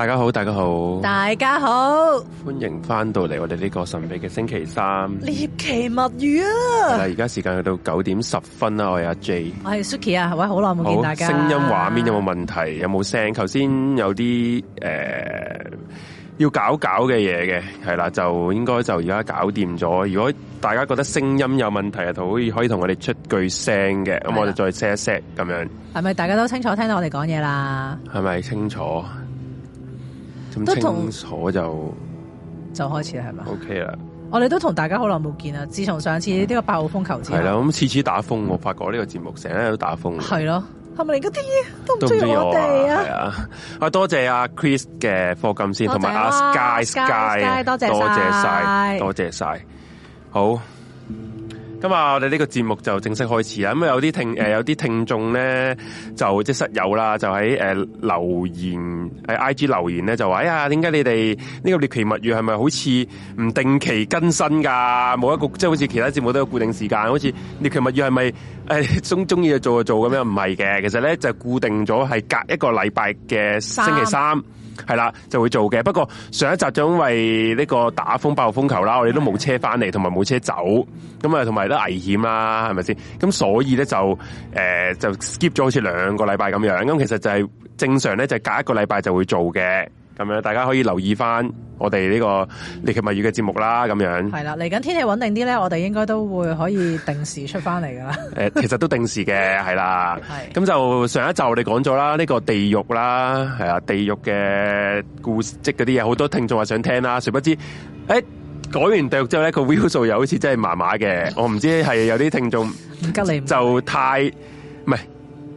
大家好，大家好，大家好，歡迎翻到嚟我哋呢個神秘嘅星期三獵奇物語啊！嗱，而家時間去到九點十分啦，我係阿 J，我係 Suki 啊，各位好耐冇見大家。好，聲音畫面有冇問題？有冇聲？頭先有啲誒、呃、要搞搞嘅嘢嘅，係啦，就應該就而家搞掂咗。如果大家覺得聲音有問題啊，就可以可以同我哋出句聲嘅，咁我哋再 set 一 set 咁樣。係咪大家都清楚聽到我哋講嘢啦？係咪清楚？都清楚就就開始，係咪 OK 啦，我哋都同大家好耐冇見啦。自從上次呢個八號風球之後，係啦，咁次次打風，我發覺呢個節目，成日都打風。係咯，係咪連個天都唔中意我哋啊？ 啊，多謝阿 Chris 嘅課金先，同埋阿 Sky Sky，多謝多謝曬，多謝曬，好。今日我哋呢個節目就正式開始啦！咁有啲聽誒、呃，有啲聽眾咧就即係、就是、室友啦，就喺誒、呃、留言誒 I G 留言咧就話：哎呀，點解你哋呢個獵奇物語係咪好似唔定期更新噶？冇一個即係、就是、好似其他節目都有固定時間，好似獵奇物語係咪誒中中意就做就做咁樣？唔係嘅，其實咧就固定咗係隔一個禮拜嘅星期三。三係啦，就會做嘅。不過上一集就因為呢個打風、暴風球啦，我哋都冇車翻嚟，同埋冇車走，咁啊，同埋都危險啦，係咪先？咁所以咧就誒、呃、就 skip 咗好似兩個禮拜咁樣。咁其實就係正常咧，就係、隔一個禮拜就會做嘅。咁樣大家可以留意翻我哋呢個《獵奇物語》嘅節目啦，咁樣係啦。嚟緊天氣穩定啲咧，我哋應該都會可以定時出翻嚟噶啦。誒，其實都定時嘅，係啦。咁就上一集我哋講咗啦，呢個地獄啦，係啊，地獄嘅故事，即嗰啲嘢，好多聽眾話想聽啦。誰不知，誒、欸，改完地獄之後咧，個 view 數又好似真係麻麻嘅。我唔知係有啲聽眾唔 吉、吉利，就太唔係，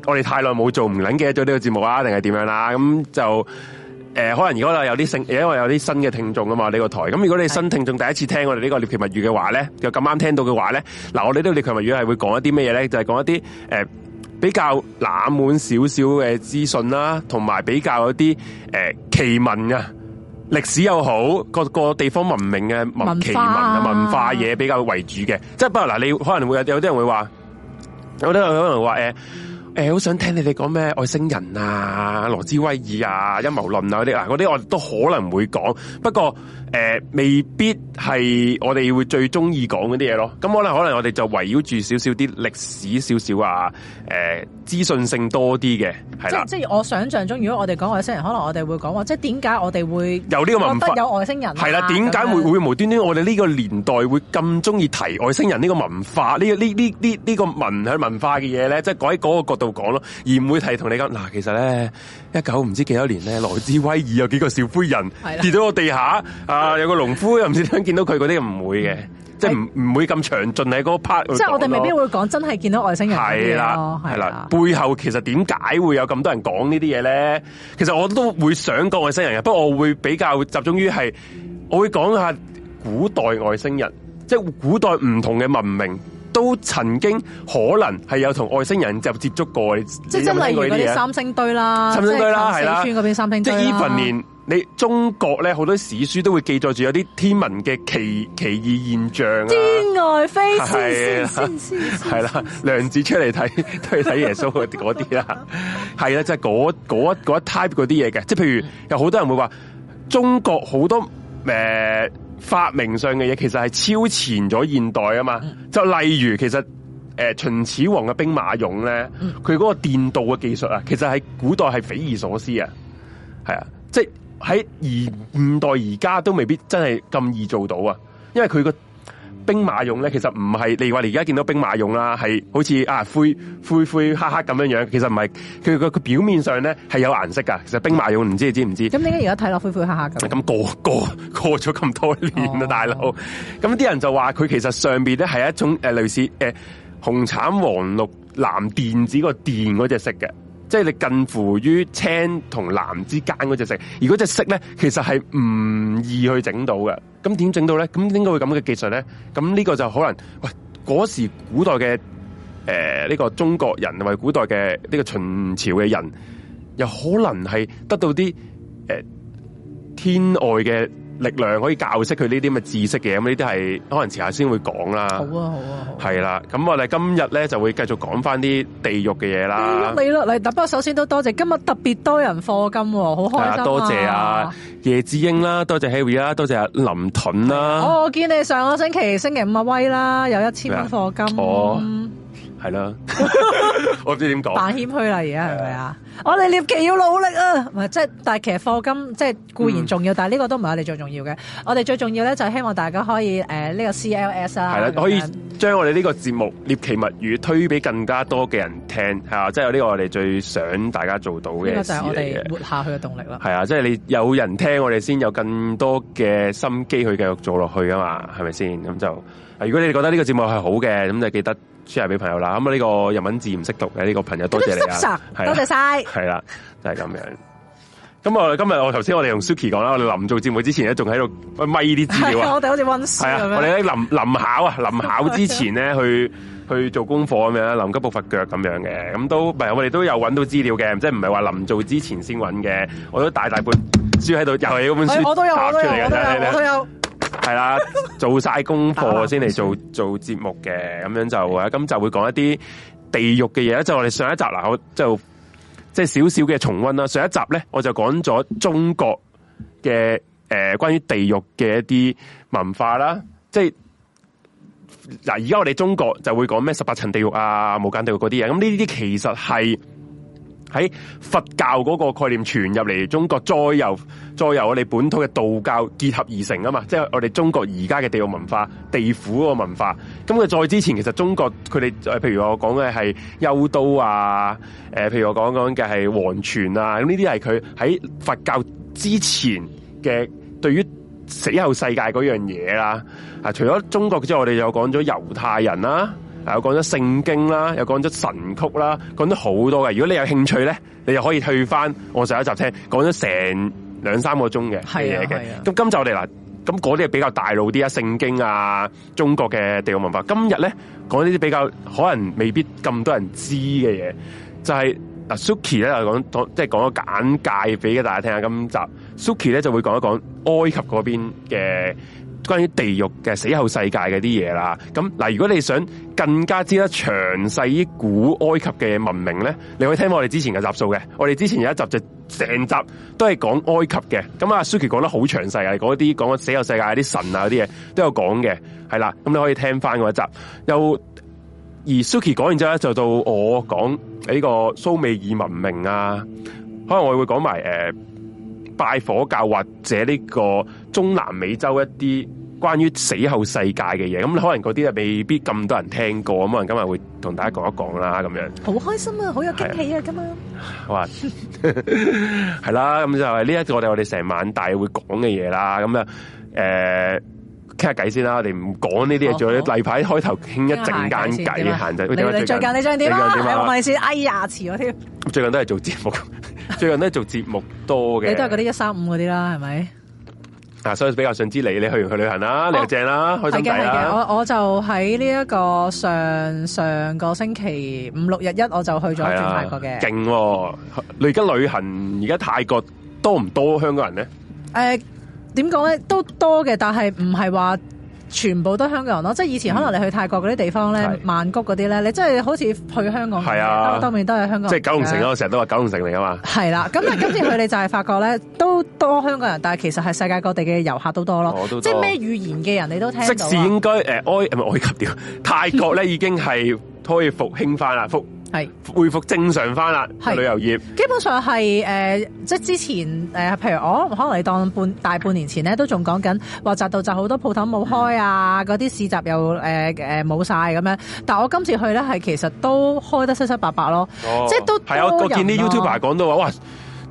我哋太耐冇做，唔捻記得咗呢個節目啊，定係點樣啦？咁就。誒、呃，可能而家有啲新，因為有啲新嘅聽眾啊嘛，呢、這個台。咁如果你新聽眾第一次聽我哋呢個獵奇物語嘅話咧，又咁啱聽到嘅話咧，嗱、呃，我哋都獵奇物語係會講一啲咩嘢咧，就係、是、講一啲誒、呃、比較冷門少少嘅資訊啦，同埋比較一啲誒、呃、奇聞啊，歷史又好，各個地方文明嘅文奇聞啊，文化嘢、啊、比較為主嘅。即係不過嗱、呃，你可能會有有啲人會話，有啲人可能話誒。呃誒、欸，好想聽你哋講咩外星人啊、羅茲威爾啊、陰謀論啊嗰啲啊，嗰啲我哋都可能會講，不過誒、呃、未必係我哋會最中意講嗰啲嘢咯。咁可能可能我哋就圍繞住少少啲歷史少少啊，誒資訊性多啲嘅，係即即係我想象中，如果我哋講外星人，可能我哋會講話，即係點解我哋會有呢個文化有外星人？啊，係啦，點解會這會無端端我哋呢個年代會咁中意提外星人呢個文化呢？呢呢呢呢個文喺文化嘅嘢咧，即係喺嗰個角度。度講咯，而唔會提同你講嗱。其實咧，一九唔知幾多年咧，羅茲威爾有幾個小灰人跌到個地下啊，有個農夫 又唔知點樣見到佢嗰啲，唔會嘅、嗯，即係唔唔會咁詳盡喺嗰 part。即係我哋未必會講真係見到外星人嘅嘢咯，係啦。背後其實點解會有咁多人講呢啲嘢咧？其實我都會想講外星人嘅，不過我會比較集中於係我會講下古代外星人，即係古代唔同嘅文明。都曾經可能係有同外星人就接觸過，有冇聽過即係即例如嗰啲三星堆啦，三星堆啦，係啦，四川嗰邊三星堆。即係呢份年，你中國咧好多史書都會記載住有啲天文嘅奇奇異現象啊，天外飛仙，仙仙仙，係啦，量子出嚟睇，去睇耶穌嗰啲啦，係、就、啦、是那個，即係嗰嗰嗰 type 嗰啲嘢嘅，即係譬如有好多人會話中國好多。誒、呃，發明上嘅嘢其實係超前咗現代啊嘛，就例如其實誒、呃、秦始皇嘅兵馬俑咧，佢嗰個電鍍嘅技術啊，其實喺古代係匪夷所思啊，係啊，即係喺而現代而家都未必真係咁易做到啊，因為佢個。兵馬俑咧，其實唔係，你如話你而家見到兵馬俑啦，係好似啊灰灰灰黑黑咁樣樣，其實唔係，佢佢佢表面上咧係有顏色噶。其實兵馬俑唔知你知唔知？咁你點解而家睇落灰灰黑黑噶？咁過過過咗咁多年啦，大佬，咁、哦、啲人就話佢其實上邊咧係一種誒類似誒、呃、紅橙黃綠藍靛紫個靛嗰隻色嘅。即係你近乎於青同藍之間嗰隻色，而嗰隻色咧，其實係唔易去整到嘅。咁點整到咧？咁應該會咁嘅技術咧？咁呢個就可能，喂嗰時古代嘅誒呢個中國人，或者古代嘅呢個秦朝嘅人，又可能係得到啲誒、呃、天外嘅力量可以教識佢呢啲咁嘅知識嘅，咁呢啲係可能遲下先會講啦。好啊，好啊。係、啊、啦，咁我哋今日咧就會繼續講翻啲地獄嘅嘢啦。你啦，嚟！但不過首先都多謝，今日特別多人課金，哦，好開心啊！多謝啊葉志英啦，多謝 Harry 啦，多謝阿、啊、林盾啦，哦。我見你上個星期星期五阿、啊、威啦，有一千蚊課金。係啦，我唔知點講，扮謙虛啦，而家係咪啊？我哋獵奇要努力啊、嗯，唔即係，但係其實課金即係固然重要，但係呢個都唔係我哋最重要嘅。我哋最重要咧就係希望大家可以誒呢、呃這個 CLS 啊，係啦，可以將我哋呢個節目獵奇物語推俾更加多嘅人聽，係嘛，即係呢個我哋最想大家做到嘅。呢個就係我哋活下去嘅動力啦。係啊，即係你有人聽我哋，先有更多嘅心機去繼續做落去啊嘛，係咪先？咁就如果你哋覺得呢個節目係好嘅，咁就記得。share 俾朋友啦，咁啊呢個日文字唔識讀嘅呢、這個朋友多謝你啊，你啊多謝晒。啊，係啦、啊 啊，就係、是、咁樣。咁我今日我頭先我哋用 Suki 講啦，我哋臨做節目之前咧，仲喺度咪啲資料啊，我哋好似溫書。係啊，我哋喺臨臨考啊，臨考，考之前咧、 啊、去去做功課咁樣，臨急抱佛腳咁樣嘅，咁都唔係，我哋都有揾到資料嘅，即係唔係話臨做之前先揾嘅，我都大大本書喺度，又係嗰本書、 哎我，我都有，我都有，啊、我都有。係 啦，做晒功課先嚟做做節目嘅，咁樣就咁就會講一啲地獄嘅嘢啦。就是、我哋上一集嗱，我就即係少少嘅重溫啦。上一集咧，我就講咗中國嘅誒、呃、關於地獄嘅一啲文化啦，即係嗱而家我哋中國就會講咩十八層地獄啊、無間地獄嗰啲嘢。咁呢啲其實係。喺佛教嗰個概念傳入嚟中國，再由再由我哋本土嘅道教結合而成啊嘛，即係我哋中國而家嘅地獄文化、地府個文化。咁佢再之前，其實中國佢哋誒，譬如我講嘅係幽都啊，誒，譬如我講講嘅係黃泉啊，咁呢啲係佢喺佛教之前嘅對於死後世界嗰樣嘢啦。啊，除咗中國之外，我哋又講咗猶太人啦、啊。有講咗聖經啦，有講咗神曲啦，講咗好多嘅。如果你有興趣咧，你就可以去翻我上一集聽，講咗成兩三個鐘嘅嘢嘅。咁、啊啊、今集我哋嗱，咁嗰啲係比較大路啲啊，聖經啊，中國嘅地獄文化。今日咧，講呢啲比較可能未必咁多人知嘅嘢，就係、是、嗱，Suki 咧就講即係講咗簡介俾大家聽下今集 Suki 咧就會講一講埃及嗰邊嘅。嗯關於地獄嘅死後世界嗰啲嘢啦，咁嗱，如果你想更加知得詳細啲古埃及嘅文明咧，你可以聽我哋之前嘅集數嘅，我哋之前有一集就成集都係講埃及嘅，咁阿 Suki 講得好詳細啊，講啲講緊死後世界啲神啊嗰啲嘢都有講嘅，係啦，咁你可以聽翻嗰一集。又而 Suki 講完之後咧，就到我講呢個蘇美爾文明啊，可能我會講埋誒。呃拜火教或者呢個中南美洲一啲關於死後世界嘅嘢，咁可能嗰啲啊未必咁多人聽過，咁可能今日會同大家講一講啦，咁樣。好開心啊，好有驚喜啊，咁啊，係啦，咁、啊 啊、就係呢一個我哋我哋成晚大會講嘅嘢啦，咁啊，誒、呃。傾下偈先啦，我哋唔講呢啲嘢，仲要例牌開頭傾一陣間偈，行就最，最近你想點啊？我問你先，哎呀，遲咗添，最近都係做節目，最近，、啊、 最近都係做節目， 目多嘅，你都係嗰啲一三五嗰啲啦，係咪？啊，所以比較想知你咧去完去旅行啦、哦，你又正啦、哦，開心係啦。我我就喺呢一個上上個星期五六日一我就去咗泰、嗯、國嘅，勁、啊啊。你而家旅行而家泰國多唔多香港人咧？誒、呃。點講咧？都多嘅，但係唔係話全部都香港人咯。即係以前可能你去泰國嗰啲地方咧，曼、嗯、谷嗰啲咧，你真係好似去香港，啊香港，啊，當面都係香港。即係九龍城我成日都話九龍城嚟啊嘛。係啦、啊，咁但今次佢哋就係發覺咧，都多香港人，但係其實係世界各地嘅遊客都多咯，哦。即係咩語言嘅人你都聽到。即使應該誒埃及掉，泰國咧已經係可以復興翻啦，復。係恢復正常翻啦，旅遊業基本上係誒、呃，即係之前誒、呃，譬如我可能你當半大半年前咧，都仲講緊話集到就好多鋪頭冇開啊，嗰、嗯、啲市集又誒冇曬咁樣。但我今次去咧，係其實都開得七七八八咯，哦、即係都係啊、哦！我見啲 YouTuber 講到話哇～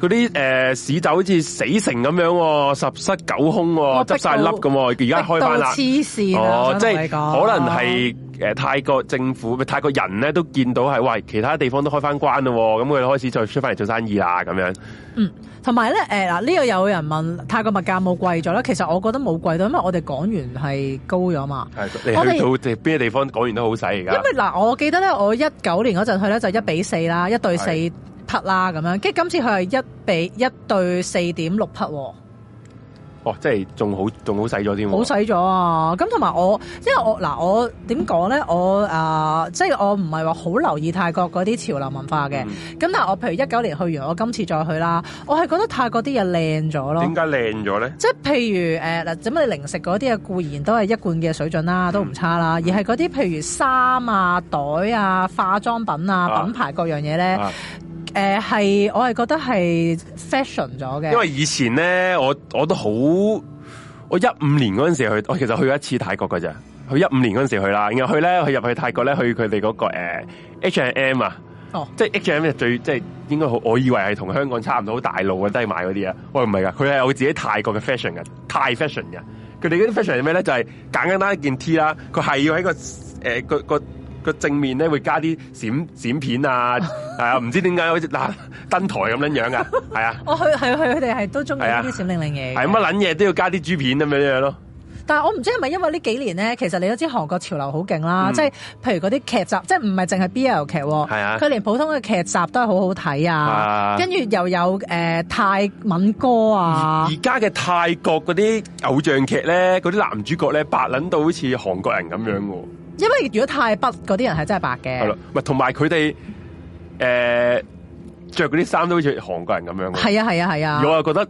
嗰啲誒市就好似死城咁樣、哦，十室九空、哦，執晒笠咁喎。而家開翻啦、黐線，哦，即係可能係泰國政府、啊、泰國人咧都見到係，喂，其他地方都開翻關喎、哦。咁佢哋開始再出翻嚟做生意啦，咁樣。嗯，同埋咧誒嗱，呢、呃、度、這個、有人問泰國物價冇貴咗啦，其實我覺得冇貴到，因為我哋港元係高咗嘛。係，你去到邊個地方港元都好使。因為嗱、呃，我記得咧，我一九年嗰陣去咧就一比四啦、嗯，一對四。匹啦咁樣，跟住今次佢係一比一對四點六匹喎、哦。哦，即係仲好，仲好使咗添，好使咗啊！咁同埋我，因為我嗱，我點講咧？我啊、即、呃、係、就是、我唔係話好留意泰國嗰啲潮流文化嘅。咁、嗯、但係我譬如一九年去完，我今次再去啦，我係覺得泰國啲嘢靚咗咯。點解靚咗咧？即係譬如誒嗱，做、呃、乜零食嗰啲嘢固然都係一貫嘅水準啦，都唔差啦，嗯、而係嗰啲譬如衫啊、袋啊、化妝品啊、啊品牌各樣嘢咧。啊誒、呃，係我係覺得係 fashion 咗嘅。因為以前咧，我我都好，我一五年嗰陣時去，我其實去過一次泰國噶咋。去一五年嗰陣時去啦，然後去咧，去入去泰國咧，去佢哋嗰個誒、呃、H&M 啊，哦即 H&M 係最，即係 H&M 係最即係應該好，我以為係同香港差唔多，大路嘅低買嗰啲啊。喂，唔係噶，佢係我自己泰國嘅 fashion 嘅，泰 fashion 嘅。佢哋嗰啲 fashion 係咩咧？就係簡簡單一件 T 啦，佢係要喺個誒個個。呃個個個正面咧會加啲閃閃片啊，係 啊，唔知點解好似嗱登台咁樣樣噶，係 是啊。我去係係佢哋係都中意啲閃靈靈嘢。係乜撚嘢都要加啲珠片咁樣樣咯。但係我唔知係咪因為呢幾年咧，其實你都知韓國潮流好勁啦，即、嗯、係譬如嗰啲劇集，即係唔係淨係 B L 劇，係啊。佢、啊、連普通嘅劇集都係好好睇啊。跟、啊、住又有誒、呃、泰文歌啊。而家嘅泰國嗰啲偶像劇咧，嗰啲男主角咧白撚到好似韓國人咁樣嘅、嗯。嗯因為如果太北啲人係真係白嘅，係咯，係同埋佢哋誒着啲衫都好似韓國人咁樣嘅，係啊係啊係啊，啊啊我又覺得。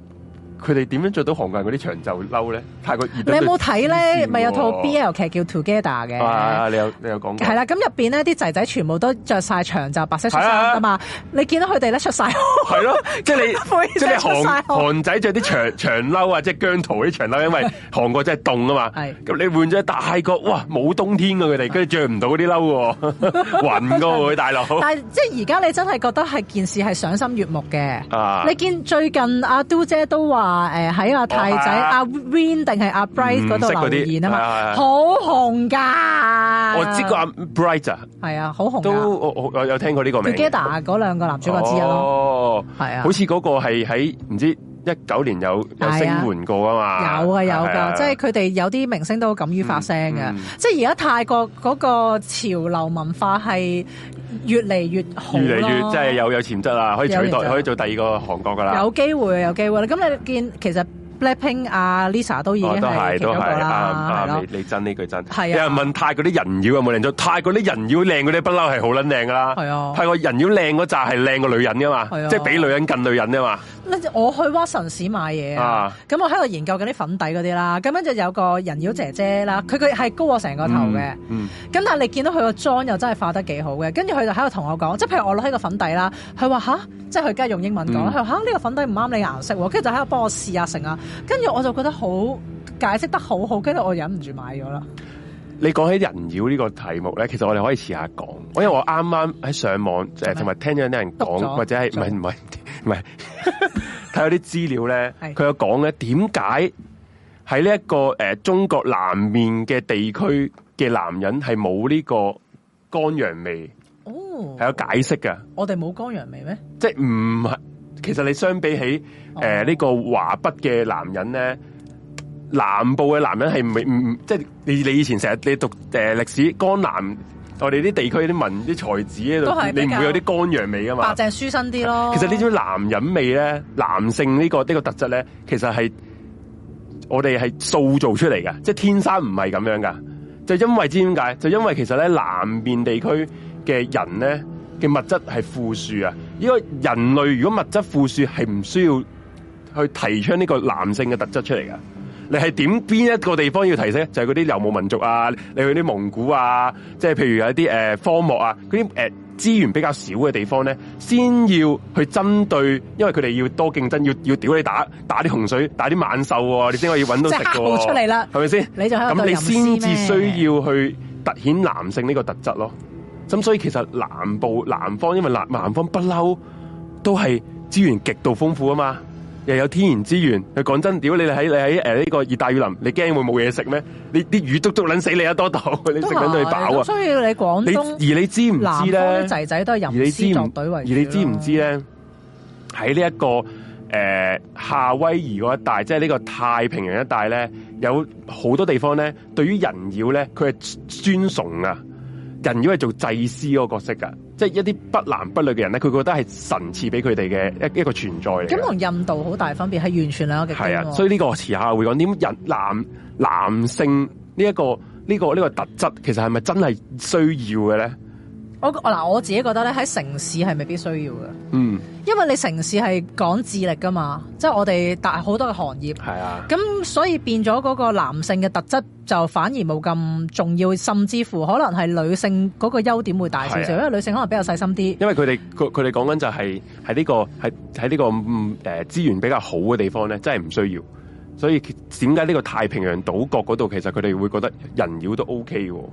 佢哋點樣着到韓國人嗰啲長袖褸咧？泰國你有冇睇咧？咪有套 BL 劇叫 Together 嘅、啊？你有你有講過。係啦，咁入邊咧啲仔仔全部都着晒長袖白色衫啊嘛！你見到佢哋咧著曬。係咯、就是就是，即係你即係韓仔着啲長長褸啊，即係姜濤啲長褸，因為韓國真係凍啊嘛。咁， 你換咗泰國，哇，冇冬天㗎佢哋，跟住着唔到嗰啲褸喎， 暈㗎會、啊、大佬。但係即係而家你真係覺得係件事係賞心悅目嘅、啊。你見最近阿嘟姐都話。哎哦、啊，誒喺阿太仔阿 Win 定係阿 Bright 嗰度留言啊嘛，好、啊、紅噶、啊！我知個阿、啊、Bright 啊，係啊，好紅、啊、都我我，我有聽過呢個名 Together 嗰兩個男主角之一咯，哦，係啊，好似嗰個係喺唔知。一九年有有聲援過啊嘛，啊有，有啊有噶，即係佢哋有啲明星都敢於發聲嘅，嗯嗯，即係而家泰國嗰個潮流文化係越嚟越好越嚟越，即、就、係、是、有有潛質啦，可以取代可以做第二個韓國噶啦，有機會有機會啦，咁你見其實。Blackpink 啊，Lisa 都已經係、哦、都係啦。你你，你真呢句真。係啊。有人問泰國啲人妖有冇靚妝？泰國啲人妖靚嗰啲不嬲係好撚靚噶啦。係啊。泰國人妖靚嗰紮係靚過女人噶嘛，即係、就是、比女人近女人噶嘛。嗱，我去 Watsons 買嘢啊，咁我喺度研究緊啲粉底嗰啲啦，咁跟住有個人妖姐姐啦，佢佢係高我成個頭嘅。咁、嗯嗯、但係你見到佢個妝又真係化得幾好嘅，跟住佢就喺度同我講，即係譬如我攞喺個粉底啦，佢話吓，即係佢梗係用英文講，佢話吓，呢、啊這個粉底唔啱你顏色，跟住就喺度幫我試下成啊。跟住我就覺得好解釋得好好，跟住我忍唔住買咗啦。你講起人妖呢個題目咧，其實我哋可以試下講。因為我啱啱喺上網誒，同埋聽咗啲人講，或者係唔係唔係唔係睇下啲資料咧，佢有講咧，點解喺呢一個誒、呃、中國南面嘅地區嘅男人係冇呢個乾陽味哦，係有解釋㗎。我哋冇乾陽味咩？即係唔係。其實你相比起誒呢、呃這個華北嘅男人咧，南部嘅男人係唔係？唔，即、就、係、是、你你以前成日你讀誒歷、呃、史，江南我哋啲地區啲文啲才子咧，都你唔會有啲乾揚味㗎嘛？白淨書生啲咯。其實呢種男人味咧，男性呢、這個呢、這個特質咧，其實係我哋係塑造出嚟㗎，即係天生唔係咁樣噶。就因為知點解？就因為其實咧，南邊地區嘅人咧嘅物質係富庶啊。因為人類如果物質富庶，係唔需要去提倡呢個男性嘅特質出嚟噶。你係點邊一個地方要提升？就係嗰啲遊牧民族啊，你去啲蒙古啊，即係譬如有一啲誒荒漠啊，嗰啲誒資源比較少嘅地方咧，先要去針對，因為佢哋要多競爭，要要屌你打打啲洪水，打啲猛獸啊、喔，你先可以揾到食喎、喔。即係黑布出嚟啦，係咪先？你就咁，你先至需要去凸顯男性呢個特質咯。咁、嗯、所以其實南部南方因為南南方不嬲，都係資源極度豐富啊嘛，又有天然資源。佢講真，屌你在你喺你喺誒呢個熱帶雨林，你驚會冇嘢食咩？你啲魚足足撚死你一多到，你食緊都係飽啊！所以你廣東你，而你知唔知咧？仔仔都係人私作隊為主而。而你知唔知咧？喺呢一個誒、呃、夏威夷嗰一帶，即係呢個太平洋一帶咧，有好多地方咧，對於人妖咧，佢係尊崇啊。人如果係做祭司嗰個角色噶，即係一啲不男不女嘅人咧，佢覺得係神賜俾佢哋嘅一一個存在。咁同印度好大分別，係完全兩個嘅、啊。係啊，所以呢個我遲下會講點人男男性呢、呢、一個呢、呢個呢、呢個特質，其實係咪真係需要嘅咧？我嗱我自己覺得咧，喺城市係未必需要嘅，嗯，因為你城市係講智力噶嘛，即係我哋但係好多嘅行業係啊，咁所以變咗嗰個男性嘅特質就反而冇咁重要，甚至乎可能係女性嗰個優點會大少少，啊，因為女性可能比較細心啲。因為佢哋佢哋講緊就係喺呢個喺喺呢個誒資源比較好嘅地方咧，真係唔需要。所以點解呢個太平洋島國嗰度其實佢哋會覺得人妖都 OK 喎？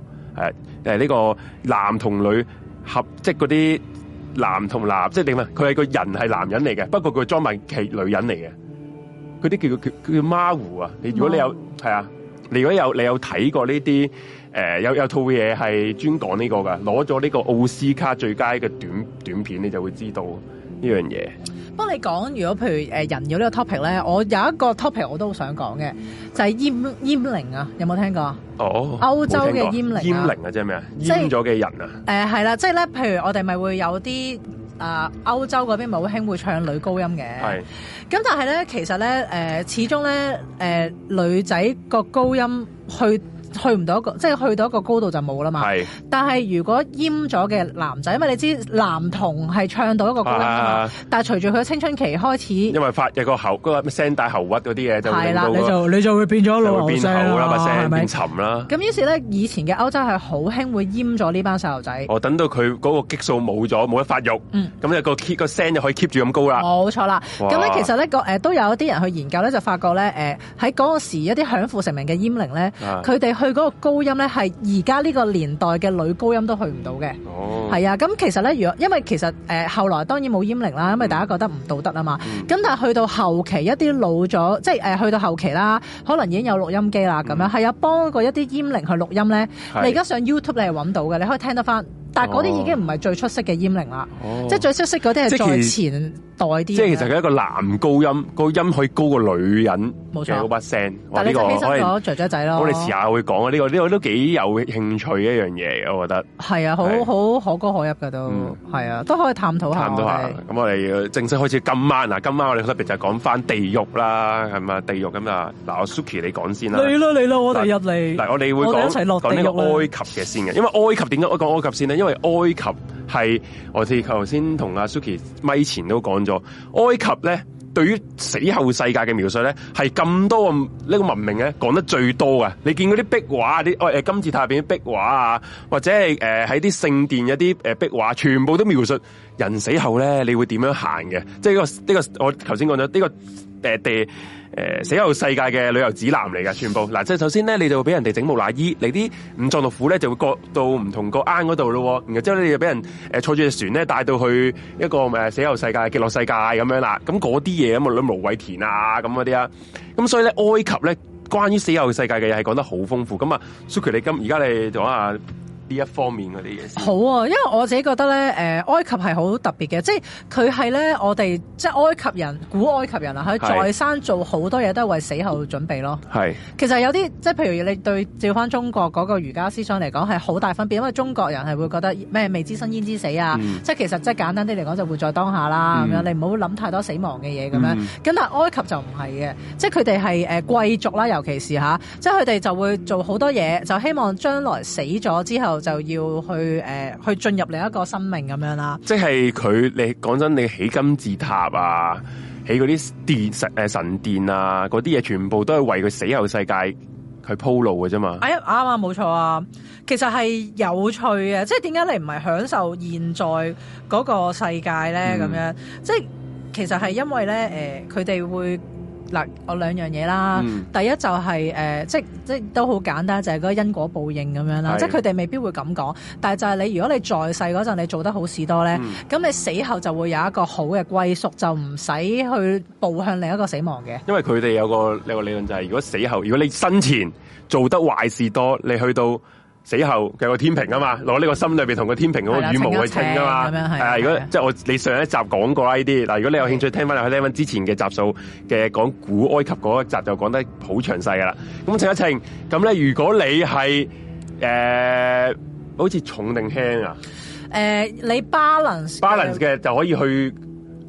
誒誒，呢個男同女合，即係嗰啲男同男，即係點啊？佢係個人係男人嚟嘅，不過佢裝埋其女人嚟嘅。嗰啲叫做叫叫馬戶啊！你如果你有係啊，你如果有你有睇過呢啲誒，有有套嘢係專講呢個噶，攞咗呢個奧斯卡最佳嘅短短片，你就會知道呢樣嘢。幫你講，如果譬如人妖呢個 topic 咧，我有一個 topic 我都好想講嘅，就係、是、閹閹鈴啊，有冇聽過、oh, 洲的啊？哦，歐洲嘅閹鈴、啊，閹鈴啊，即係咩啊？閹咗嘅人啊？誒係啦，即係咧，譬如我哋咪會有啲啊、呃，歐洲嗰邊咪好興會唱女高音嘅，係，咁但係咧，其實咧、呃，始終咧、呃，女仔個高音去。去唔到一個，即係去到一個高度就冇啦嘛。係。但係如果閹咗嘅男仔，因為你知男童係唱到一個高度、啊、但係隨住佢嘅青春期開始，因為發有個喉嗰、嗰個聲帶喉核嗰啲嘢，就係啦，你就你就會變咗老聲會變啦，係、啊、咪？變沉啦。咁於是咧，以前嘅歐洲係好興會閹咗呢班細路仔。哦，等到佢嗰個激素冇咗，冇得發育。咁、嗯、咧、嗰個聲就可以 keep 住咁高啦。冇錯啦。咁咧，其實咧個都有一啲人去研究咧，就發覺咧誒喺嗰個時一啲享負成名嘅閹伶咧，佢、啊、哋。佢嗰個高音咧，係而家呢個年代嘅女高音都去唔到嘅。哦，係啊，咁其實咧，如果因為其實誒、呃、後來當然冇閹伶啦，因為大家覺得唔道德啊嘛。咁、mm. 但係去到後期一啲老咗，即係、呃、去到後期啦，可能已經有錄音機啦，咁樣係啊，幫過一啲閹伶去錄音咧。你而家上 YouTube 你係揾到嘅，你可以聽得返。但係嗰啲已經唔係最出色嘅閹伶啦，即係最出色嗰啲係最前代啲。即係其實佢一個男高音，個音可以高過女人，冇錯把聲。但係你起身講仔仔仔咯。我哋遲下會講啊、呢個，呢個呢個都幾有興趣的一樣嘢，我覺得。係啊，好好，好可歌可泣嘅都，係、嗯、啊，都可以探討下。探討下。咁我哋正式開始今晚嗱，今晚我哋特別就係講翻地獄啦，係嘛？地獄咁啊，嗱，Suki 你講先啦。你啦你啦，我哋入嚟。嗱我哋會講一齊落地獄，呢個埃及嘅先嘅，因為埃及點解我講埃及先呢？因為埃及係我哋頭先同阿 Suki 咪，前都講咗，埃及咧對於死後世界嘅描述咧，係咁多呢、呢個文明咧講得最多㗎。你見嗰啲壁畫啲哦誒金字塔入邊啲壁畫啊，或者係誒喺啲聖殿有啲誒壁畫，全部都描述人死後咧你會點樣行嘅？即係、呢、呢個呢、呢個我頭先講咗呢個誒、呃、地。誒、呃，死後世界嘅旅遊指南嚟噶，全部嗱、啊，即係首先咧，你就俾人哋整木乃伊，你啲五臟六腑咧，就會割到唔同個罌嗰度咯，然後之後你就俾人誒、呃、坐住隻船咧，帶到去一個誒死後世界極樂世界咁樣啦，咁嗰啲嘢咁啊，蘆葦田啊咁嗰啲啊，咁、啊啊、所以咧埃及咧，關於死後世界嘅嘢係講得好豐富，咁啊，Suki 你今而家你講下。呢一方面嗰啲嘢，好啊，因為我自己覺得咧，誒埃及係好特別嘅，即係佢係咧，我哋即係埃及人，古埃及人啊，佢喺生做好多嘢都係為死後準備咯。係其實有啲即係譬如你對照翻中國嗰個儒家思想嚟講，係好大分別，因為中國人係會覺得咩未知生焉知死啊，嗯、即係其實即係簡單啲嚟講就活在當下啦咁樣、嗯、你唔好諗太多死亡嘅嘢咁樣，咁但係埃及就唔係嘅，即係佢哋係誒貴族啦，尤其是吓，即係佢哋就會做好多嘢，就希望將來死咗之後。就要去誒、呃、去進入另一個生命咁樣啦、啊，即係佢你講真，你起金字塔啊，起嗰啲殿神誒神殿啊，嗰啲嘢全部都係為佢死後世界去鋪路嘅啫嘛。哎呀啱啊，冇錯啊，其實係有趣啊，即係點解你唔係享受現在嗰個世界咧？咁、嗯、樣即係其實係因為咧誒，佢、呃、哋會。嗱，我兩樣嘢啦。嗯、第一就係、是、誒、呃，即即都好簡單，就係、是、嗰個因果報應咁樣啦。是即佢哋未必會咁講，但係就係你如果你在世嗰陣你做得好事多咧，咁、嗯、你死後就會有一個好嘅歸宿，就唔使去步向另一個死亡嘅。因為佢哋有個有個理論就係、是，如果死後，如果你生前做得壞事多，你去到。死後嘅個天平啊嘛，攞呢個心裏邊同個天平嗰個羽毛去稱啊嘛，誒、啊，如果即係我你上一集講過啦呢啲，嗱，如果你有興趣、okay. 聽翻，就去聽翻之前嘅集數嘅講古埃及嗰一集就講得好詳細噶啦。咁陳一晴，咁咧如果你係誒、呃，好似重定輕啊？誒、呃，你巴倫巴倫嘅就可以去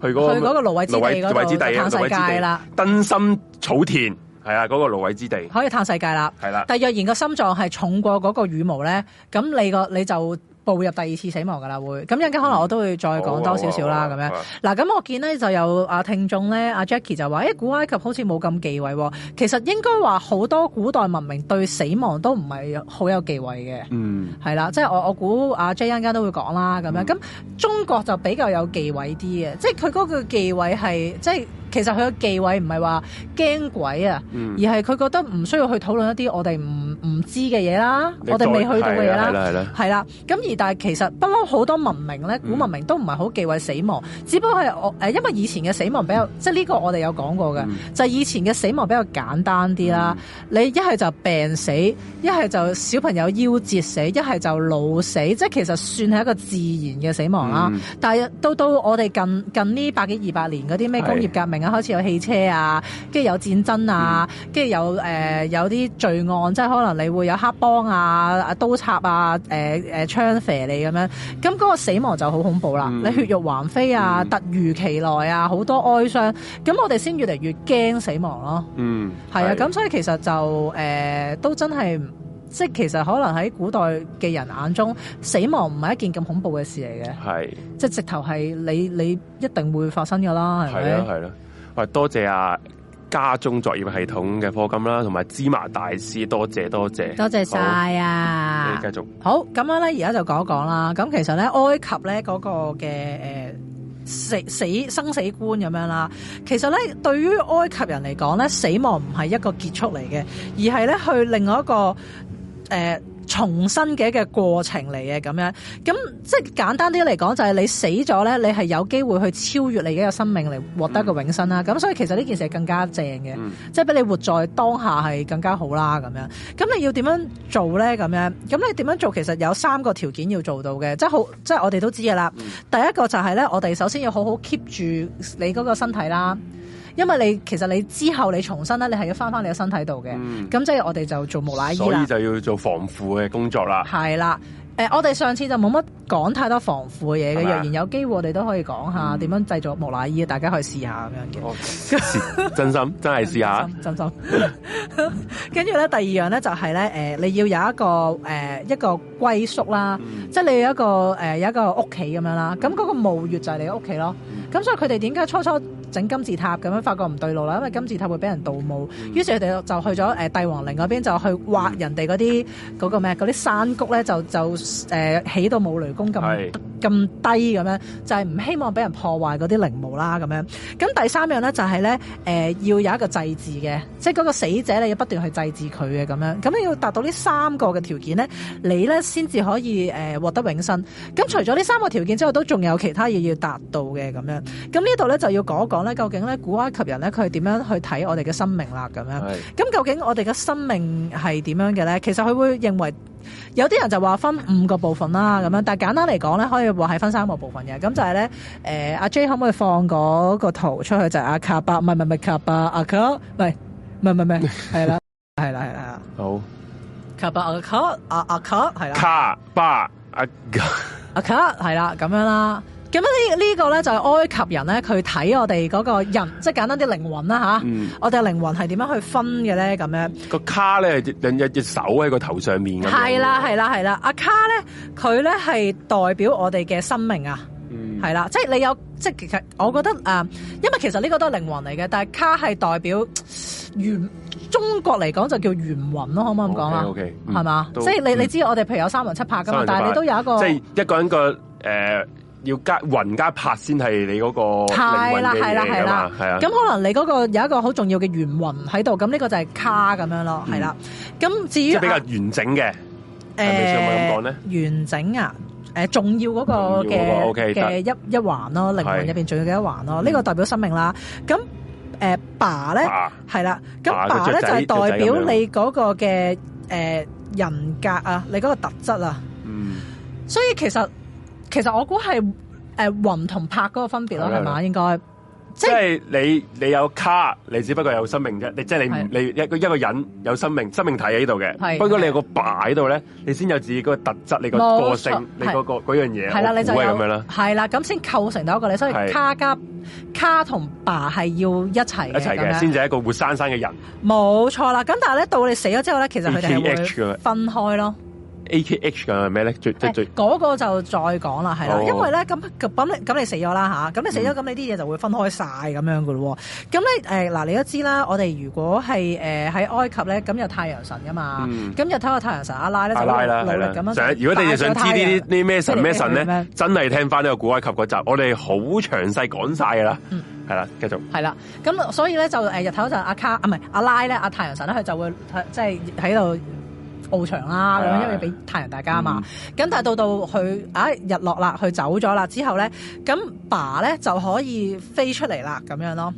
去嗰、那個去嗰個蘆葦之蘆葦之地嘅世界啦，燈芯草田。係啊，嗰、嗰個蘆葦之地可以嘆世界啦。係啦，但若然個心臟係重過嗰個羽毛咧，咁你個你就步入第二次死亡噶啦會。咁陣間可能我都會再講、嗯、多少少啦咁樣。嗱、啊，咁我見咧就有啊聽眾咧，阿 Jackie 就話，誒、啊欸、古埃及好似冇咁忌諱、哦。其實應該話好多古代文明對死亡都唔係好有忌諱嘅。嗯，係啦，即係我我估阿 J 陣間都會講啦咁樣。咁、嗯、中國就比較有忌諱啲嘅，即係佢嗰個忌諱係即係。即係其實佢嘅忌諱唔係話驚鬼啊，嗯、而係佢覺得唔需要去討論一啲我哋唔唔知嘅嘢啦，我哋未去到嘅嘢啦，係啦。咁而但係其實不嬲好多文明咧，古文明都唔係好忌諱死亡、嗯，只不過係、呃、因為以前嘅死亡比較，嗯、即係呢個我哋有講過嘅、嗯，就係、是、以前嘅死亡比較簡單啲啦、嗯。你一係就病死，一係就小朋友夭折死，一係就老死，即係其實算係一個自然嘅死亡啦、啊嗯。但係到到我哋近近呢百幾二百年嗰啲咩工業革命。開始有汽車啊，跟住有戰爭啊，跟、嗯、住有誒、呃、有啲罪案，嗯、即係可能你會有黑幫啊、啊刀插啊、誒誒槍射你咁樣，咁嗰個死亡就好恐怖啦、嗯，你血肉橫飛啊、嗯，突如其來啊，好多哀傷，咁我哋先越嚟越驚死亡咯。嗯，係啊，咁所以其實就誒、呃、都真係，即係其實可能喺古代嘅人眼中，死亡唔係一件咁恐怖嘅事嚟嘅，係，即係直頭係你你一定會發生噶啦，係咪、啊？係係咯。喂，多謝啊家中作業系統嘅課金啦，同埋芝麻大師，多謝多謝，多謝晒啊！你繼續好，咁樣咧，而家就講一講啦。咁其實咧，埃及咧嗰個嘅誒死死生死觀咁樣啦。其實咧，死死生死其實對於埃及人嚟講咧，死亡唔係一個結束嚟嘅，而係咧去另外一個誒。呃重新嘅一個過程嚟嘅咁樣，咁即係簡單啲嚟講，就係你死咗咧，你係有機會去超越你嘅生命嚟獲得個永生啦。咁所以其實呢件事係更加正嘅，即係俾你活在當下係更加好啦咁樣。咁你要點樣做咧？咁樣，咁你點樣做？其實有三個條件要做到嘅，即係好，即係我哋都知嘅啦。第一個就係咧，我哋首先要好好 keep 住你嗰個身體啦。因為你其實你之後你重新咧，你係要翻翻你嘅身體度嘅。咁、嗯、即係我哋就做木乃伊，所以就要做防腐嘅工作啦。係啦，誒，我哋上次就冇乜講太多防腐嘅嘢嘅。若然有機會，我哋都可以講下點、嗯、樣製作木乃伊。大家可以試下咁樣嘅、哦 真心真係試下真心。跟住咧，第二樣咧就係、是、咧、呃，你要有一個誒、呃、一個歸宿啦，嗯、即係你要有一個誒、呃、一個屋企咁樣啦。咁嗰個墓穴就係你屋企咯。咁、嗯、所以佢哋點解初初？整金字塔咁樣，發覺唔對路啦，因為金字塔會俾人盜墓、嗯，於是佢哋就去咗帝王陵嗰邊，就去挖人哋嗰啲嗰個咩嗰啲山谷咧，就就、呃、起到冇雷公咁咁低咁樣，就係、是、唔希望俾人破壞嗰啲陵墓啦咁樣。咁第三樣咧就係、是、咧、呃、要有一個祭祀嘅，即係嗰個死者咧要不斷去祭祀佢嘅咁樣。咁你要達到呢三個嘅條件咧，你咧先至可以誒、呃、獲得永生。咁除咗呢三個條件之外，都仲有其他嘢要達到嘅咁樣。咁呢度咧就要講一講。究竟咧古埃及人咧佢係點樣去睇我哋嘅生命啦？咁樣，咁究竟我哋嘅生命係點樣嘅咧？其實佢會認為有啲人就話分五個部分啦，咁樣。但係簡單嚟講咧，可以話係分三個部分嘅。咁就係、是、咧，誒、呃，阿 J 可唔可以放嗰個圖出去？就係阿、啊、卡巴，唔係唔係唔係卡巴、啊，阿卡，唔係唔唔唔係，係 啦係啦係啦，好卡巴阿、啊、卡阿阿、啊啊、卡係啦，卡巴阿、啊、卡阿、啊、卡係啦，咁樣啦。咁樣呢？呢個咧就係、是、埃及人咧，佢睇我哋嗰個人，即係簡單啲靈魂啦吓、嗯，我哋嘅靈魂係點樣去分嘅咧？咁樣個卡咧，兩隻手喺個頭上面。係啦，係啦，係啦。阿卡咧，佢咧係代表我哋嘅生命啊。嗯，係啦，即係你有，即係其實我覺得誒、呃，因為其實呢個都係靈魂嚟嘅，但係卡係代表元中國嚟講就叫元魂咯，可唔可以咁講啊？O K，係嘛？即係你、嗯、你知，我哋譬如有三魂七魄噶嘛，但係你都有一個，即係一個人個誒。呃要加雲加拍先係你嗰個靈魂嘅嚟啊嘛，係啊。咁可能你嗰個有一個好重要嘅圓環喺度，咁呢個就係卡咁樣咯，係啦。咁至於即係比較完整嘅，誒，你意思可唔可以咁講呢？完整啊，誒，重要嗰個嘅嘅一一環咯，靈魂入邊重要嘅一環咯，呢個代表生命啦。咁誒，爸咧係啦，咁爸咧就係代表你嗰個嘅誒人格啊，你嗰個特質啊。嗯。所以其實。其實我估係誒魂同魄嗰個分別咯，係嘛應該、就是、即係你你有卡，你只不過有生命啫。你即係你你一一個人有生命，生命體喺度嘅。不過你有個爸喺度咧，你先有自己個特質，你個個性，你嗰個嗰樣嘢係啦，你、嗰個嗰個、你就係咁樣啦。係啦，咁先構成到一個你。所以卡加卡同爸係要一齊一齊嘅，先至係一個活生生嘅人。冇錯啦。咁但係咧，到你死咗之後咧，其實佢哋係會分開咯。Akh 嘅係咩咧？最、欸、最最嗰、嗰個就再講啦，係啦，oh. 因為咧咁咁咁你死咗啦吓，咁你死咗，咁你啲嘢就會分開晒咁樣噶咯。咁咧誒嗱，你都知啦，我哋如果係誒喺埃及咧，咁有太陽神噶嘛。咁、mm. 日頭有太陽神阿拉咧就努力咁樣就打太陽。如果你想知呢啲啲咩神咩神咧，真係聽翻呢個古埃及嗰集，我哋好詳細講晒噶啦。係、mm. 啦，繼續。係啦，咁所以咧就誒日頭就阿卡啊，唔係阿拉咧，阿太陽神咧，佢就會即係喺度。就是翱翔啦，咁樣因為俾太陽大家嘛，咁、嗯、但係到到佢啊日落啦，佢走咗啦之後咧，咁爸咧就可以飛出嚟啦，咁樣咯。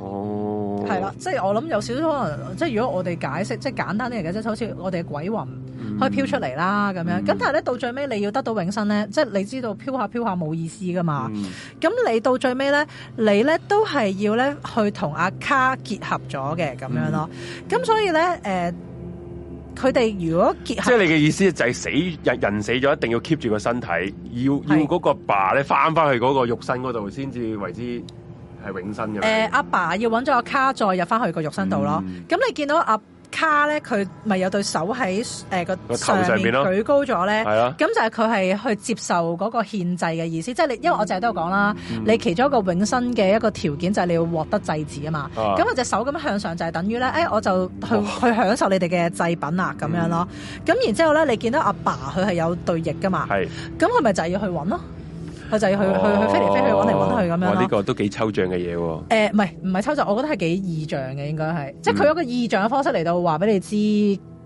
哦，係啦，即係我諗有少少可能，即係如果我哋解釋，即係簡單啲嚟講，即係好似我哋嘅鬼魂可以飄出嚟啦，咁、嗯、樣。咁但係咧到最尾你要得到永生咧，即、就、係、是、你知道飄下飄下冇意思噶嘛。咁、嗯、你到最尾咧，你咧都係要咧去同阿卡結合咗嘅咁樣咯。咁、嗯、所以咧，誒、呃。佢哋如果結合，即係你嘅意思就係死人人死咗，一定要 keep 住個身體要要個爸咧翻翻去個肉身度，先至為之係永生嘅。誒，阿、呃、爸要揾咗個卡再入翻去個肉身度咯。咁、嗯、你見到阿、啊？卡咧，佢咪有對手喺誒個上面舉高咗咧，咁就係佢係去接受嗰個限制嘅意思，即係你，因為我淨係都有講啦，你其中一個永生嘅一個條件就係你要獲得祭祀啊嘛，咁佢隻手咁樣向上就係等於咧，誒、哎、我就去去享受你哋嘅祭品啦、啊，咁樣咯，咁、嗯、然之後咧，你見到阿爸佢係有對翼噶嘛，咁佢咪就要去揾咯。佢就要去、哦、去去飛嚟飛去揾嚟揾去咁樣。我、哦、呢、哦、個都幾抽象嘅嘢喎。唔係唔係抽象，我覺得係幾異象嘅，應該係，即係佢有個異象嘅方式嚟到話俾、嗯、你知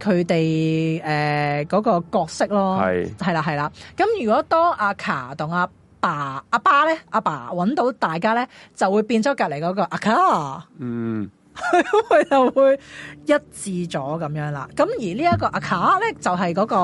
佢哋誒嗰個角色咯。係係啦係啦。咁如果當阿卡同阿爸阿爸咧，阿爸揾到大家咧，就會變咗隔離嗰個阿卡。嗯。係，會就會一致咗咁樣啦。咁而呢一個阿卡咧，就係嗰個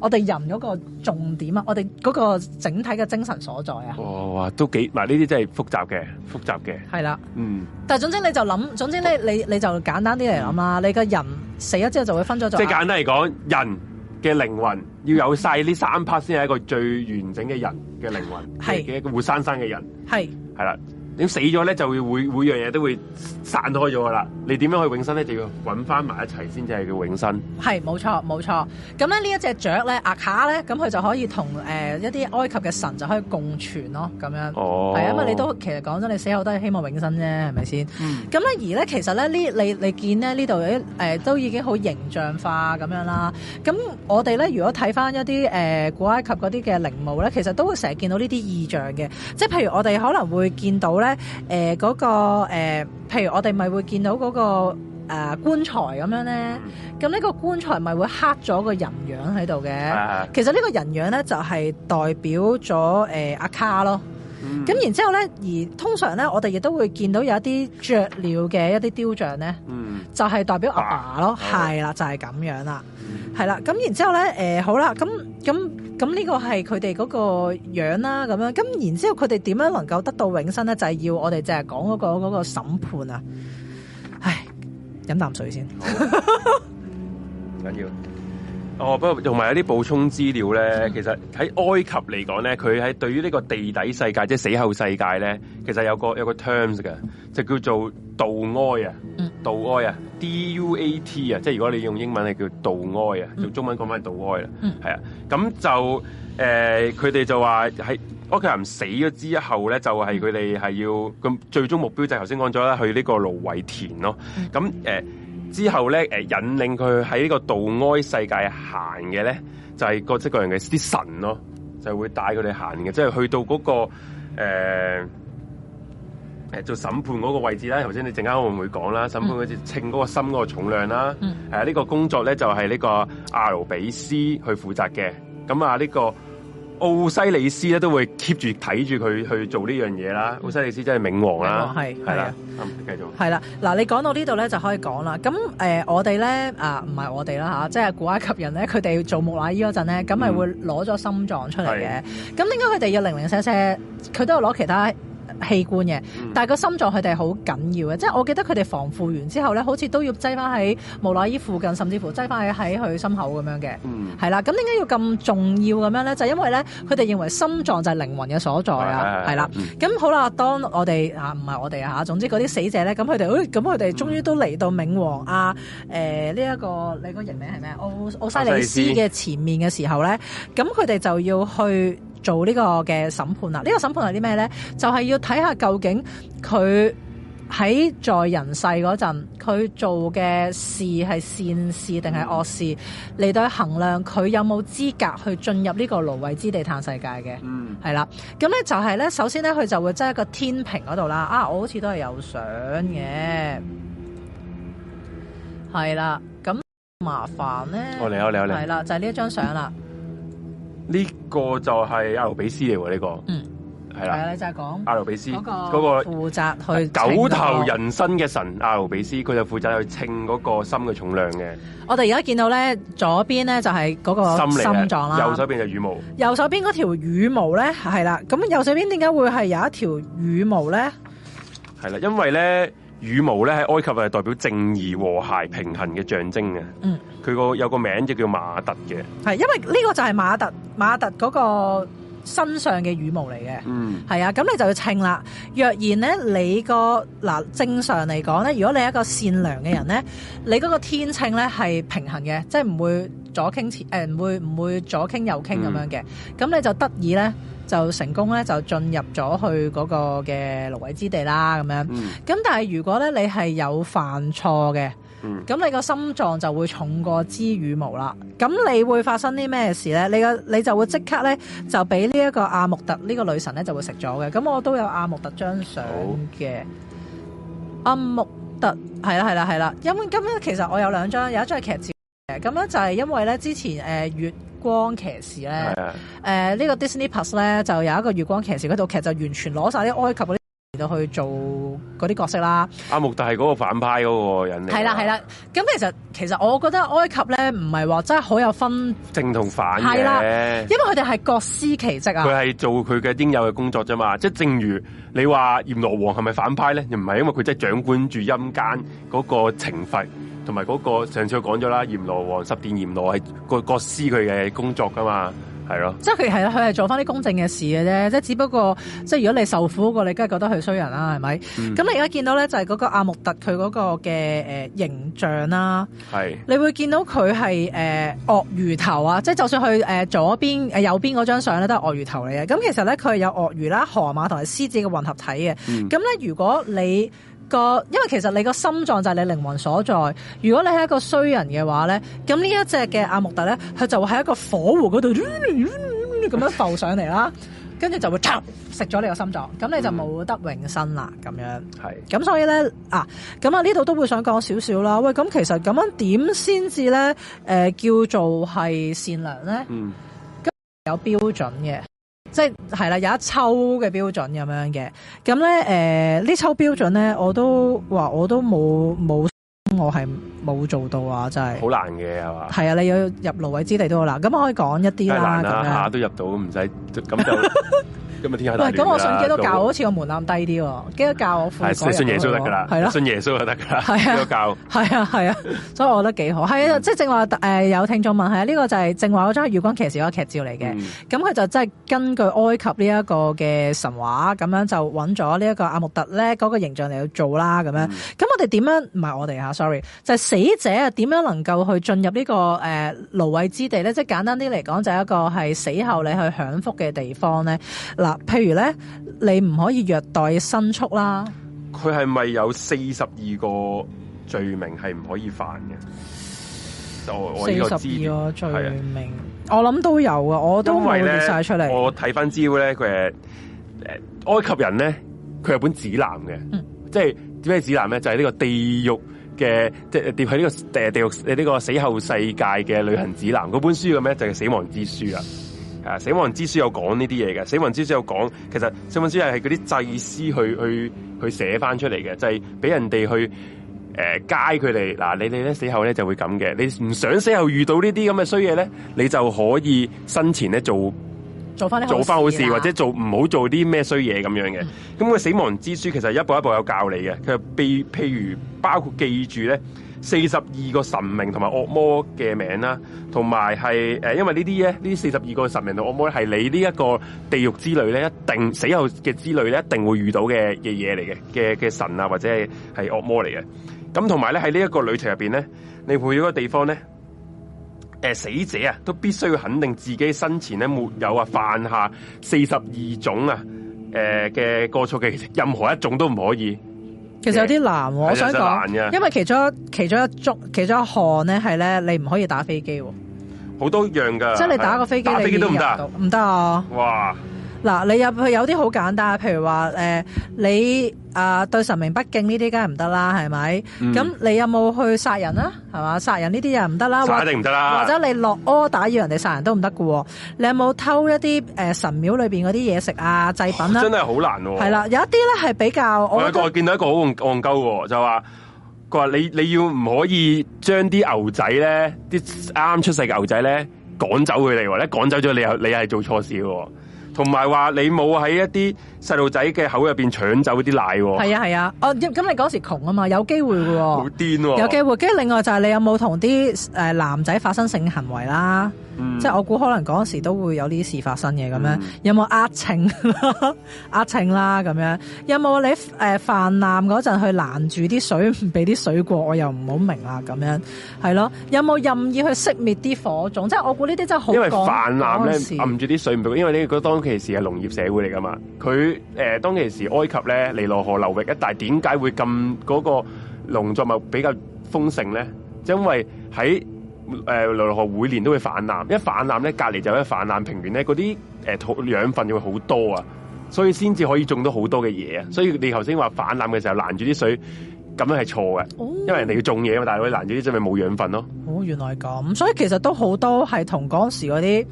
我哋人嗰個重點啊，我哋嗰個整體嘅精神所在啊。哦，哇，都幾，嗱，呢啲真係複雜嘅，複雜嘅。係啦，嗯。但係總之你就諗，總之咧，你你就簡單啲嚟諗啦。你個人死咗之後就會分咗，即係簡單嚟講，啊，人嘅靈魂要有晒呢三 part 先係一個最完整嘅人嘅靈魂，係一個活生生嘅人，係係啦。死咗咧，就會每每樣嘢都會散開咗噶啦。你點樣去永生咧？就要揾翻埋一齊先，就係叫永生。係，冇錯，冇錯。咁咧呢一隻雀咧，阿卡咧，咁佢就可以同、呃、一啲埃及嘅神就可以共存咯。咁樣係啊、哦，因為你都其實講真，你死後都係希望永生啫，係咪先？咁、嗯、咧而咧，其實咧呢，你你見咧呢度、呃、都已經好形象化咁樣啦。咁我哋咧如果睇翻一啲、呃、古埃及嗰啲嘅陵墓咧，其實都會成日見到呢啲異象嘅，即係譬如我哋可能會見到咧。誒、呃，嗰、那個誒、呃，譬如我哋咪會見到嗰、那個誒、呃、棺材咁樣咧，咁呢個棺材咪會刻咗個人樣喺度嘅。啊、其實呢個人樣咧就係代表咗誒、呃、阿卡咯。咁、嗯、然之後咧，而通常咧我哋亦都會見到有一啲雀鳥嘅一啲雕像咧，嗯、就係代表阿爸，爸咯。係、啊、啦，就係、是、咁樣啦。係、嗯、啦，咁然之後咧，誒、呃，好啦，咁咁。咁呢個係佢哋嗰個樣啦，咁樣，咁然之後佢哋點樣能夠得到永生呢？就係、是、要我哋淨係講嗰個嗰個審判啊！唉，飲啖水先。緊要。哦，不過同埋有啲補充資料咧，其實喺埃及嚟講咧，佢喺對於呢個地底世界，即、就、係、是、死後世界咧，其實有個有個 terms 嘅，就叫做道哀啊、嗯，道哀啊，D U A T 啊，即係如果你用英文係叫道哀啊，用中文講翻係道哀啦，係、嗯、啊，咁就誒，佢、呃、哋就話係屋企人死咗之後咧，就係佢哋係要個最終目標就係頭先講咗啦，去呢個蘆葦田咯，咁誒。呃之後咧，誒引領佢喺呢個杜埃世界行嘅咧，就係、是、各職各人嘅啲神咯，就會帶佢哋行嘅，即、就、係、是、去到嗰、那個誒誒、呃、做審判嗰個位置啦。頭先你陣間會唔會講啦？審判嗰隻稱嗰個心嗰個重量啦，誒、嗯、呢、啊這個工作咧就係、是、呢個阿魯比斯去負責嘅。咁啊呢個。奧西里斯咧都會 keep 住睇住佢去做呢樣嘢啦、嗯，奧西里斯真係冥王啦、啊，係係啦，繼、啊、續係啦。嗱，你講到呢度咧就可以講啦。咁誒、呃，我哋咧啊，唔係我哋啦、啊、即係古埃及人咧，佢哋做木乃伊嗰陣咧，咁、嗯、咪會攞咗心臟出嚟嘅。咁點解佢哋要零零舍舍？佢都有攞其他，器官嘅，但係個心臟佢哋好緊要嘅，嗯、即係我記得佢哋防腐完之後咧，好似都要擠翻喺木乃伊附近，甚至乎擠翻喺喺佢心口咁樣嘅，係、嗯、啦。咁點解要咁重要咁樣咧？就係、因為咧，佢哋認為心臟就係靈魂嘅所在啊，係啦。咁、嗯、好啦，當我哋嚇唔係我哋啊嚇，總之嗰啲死者咧，咁佢哋，咁佢哋終於都嚟到冥王啊。誒呢一個你個人名係咩啊？奧西里斯嘅前面嘅時候咧，咁佢哋就要去做呢個嘅審判啦！呢、這個審判係啲咩咧？就係、是、要睇下究竟佢喺在，在人世嗰陣，佢做嘅事係善事定係惡事嚟、嗯、到去衡量佢有冇資格去進入呢個蘆葦之地嘆世界嘅。嗯，係啦。咁咧就係咧，首先咧佢就會揸一個天平嗰度啦。啊，我好似都係有相嘅，係啦。咁麻煩咧，係啦、哦哦，就呢、是、一張相啦。嗯呢、這個就係阿努比斯嚟喎，呢、這個嗯係啦，你就係講阿努比斯嗰、那個嗰、那個負責去、那個、狗頭人身嘅神阿努比斯，佢就負責去稱嗰個心嘅重量嘅。我哋而家見到咧，左邊咧就係嗰個心嚟啦，右手邊就羽毛。右手邊嗰條羽毛咧係啦，咁右手邊點解會係有一條羽毛咧？係啦，因為咧。羽毛咧喺埃及係代表正義、和諧、平衡嘅象徵嘅。嗯，佢個有個名就叫馬特嘅。係，因為呢個就係馬特馬特嗰個身上嘅羽毛嚟嘅。嗯，係啊，咁你就要稱啦。若然咧，你個嗱正常嚟講咧，如果你係一個善良嘅人咧， 你嗰個天秤咧係平衡嘅，即係唔會左傾、呃、唔會唔會左傾右傾咁樣嘅。咁、嗯、你就得意咧。就成功咧，就進入咗去嗰個嘅蘆葦之地啦，咁樣。咁、嗯、但係如果咧，你係有犯錯嘅，咁、嗯、你個心臟就會重過支羽毛啦。咁你會發生啲咩事咧？你個你就會即刻咧就俾呢一個阿木特呢、呢個女神咧就會食咗嘅。咁我都有阿木特張相嘅。阿木特係啦，係啦，係啦。咁今咧其實我有兩張，有一張係劇照嘅。咁、嗯、咧就係、係、因為咧之前誒月呃光騎士咧，誒呢、啊呃這個 Disney Plus 咧就有一個月光騎士嗰套劇，其實就完全攞晒啲埃及嗰啲嚟到去做嗰啲角色啦。阿、啊、穆特係嗰個反派嗰個人嚟。係啦係啦，咁、啊、其實其實我覺得埃及咧唔係話真係好有分正同反啦、啊、因為佢哋係各司其職啊。佢係做佢嘅應有嘅工作啫嘛。即係正如你話，閻羅王係咪反派咧？又唔係，因為佢真係掌管住陰間嗰個懲罰。同埋嗰個上次我講咗啦，閻羅王十殿閻羅係個個司佢嘅工作噶嘛，係咯。即係係佢係做翻啲公正嘅事嘅啫，即係只不過，即係如果你受苦嗰個，你梗係覺得佢衰人啦，係咪？咁、嗯、你而家見到咧，就係、是、嗰個阿木特佢嗰個嘅誒形象啦、啊。係，你會見到佢係誒鱷魚頭啊！即係就算佢左邊、右邊嗰張相咧，都係鱷魚頭嚟嘅。咁其實咧，佢有鱷魚啦、河馬同埋獅子嘅混合體嘅。咁咧，如果你個，因為其實你個心臟就係你靈魂所在。如果你係一個衰人嘅話咧，咁呢一隻嘅阿木特咧，佢就會喺一個火湖嗰度咁樣浮上嚟啦，跟住就會插食咗你個心臟，咁你就冇得永生啦。咁樣係，咁所以咧啊，咁啊呢度都會想講少少啦。喂，咁其實咁樣點先至咧誒叫做係善良咧？嗯，咁有標準嘅。即係啦，有一抽嘅標準咁樣嘅，咁咧誒呢、呃、抽標準咧，我都話我都冇冇，我係冇做到啊！真係好難嘅係嘛？係啊，你要入蘆葦之地都好難，咁可以講一啲啦。咁啊、就係、下都入到唔使咁就。 咁咁、嗯、我信基督教好似個門檻低啲喎、哦，基、嗯、督教我，我信耶穌得噶啦，信耶穌就、啊、得噶啦、啊，基督教係啊係啊，啊，所以我覺得幾好，係 啊，啊啊啊啊嗯、即係正話誒、呃、有聽眾問，係啊，呢、這個就係正話嗰張《月光騎士》個劇照嚟嘅，咁、嗯、佢就真係根據埃及呢一個嘅神話，咁樣就搵咗呢一個阿木特咧嗰、那個形象嚟去做啦，咁樣。咁、嗯、我哋點樣唔係我哋吓，sorry，就係死者啊，點樣能夠去進入呢、這個誒蘆葦、呃、之地咧？即係簡單啲嚟講，就係一個係死後你去享福嘅地方咧嗱。譬如咧，你唔可以虐待牲畜啦。佢係咪有四十二個罪名係唔可以犯嘅？我四十二個罪名，我個罪名，我諗都有啊，我都冇列晒出嚟。我睇翻資料咧，佢誒，埃及人咧，佢有本指南嘅，即係咩指南咧？就係、是、呢個地獄嘅，即係跌喺呢個地地獄誒，呢、這個死後世界嘅旅行指南嗰本書嘅咩？就係、是、死亡之書啊！啊！死亡之書有講呢啲嘢嘅，死亡之書有講，其實死亡之書係嗰啲祭司去去去寫翻出嚟嘅，就係、是、俾人哋去誒 guide 佢哋。嗱、呃啊，你哋咧死後咧就會咁嘅，你唔想死後遇到這這呢啲咁嘅衰嘢咧，你就可以生前咧做做翻做翻好事，或者做唔好做啲咩衰嘢咁樣嘅。咁、嗯、個死亡之書其實一步一步有教你嘅，佢係譬如包括記住咧。四十二個神明同埋惡魔嘅名啦，同埋係誒，因為呢啲咧，呢四十二個神明同惡魔咧，係你呢一個地獄之類咧，一定死後嘅之類咧，一定會遇到嘅嘅嘢、嚟嘅嘅嘅神啊，或者係係惡魔嚟嘅。咁同埋咧喺呢一個旅程入邊咧，你會一個地方咧，誒死者啊，都必須要肯定自己生前咧沒有啊犯下四十二種啊誒嘅過錯嘅，任何一種都唔可以。其實有啲難，我想講，的的因為其中一其中一足其中一項咧係咧，你唔可以打飛機，好多樣噶，即係你打個飛機，打飛機都唔得，唔得啊！哇！嗱，你入去有啲好簡單，譬如話誒、呃，你啊、呃、對神明不敬呢啲，梗係唔得啦，係、嗯、咪？咁你有冇去殺人啊？係、嗯、嘛，殺人呢啲又唔得啦，定唔得啦。或者你落柯打，打擾人哋殺人都唔得嘅喎。你有冇偷一啲、呃、神廟裏面嗰啲嘢食啊祭品啊、哦？真係好難喎、哦。係啦，有一啲咧係比較我一個。一我，我見到一個好戇鳩喎，就話佢話你你要唔可以將啲牛仔咧，啲啱出世嘅牛仔咧趕走佢哋，或者趕走咗你又你係做錯事喎。同埋話你冇喺一啲細路仔嘅口入邊搶走啲奶喎。係啊，係啊。哦、啊，咁、啊、你嗰時窮啊嘛，有機會嘅喎。好癲喎、啊。有機會。跟住另外就係你有冇同啲誒男仔發生性行為啦？嗯、即係我估可能嗰時都會有呢啲事發生嘅咁、嗯、 樣，有冇壓情？壓情啦咁樣，有冇你誒泛濫嗰陣去攔住啲水，唔俾啲水過，我又唔好明啦咁樣，係咯，有冇任意去熄滅啲火種？即係我估呢啲真係好。因為泛濫咧，冚住啲水唔俾，因為呢個當其時係農業社會嚟㗎嘛，佢誒、呃、當其時埃及咧尼羅河流域一帶，但係點解會咁嗰個農作物比較豐盛咧？就係、因為喺誒、呃，尼羅河每年都會泛濫，一泛濫咧，隔籬就一泛濫平原咧，嗰啲誒土養分就會好多啊，所以先至可以種到好多嘅嘢啊。所以你頭先話泛濫嘅時候攔住啲水，咁樣係錯嘅，因為人哋要種嘢啊嘛，但係你攔住啲水咪冇養分咯。哦，原來係咁，所以其實都好多係同嗰時嗰啲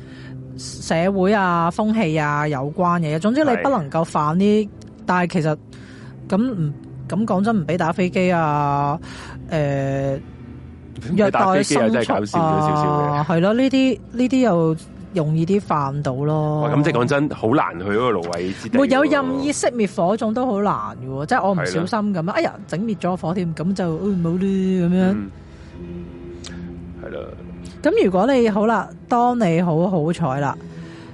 社會啊、風氣啊有關嘅。總之你不能夠反啲，但係其實咁唔咁講真唔俾打飛機啊，誒、呃。虐待心少少係咯，呢啲呢啲又容易啲犯到咯。咁即係講真，好難去嗰個蘆葦之地。沒有任意熄滅火種都好難嘅，即係我唔小心咁啊，哎呀，整滅咗火添，咁就好咁、哎、樣。係、嗯、啦。咁如果你好啦，當你好好彩啦，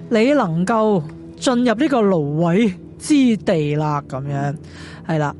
你能夠進入呢個蘆葦之地啦，咁樣係啦。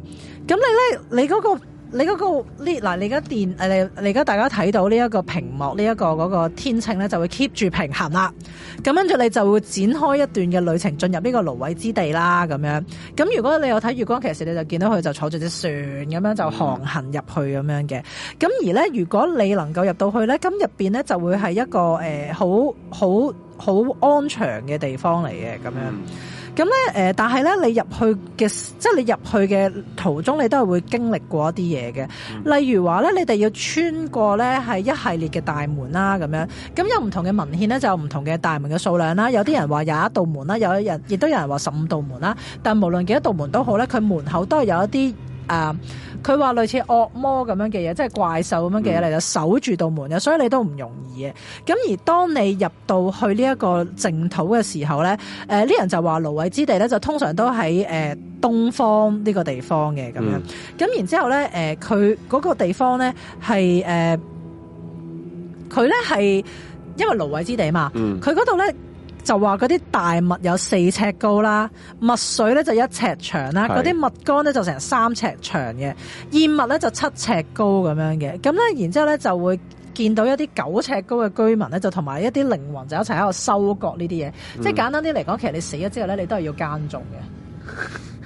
咁你咧，你、嗰個。你嗰、那個呢嗱，你而家電你，你而家大家睇到呢一個屏幕呢一、這個嗰天秤咧就會 keep 住平衡啦，咁跟住你就會展開一段嘅旅程，進入呢個蘆葦之地啦咁樣。咁如果你有睇《月光騎士》，你就見到佢就坐住隻船咁樣就航行入去咁樣嘅。咁、嗯、而咧，如果你能夠入到去咧，咁入面咧就會係一個誒好好好安詳嘅地方嚟嘅咁樣。咁咧，誒，但係咧，你入去嘅，即係你入去嘅途中，你都係會經歷過一啲嘢嘅。例如話咧，你哋要穿過咧係一系列嘅大門啦，咁樣。咁有唔同嘅文獻咧，就有唔同嘅大門嘅數量啦。有啲人話廿一道門啦，有啲人亦都有人話十五道門啦。但無論幾多道門都好咧，佢門口都係有一啲誒佢話類似惡魔咁樣嘅嘢，即係怪獸咁樣嘅嘢嚟，就守住道門嘅，所以你都唔容易嘅。咁而當你入到去呢一個淨土嘅時候咧，誒、呃、呢人就話蘆葦之地咧，就通常都喺誒、呃、東方呢個地方嘅咁樣咁、嗯、然之後咧，誒佢嗰個地方咧係誒佢咧係因為蘆葦之地嘛，佢嗰度咧。就話嗰啲大麥有四尺高啦，麥穗咧就一尺長啦，嗰啲麥杆咧就成三尺長嘅，燕麥咧就七尺高咁樣嘅，咁咧然之後咧就會見到一啲九尺高嘅居民咧，就同埋一啲靈魂就一齊喺度收割呢啲嘢，即係簡單啲嚟講，其實你死咗之後咧，你都係要耕種嘅。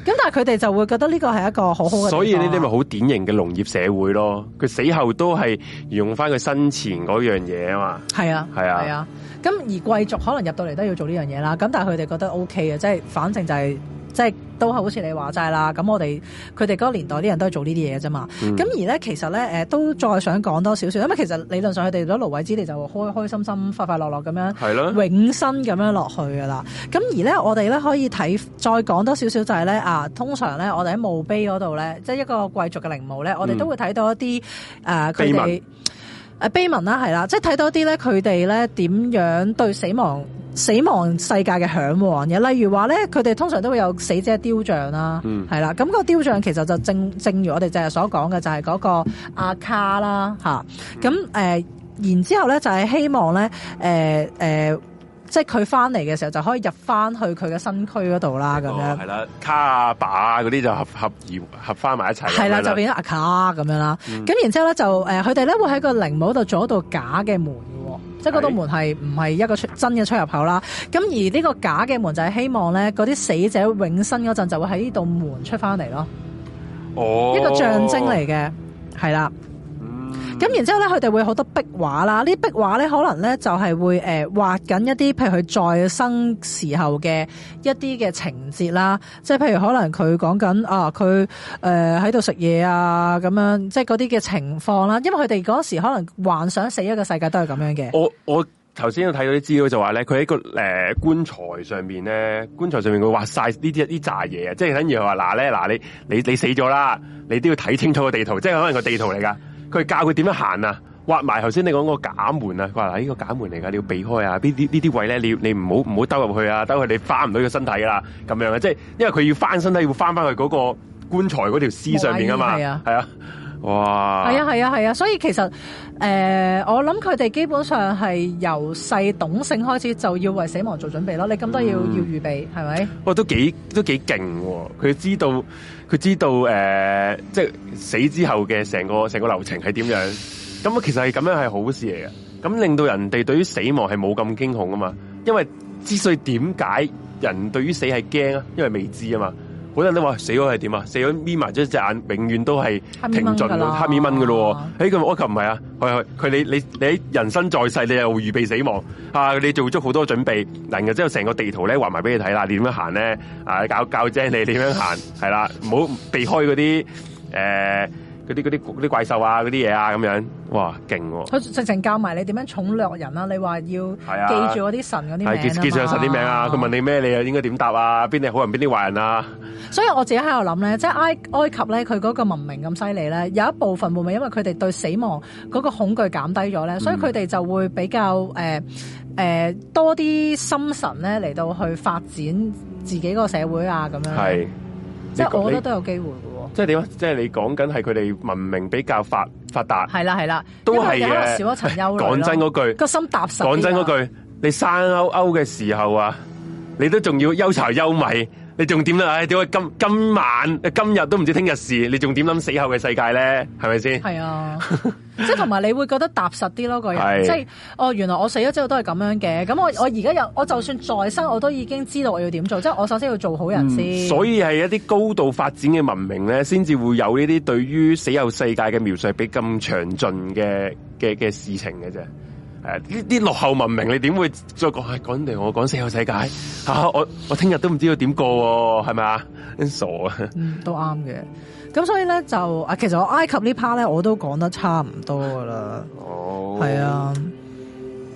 咁 但係佢哋就會覺得呢個係一個好好嘅，所以呢啲咪好典型嘅農業社會咯。佢死後都係用翻佢生前嗰樣嘢啊嘛。係啊，係啊，係啊。咁而貴族可能入到嚟都要做呢樣嘢啦，咁但係佢哋覺得 OK 嘅，即係反正就係、是、即係都係好似你話齋啦。咁我哋佢哋嗰個年代啲人都係做、嗯、呢啲嘢啫嘛。咁而咧其實咧、呃、都再想講多少少，因為其實理論上佢哋攞蘆葦枝你就開開心心、快快樂樂，咁樣，永生咁樣落去噶啦。咁而咧我哋咧可以睇再講多少少就係、是、咧啊，通常咧我哋喺墓碑嗰度咧，即係一個貴族嘅陵墓咧，我哋都會睇到一啲佢哋。嗯呃誒碑文啦，係啦，即係睇多啲咧，佢哋咧點樣對死亡死亡世界嘅嚮往嘅，例如話咧，佢哋通常都會有死者雕像啦，係、嗯、啦，咁、嗰個雕像其實就正正如我哋成日所講嘅，就係嗰個阿卡啦嚇，咁誒、呃、然之後咧就係希望咧誒誒。呃呃即係佢翻嚟嘅時候，就可以入翻去佢嘅身軀嗰度啦，咁、哦、樣。係啦，卡啊、把啊嗰啲就合合合翻埋一齊。係啦，就變咗阿卡咁樣啦。咁、嗯、然之後咧就誒，佢哋咧會喺個陵墓度做一道假嘅門，即係嗰道門係唔係一個真嘅出入口啦。咁而呢個假嘅門就係希望咧，嗰啲死者永生嗰陣就會喺呢道門出翻嚟咯。哦，一個象徵嚟嘅，係啦。咁然之後咧，佢哋會好多壁畫啦。呢壁畫咧，可能咧就係會誒畫緊一啲，譬如佢再生時候嘅一啲嘅情節啦、啊呃。即係譬如可能佢講緊啊，佢誒喺度食嘢啊，咁樣即係嗰啲嘅情況啦。因為佢哋嗰時可能幻想死一個世界都係咁樣嘅。我我頭先都睇到啲資料就話咧，佢喺個誒棺材上面咧，棺材上面佢畫晒呢啲一啲炸嘢啊，即係等於話嗱咧，嗱你你你死咗啦，你都要睇清楚個地圖，即係可能個地圖嚟噶。佢教佢點樣行啊？挖埋頭先，剛才你講個假門啊！佢話：嗱，呢個假門嚟㗎，你要避開啊！位呢啲呢啲位咧，你你唔好唔好兜入去啊！兜佢你翻唔到個身體啦，咁樣嘅，即係因為佢要翻身體，要翻翻去嗰個棺材嗰條屍上面啊嘛，係啊，啊！哇！係啊係啊係啊，啊！所以其實誒、呃，我諗佢哋基本上係由細懂性開始，就要為死亡做準備咯。你咁多要、嗯、要預備係咪？哇！都幾都幾勁喎、啊！佢知道。佢知道誒、呃，即係死之後嘅成個成個流程係點樣，咁啊其實係咁樣係好事嚟嘅，咁令到人哋對於死亡係冇咁驚恐啊嘛，因為之所以點解人對於死係驚啊，因為未知啊嘛。好多人都話死咗係點啊？死咗眯埋咗隻眼，永遠都係停頓咯，黑咪蚊㗎咯。哎，佢埃及唔係啊，佢佢佢你你你人生在世，你又預備死亡啊？你做足好多準備，嗱，然之後成個地圖咧畫埋俾你睇啦，你點樣行咧？啊，教教精你點樣行係啦，唔 好避開嗰啲誒。呃嗰啲嗰啲嗰啲怪獸啊，嗰啲嘢啊，咁樣，哇，勁、啊！佢直情教埋你點樣寵虐人啊，你話要記住嗰啲神嗰啲名啊，啊。係記記住神啲名啊！佢、哦、問你咩，你又應該點答啊？邊啲好人，邊啲壞人啊？所以我自己喺度諗咧，即係埃埃及咧，佢嗰個文明咁犀利咧，有一部分會唔會因為佢哋對死亡嗰個恐懼減低咗咧、嗯？所以佢哋就會比較誒誒、呃呃、多啲心神咧嚟到去發展自己嗰個社會啊，咁樣係，即係我覺得都有機會。即係點啊？即係你講緊係佢哋文明比較發發達。係啦係啦，都係誒。講真嗰句，個心踏實、啊。講真嗰句，你生勾勾嘅時候啊，你都仲要憂茶憂米。你仲點咧？唉、哎，點解今今晚、今日都唔知聽日事？你仲點諗死後嘅世界咧？係咪先？係啊， 即係同埋你會覺得踏實啲咯，個人即係哦，原來我死咗之後都係咁樣嘅。咁我我而家有我就算在生，我都已經知道我要點做，即係我首先要做好人先，嗯。所以係一啲高度發展嘅文明咧，先至會有呢啲對於死後世界嘅描述比咁詳盡嘅嘅嘅事情嘅啫。呢啲落後文明，你點會再講係講定我講死後世界吓、啊？我我聽日都唔知道點過、哦，係咪啊？真傻啊、嗯！都啱嘅。咁所以咧就啊，其實我埃及呢 part 咧，我都講得差唔多噶啦。哦，係啊。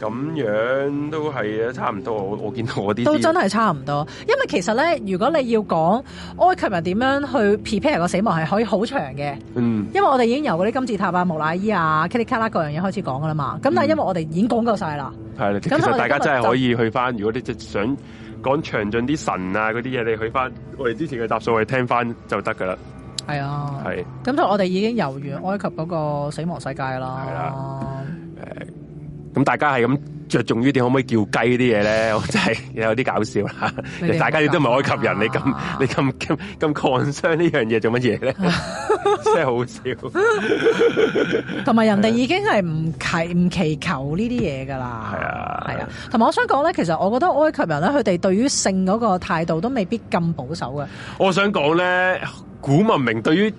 咁樣都係差唔多，我我見到我啲都真係差唔多，因為其實咧，如果你要講埃及人點樣去 prepare 個死亡係可以好長嘅。嗯，因為我哋已經由嗰啲金字塔啊、木乃伊啊、k i t k a 卡拉各樣嘢開始講噶啦嘛，咁、嗯、但係因為我哋已經講夠曬啦，係、嗯、啦，咁所以大家真係可以去翻，如果你即想講詳盡啲神啊嗰啲嘢，你去翻我哋之前嘅集數去聽翻就得噶啦，係啊，係，咁所以我哋已經遊完埃及嗰個死亡世界啦，係啦、啊、誒、哎。咁大家係咁着重於點可唔可以叫雞啲嘢咧，我真係有啲搞笑啦！ 大家亦都唔係埃及人，你咁、啊、你咁咁咁 concern 呢樣嘢做乜嘢咧？ 真係是好笑，同埋人哋已經係唔祈唔 祈求呢啲嘢噶啦，係啊係啊，同埋我想講咧，其實我覺得埃及人咧，佢哋對於性嗰個態度都未必咁保守㗎。我想講咧，古文明對於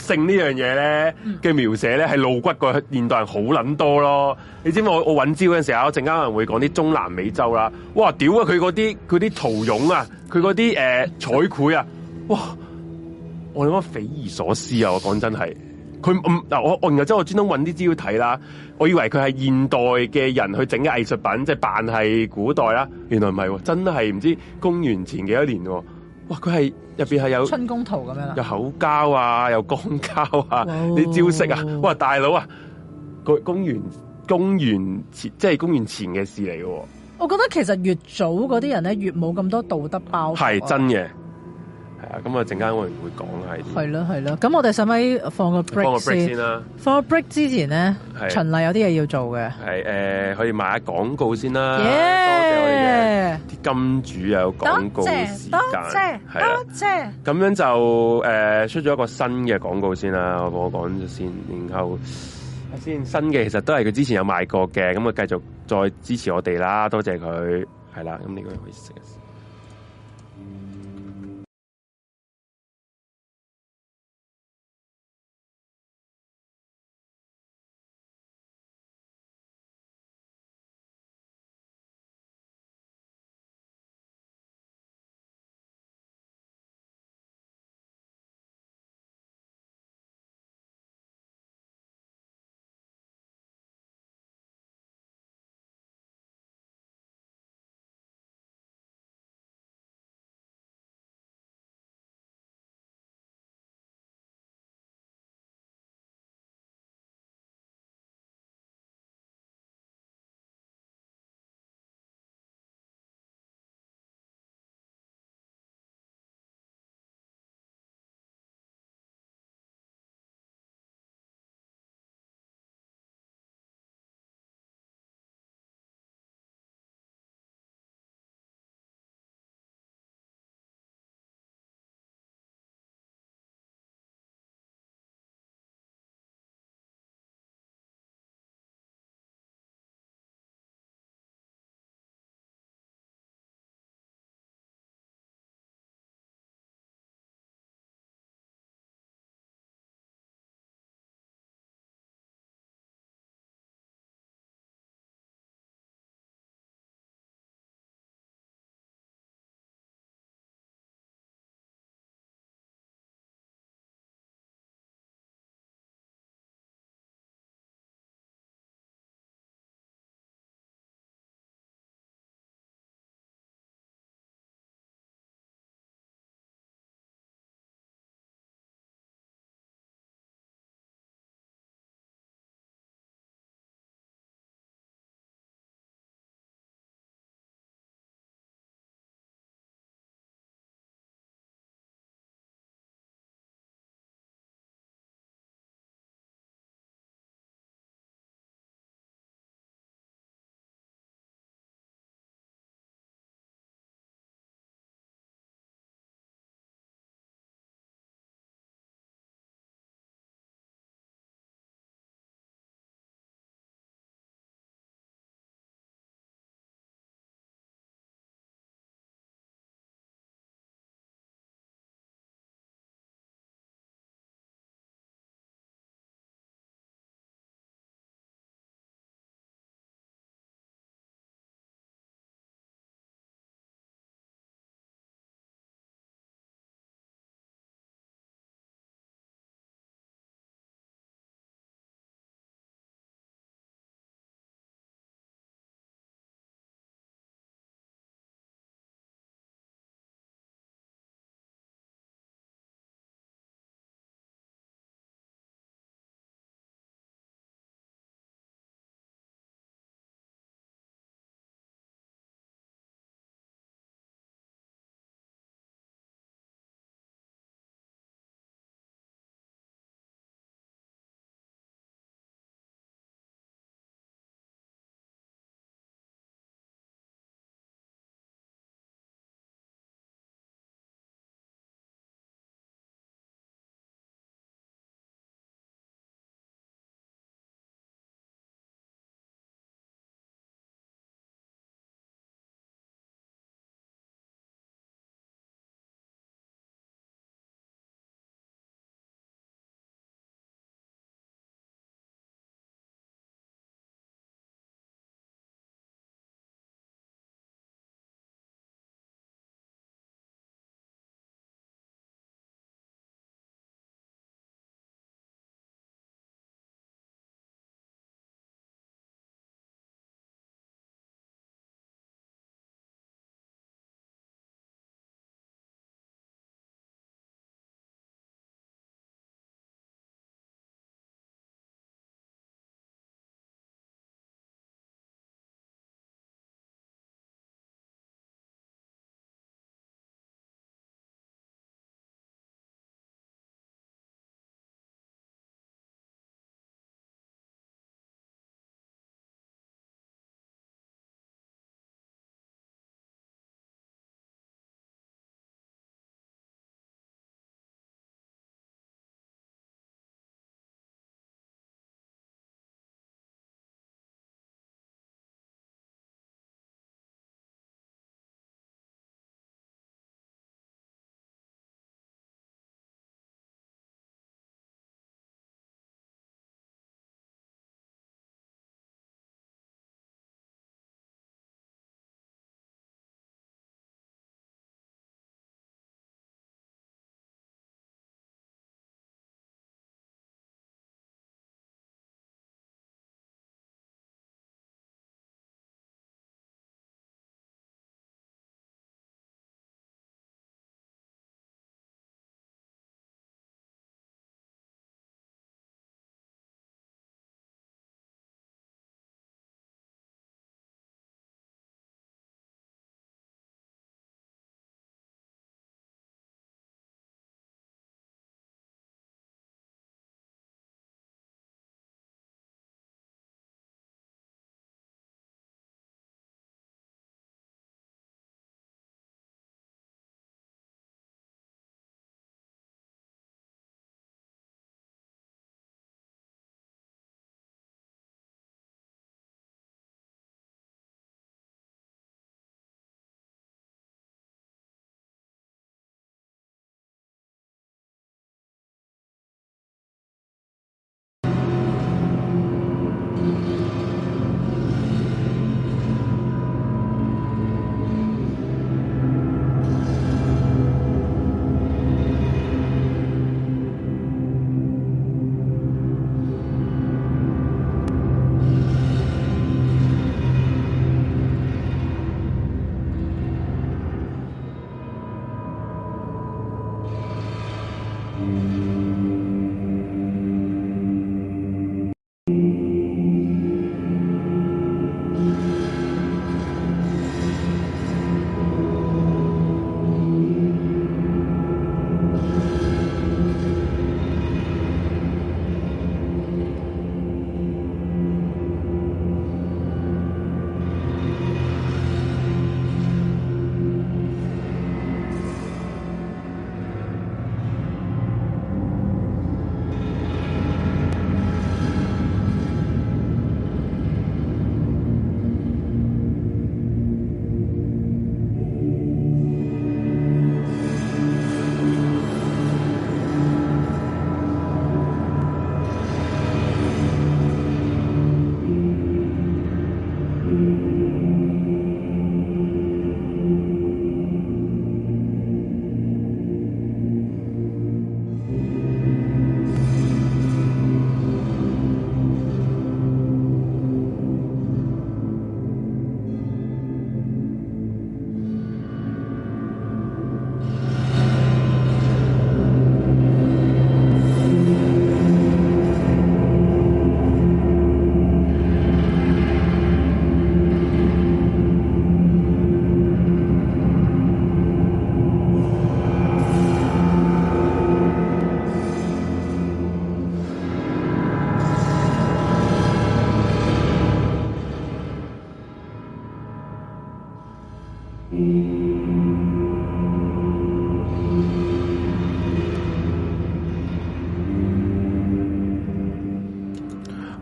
性呢樣嘢咧嘅描寫咧係露骨過現代人好捻多咯。你知唔知我我搵招嘅時候，我陣間可能會講啲中南美洲啦。哇，屌啊！佢嗰啲佢啲陶俑啊，佢嗰啲誒彩繪啊，哇！我諗匪夷所思啊！我講真係，佢唔嗱我我然後之後我專登搵啲資料睇啦。我以為佢係現代嘅人去整嘅藝術品，即係扮係古代啦啊。原來唔係，啊，真係唔知公元前幾多年，啊。哇！佢係入邊係有春宮圖咁樣啦，有口交啊，有公交啊，啲招式啊，哇！大佬啊，個公元公元前即係公元前嘅事嚟嘅啊。我覺得其實越早嗰啲人咧越冇咁多道德包袱啊，係真嘅。咁啊，陣間會唔會講係？係咯，係咯。咁我哋使咪放個 break 先啦。先放個 break 之前咧，循例有啲嘢要做嘅。係、呃、誒，可以賣下廣告先啦、啊。Yeah、我哋！啲金主有廣告時間。多謝，謝，多謝，謝。咁樣就、呃、出咗一個新嘅廣告先啦、啊。我講先，先，然後先新嘅其實都係佢之前有賣過嘅。咁啊，繼續再支持我哋啦。多謝佢。係啦，咁呢個可以食一。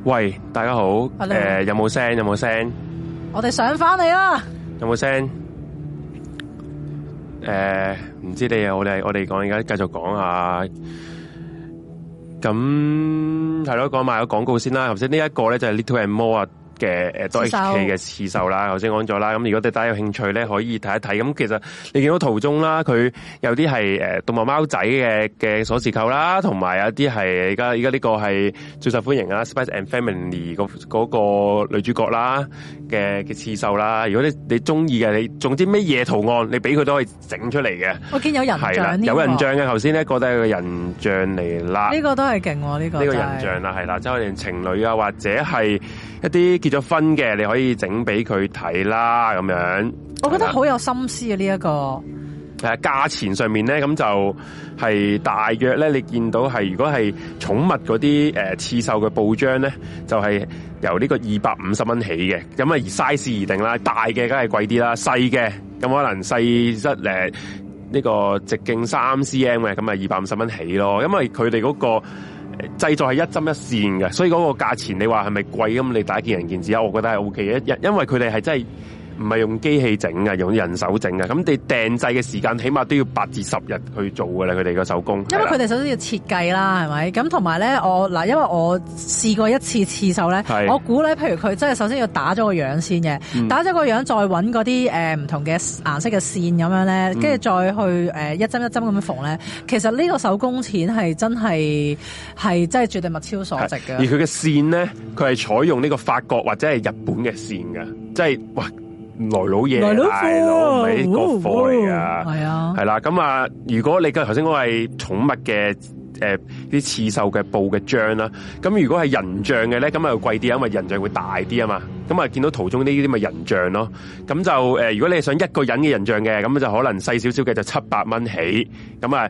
喂，大家好，誒，有冇聲？有冇聲？我哋上翻嚟啦。有冇聲？誒，唔知你啊，我哋我哋講而家繼續講下，咁係咯，講埋個廣告先啦。頭先呢一個咧就係 Little and More 啊。嘅誒都係 HK 嘅刺繡啦，頭先講咗啦。咁如果大家有興趣咧，可以睇一睇。咁其實你見到圖中啦，佢有啲係誒動物貓仔嘅嘅鎖匙扣啦，同埋有啲係而家而家呢個係最受歡迎啊 Spice and Family 個嗰女主角啦嘅嘅刺繡啦。如果你你中意嘅，你總之咩嘢圖案？你俾佢都可以整出嚟嘅。我見有人像呢有人像嘅頭先咧，這個，覺得係這個這個就是個人像嚟啦。呢個都係勁喎，呢個呢個人像啦，係啦，即係我哋情侶啊，或者係一啲。結咗婚嘅，你可以整俾佢睇啦，咁樣。我覺得好有心思嘅呢一個。誒、啊，價錢上面咧，咁就係大約咧，你見到係如果係寵物嗰啲誒刺繡嘅布章咧，就係、是、由呢個二百五十蚊起嘅。咁啊，而 size 而定啦，大嘅梗係貴啲啦，細嘅咁可能細一誒呢個直徑三 cm 嘅，咁啊二百五十蚊起咯。因為佢哋嗰個。製作係一針一線嘅，所以嗰個價錢你話係咪貴咁？你大家見仁見智啦。我覺得係 OK 嘅，因因為佢哋係真係。唔係用機器整呀，用人手整呀。咁你訂製嘅時間起碼都要八至十日去做噶啦，佢哋個手工。因為佢哋首先要設計啦，係咪？咁同埋咧，我嗱，因為我試過一次刺繡咧，我估咧，譬如佢真係首先要打咗個樣先嘅、嗯，打咗個樣再搵嗰啲誒唔同嘅顏色嘅線咁樣咧，跟、嗯、住再去誒、呃、一針一針咁樣縫咧。其實呢個手工錢係真係係真係絕對物超所值嘅。而佢嘅線咧，佢係採用呢個法國或者係日本嘅線嘅，即、就、係、是、哇。來老嘢係咯，咪呢個貨嚟啊，係啊，係啦，咁啊，如果你嘅頭先講係寵物嘅，誒、呃，啲刺繡嘅布嘅章啦，咁如果係人像嘅咧，咁啊貴啲，因為人像會大啲啊嘛，咁啊見到圖中呢啲咪人像咯，咁就誒、呃，如果你係想一個人嘅人像嘅，咁就可能細少少嘅就七百蚊起，咁啊。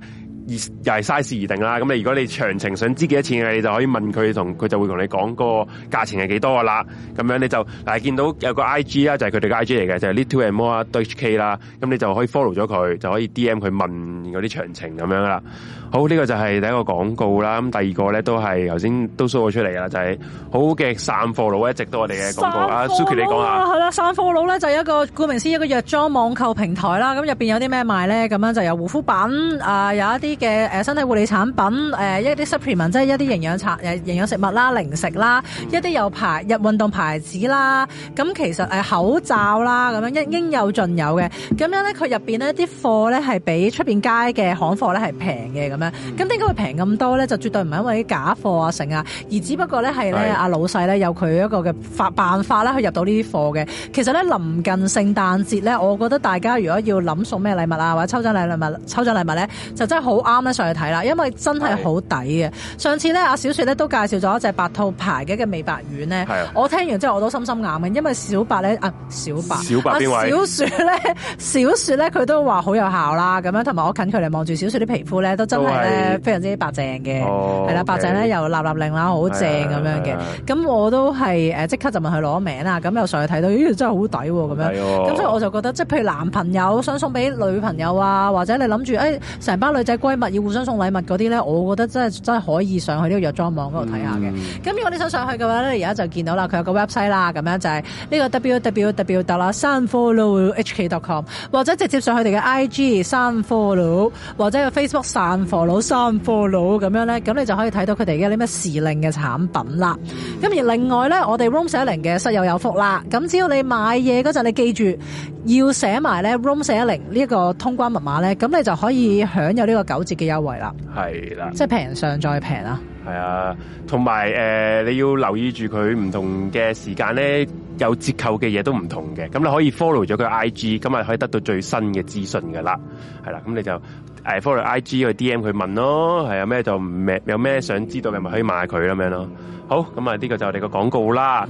而又係 size 而定啦，咁你如果你詳情想知幾多錢，你就可以問佢，同佢就會同你講個價錢係幾多噶啦，咁樣你就，但係見到有個 I G 啦，就係佢哋個 I G 嚟嘅，就係 Little and More HK 啦，咁你就可以 follow 咗佢，就可以 D M 佢問嗰啲詳情咁樣啦。好呢、這個就係第一個廣告啦，咁第二個咧都係頭先都 show 咗出嚟啦，就係、是、好嘅散貨佬，一直都我哋嘅廣告，阿 Suki 你講下。係啦，散貨佬咧就是、一個顧名思，一個藥妝網購平台啦。咁入邊有啲咩賣咧？咁樣就有護膚品啊、呃，有一啲嘅誒身體護理產品，誒、呃、一啲 Supreme 即係一啲營養營養食物啦、零食啦，一啲有牌入運動牌子啦。咁其實誒口罩啦，咁樣應應有盡有嘅。咁樣咧，佢入邊呢啲貨咧係比出邊街嘅行貨咧係平嘅咁點解會平咁多咧？就絕對唔係因為啲假貨啊成啊，而只不過咧係咧阿老細咧有佢一個嘅法辦法啦，去入到呢啲貨嘅。其實咧臨近聖誕節咧，我覺得大家如果要諗送咩禮物啊，或者抽獎禮物、抽獎禮物咧，就真係好啱咧上去睇啦，因為真係好抵嘅。上次咧阿小雪咧都介紹咗一隻白兔牌嘅嘅美白丸咧，我聽完之後我都心心眼嘅，因為小白咧啊小白小白邊位？小雪咧小雪咧佢都話好有效啦，咁樣同埋我近距離望住小雪啲皮膚咧都真。係咧非常之白淨嘅，係、oh，啦，okay。白淨咧又立立令啦，好正咁樣嘅。咁、yeah, yeah, yeah。我都係誒即刻就問佢攞名啦。咁又上去睇到，咦、哎，真係好抵喎咁樣，咁、yeah。所以我就覺得，即係譬如男朋友想送俾女朋友啊，或者你諗住誒成班女仔閨蜜要互相送禮物嗰啲咧，我覺得真係真係可以上去呢個藥妝網嗰度睇下嘅。咁、mm。如果你想上去嘅話咧，而家就見到啦，佢有個 website 啦，咁樣就係呢個 w w w 3 4，l u k h k c o m 或者直接上佢哋嘅 IG 3 4 l u k 或者 Facebook 3 4 l u k 我攞三 follow 咁樣咧，咁你就可以睇到佢哋一啲咩時令嘅產品啦。咁而另外咧，我哋 room 四一零嘅室友有福啦。咁只要你買嘢嗰陣，你記住要寫埋咧 room 四一零呢一個通關密碼咧，咁你就可以享有呢個九折嘅優惠啦。係啦，即係平上再平啊。係啊，同埋誒，你要留意住佢唔同嘅時間咧，有折扣嘅嘢都唔同嘅。咁你可以 follow 咗佢 IG，咁咪可以得到最新嘅資訊噶啦。係啦，咁你就。誒 follow I G 去 D M 佢問咯，係有咩就咩，有咩想知道明，咪可以問佢咁樣咯。好，咁啊呢個就係我哋個廣告啦。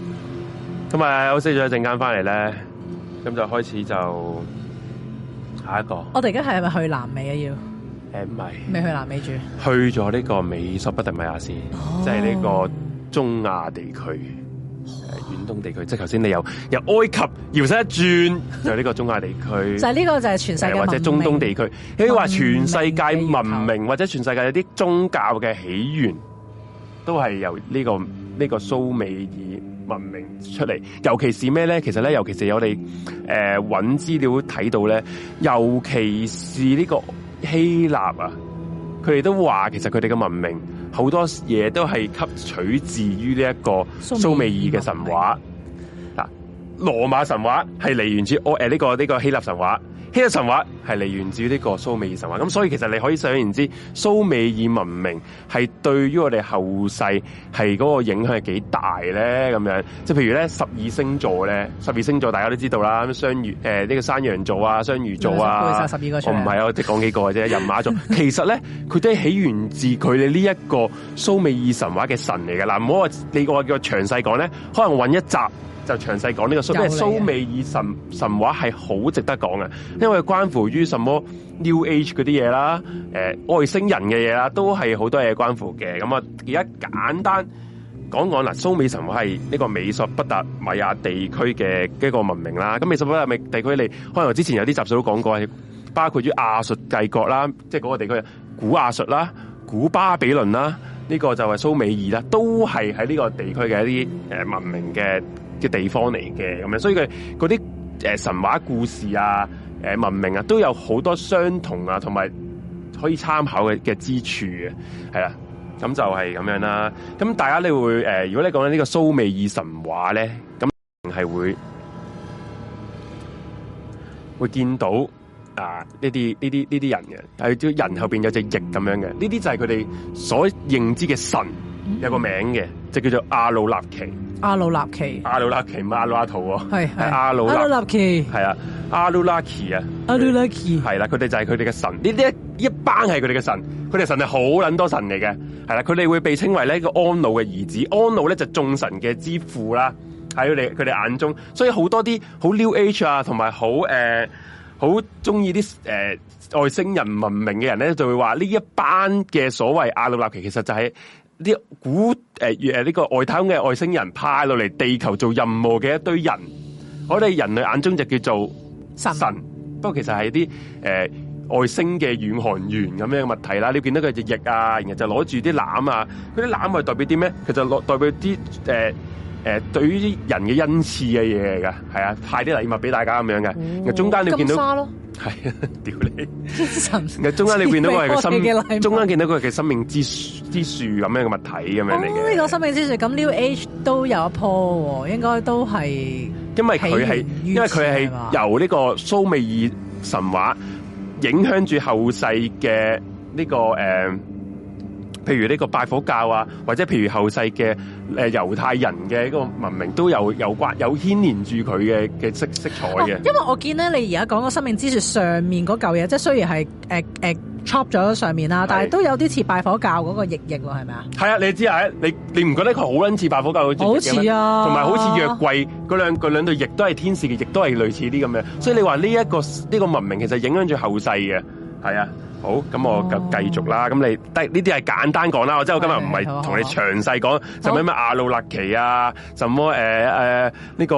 咁啊休息咗一陣間翻嚟咧，咁就開始就下一個。我哋而家係咪去南美啊？要誒，唔係，未去南美住。去咗呢個美索不達米亞先，即係呢個中亞地區。東地區，即係頭先你有由埃及搖身一轉，就呢個中亞地區， 就呢個就係全世界的或者中東地區，可以話全世界文明或者全世界有啲宗教嘅起源，都係由呢、呢個呢、呢個蘇美爾文明出嚟。尤其是咩咧？其實咧，尤其是我哋誒，揾、呃、資料睇到咧，尤其是呢個希臘啊，佢哋都話其實佢哋嘅文明。好多嘢都係吸取自於呢一個蘇美爾嘅神話，嗱，羅馬神話係嚟源自我誒呢個呢、呢個希臘神話呢個神話係嚟源自於呢個蘇美爾神話，咁所以其實你可以想而知，蘇美爾文明係對於我哋後世係嗰個影響係幾大咧？咁樣即係譬如咧，十二星座咧，十二星座大家都知道啦，雙魚誒呢個山羊座啊，雙魚座啊，十,十二我唔係啊，即係講幾個嘅啫，人馬座 其實咧佢都係起源自佢哋呢一個蘇美爾神話嘅神嚟嘅，嗱唔好話你個話叫詳細講咧，可能揾一集。就詳細講呢、這個，所以蘇美爾神神話係好值得講嘅，因為關乎於什麼 New Age 嗰啲嘢啦，誒、呃、外星人嘅嘢啦，都係好多嘢關乎嘅。咁、嗯、啊，而家簡單講講嗱，蘇美神話係呢個美索不達米亞地區嘅一個文明啦。咁美索不達米地區你可能之前有啲集數都講過，包括於亞述帝國啦，即係嗰個地區古亞述啦、古巴比倫啦，呢、這個就係蘇美爾啦，都係喺呢個地區嘅一啲誒、呃、文明嘅。嘅地方嚟嘅咁樣，所以佢嗰啲誒神話故事啊，誒、呃、文明啊，都有好多相同啊，同埋可以參考嘅嘅之處嘅，係啦、啊，咁、啊、就係咁樣啦、啊。咁大家你會誒、呃，如果你講緊呢個蘇美爾神話咧，咁係會會見到啊呢啲呢啲呢啲人嘅，係即係人後邊有隻翼咁樣嘅，呢啲就係佢哋所認知嘅神。有個名嘅，就叫做阿努納奇。阿努納奇，阿努納奇唔係阿努阿圖喎，係係阿努納奇，係啊，阿努納奇，阿努納奇啊，阿努納奇係啦，佢哋就係佢哋嘅神，呢啲一班係佢哋嘅神，佢哋神係好捻多神嚟嘅，係啦，啊，佢哋會被稱為呢個安努嘅兒子，安努咧就眾神嘅之父啦，喺佢哋佢哋眼中，所以好多啲好 New Age 啊，同埋好誒好中意啲誒外星人文明嘅人咧，就會話呢一班嘅所謂阿努納奇，其實就係、是。啲古誒誒呢個外太空嘅外星人派落嚟地球做任務嘅一堆人，我哋人類眼中就叫做神，不過其實係啲誒外星嘅遠航員咁樣嘅物體啦。你見到佢隻翼啊，然後就攞住啲籃啊，嗰啲籃係代表啲咩？佢就攞代表啲誒。呃誒、呃，對於啲人嘅恩賜嘅嘢嚟㗎，係啊，派啲禮物俾大家咁樣嘅、哦。中間你見到係啊，屌 神神笑你她她！中間你見到係佢生，中間見到佢嘅生命之樹之樹咁樣嘅物體咁樣嚟嘅。呢、哦這個生命之樹，咁 New Age 都有一棵、哦，應該都係。因為佢係，因為佢係由呢個蘇美爾神話影響住後世嘅呢、這個誒。Uh, 譬如呢個拜火教啊，或者譬如後世嘅誒、呃、猶太人嘅一個文明，都有有關有牽連住佢嘅嘅色色彩嘅、哦。因為我見咧，你而家講個生命之樹上面嗰嚿嘢，即係雖然係誒誒 chop 咗上面啦、啊，但係都有啲似拜火教嗰個翼翼喎，係咪啊？係啊，你知啊，你你唔覺得佢好撚似拜火教嗰啲？好似啊，同埋好似約櫃嗰兩嗰兩對翼都係天使嘅亦都係類似啲咁樣。所以你話呢一個呢、呢個文明其實影響住後世嘅，係啊。好，咁我咁繼續啦。咁、哦、你得呢啲係簡單講啦。我即係我今日唔係同你詳細講就咩咩阿魯納奇啊，什麼誒誒呢個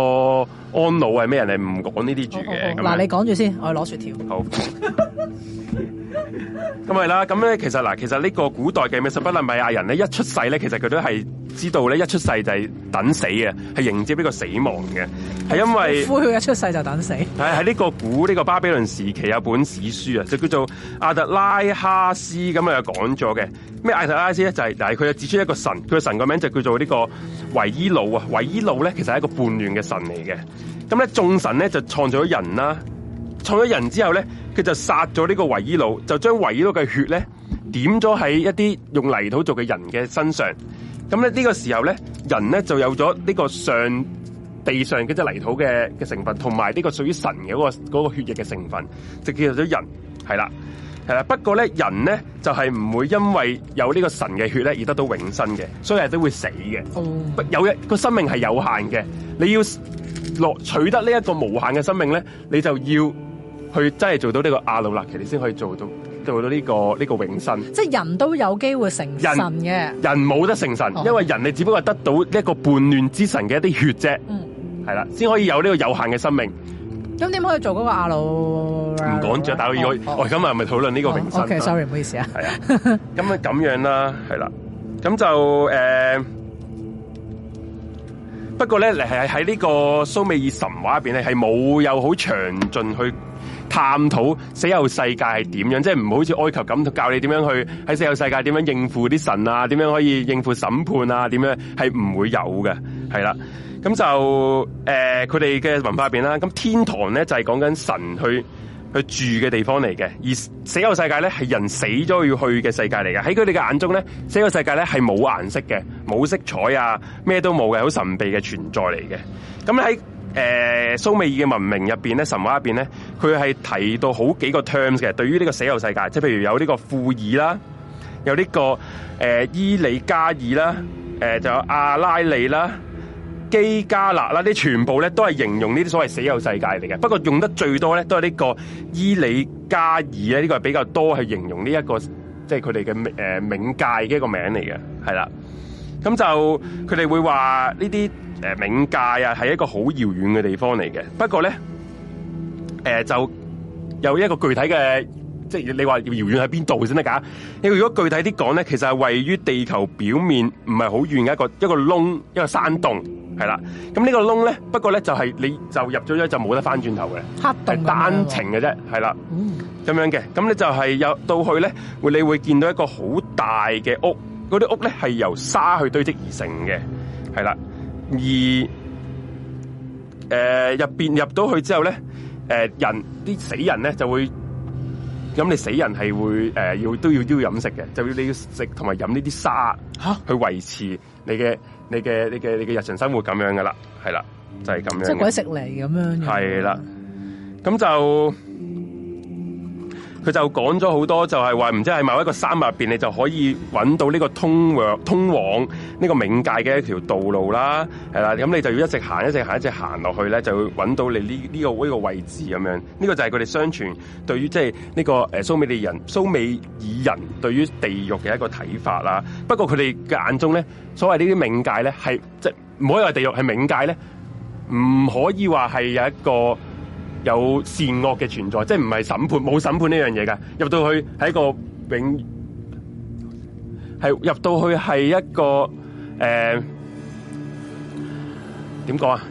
安老係咩人嚟？唔講呢啲住嘅。嗱，你講住先，我去攞雪條。好。好 咁係啦，咁咧其實嗱，其實呢個古代嘅咩美索不達米亞人咧，一出世咧，其實佢都係知道咧，一出世就係等死嘅，係迎接呢個死亡嘅，係因為，一出世就等死。係喺呢個古呢、呢個巴比倫時期有本史書啊，就叫做阿特拉哈斯咁啊，講咗嘅咩阿特拉哈斯咧，就係但係佢又指出一個神，佢神個名就叫做呢個維伊魯啊，維伊魯咧其實係一個叛亂嘅神嚟嘅，咁咧眾神咧就創造咗人啦。創咗人之後咧，佢就殺咗呢個維伊魯，就將維伊魯嘅血咧點咗喺一啲用泥土做嘅人嘅身上。咁咧呢個時候咧，人咧就有咗呢個上地上嘅泥土嘅嘅成分，同埋呢個屬於神嘅嗰、嗰個、嗰個血液嘅成分，就叫做咗人係啦，係啦。不過咧人咧就係唔會因為有呢個神嘅血咧而得到永生嘅，所以都會死嘅、嗯。有一個生命係有限嘅，你要落取得呢一個無限嘅生命咧，你就要。去真係做到呢個阿魯納奇，你先可以做到做到呢、這個呢、這個永生，即係人都有機會成神嘅，人冇得成神、哦，因為人你只不過得到呢一個叛亂之神嘅一啲血啫。係、嗯、啦，先可以有呢個有限嘅生命。咁、嗯、點可以做嗰個阿魯？唔講住啊，大佬，我今日啊，係咪討論呢個永生。哦、OK，sorry，、okay, 唔好意思啊。係 啊，咁啊咁樣啦，係啦，咁就誒、呃，不過咧，你係喺呢個蘇美爾神話入邊咧，係冇有好詳盡去。探討死後世界係點樣，即係唔好似埃及咁教你點樣去喺死後世界點樣應付啲神啊，點樣可以應付審判啊，點樣係唔會有嘅，係啦。咁就誒，佢哋嘅文化入邊啦，咁天堂咧就係講緊神去去住嘅地方嚟嘅，而死後世界咧係人死咗要去嘅世界嚟嘅。喺佢哋嘅眼中咧，死後世界咧係冇顏色嘅，冇色彩啊，咩都冇嘅，好神秘嘅存在嚟嘅。咁喺誒、呃，蘇美爾嘅文明入邊咧，神話入邊咧，佢係提到好幾個 terms 嘅，對於呢個死後世界，即係譬如有呢個庫爾啦，有呢、這個誒、呃、伊里加爾啦，誒、呃、就有阿拉里啦、基加納基加勒啦，呢全部咧都係形容呢啲所謂死後世界嚟嘅。不過用得最多咧，都係呢個伊里加爾咧，呢、這個係比較多係形容呢、這、一個即係佢哋嘅誒冥界嘅一個名嚟嘅，係啦。咁就佢哋會話呢啲。誒、呃，冥界啊，係一個好遙遠嘅地方嚟嘅。不過咧，誒、呃、就有一個具體嘅，即係你話要遙遠喺邊度先得噶？你如果具體啲講咧，其實係位於地球表面唔係好遠嘅一個一個窿，一個山洞係啦。咁呢個窿咧，不過咧就係、是、你就入咗咗就冇得翻轉頭嘅，係單程嘅啫。係、嗯、啦，咁樣嘅咁咧就係、是、有到去咧，你會見到一個好大嘅屋。嗰啲屋咧係由沙去堆積而成嘅，係啦。而誒、呃、入邊入到去之後咧，誒、呃、人啲死人咧就會，咁你死人係會誒要、呃、都要都飲食嘅，就要你要食同埋飲呢啲沙吓去維持你嘅你嘅你嘅你嘅日常生活咁樣噶啦，係啦就係、是、咁樣。即係鬼食泥咁樣。係啦，咁就。佢就講咗好多，就係話唔知喺某一個山入邊，你就可以揾到呢個通往通往呢個冥界嘅一條道路啦，係啦，咁你就要一直行，一直行，一直行落去咧，就會揾到你呢呢個呢個位置咁樣。呢個就係佢哋相傳對於即係呢個、呃、蘇美利人蘇美爾人對於地獄嘅一個睇法啦。不過佢哋嘅眼中咧，所謂呢啲冥界咧，係即係唔可以話地獄係冥界咧，唔可以話係有一個。有善惡嘅存在，即係唔係審判，冇審判呢樣嘢噶。入到去係一個永，係入到去係一個誒，點講啊？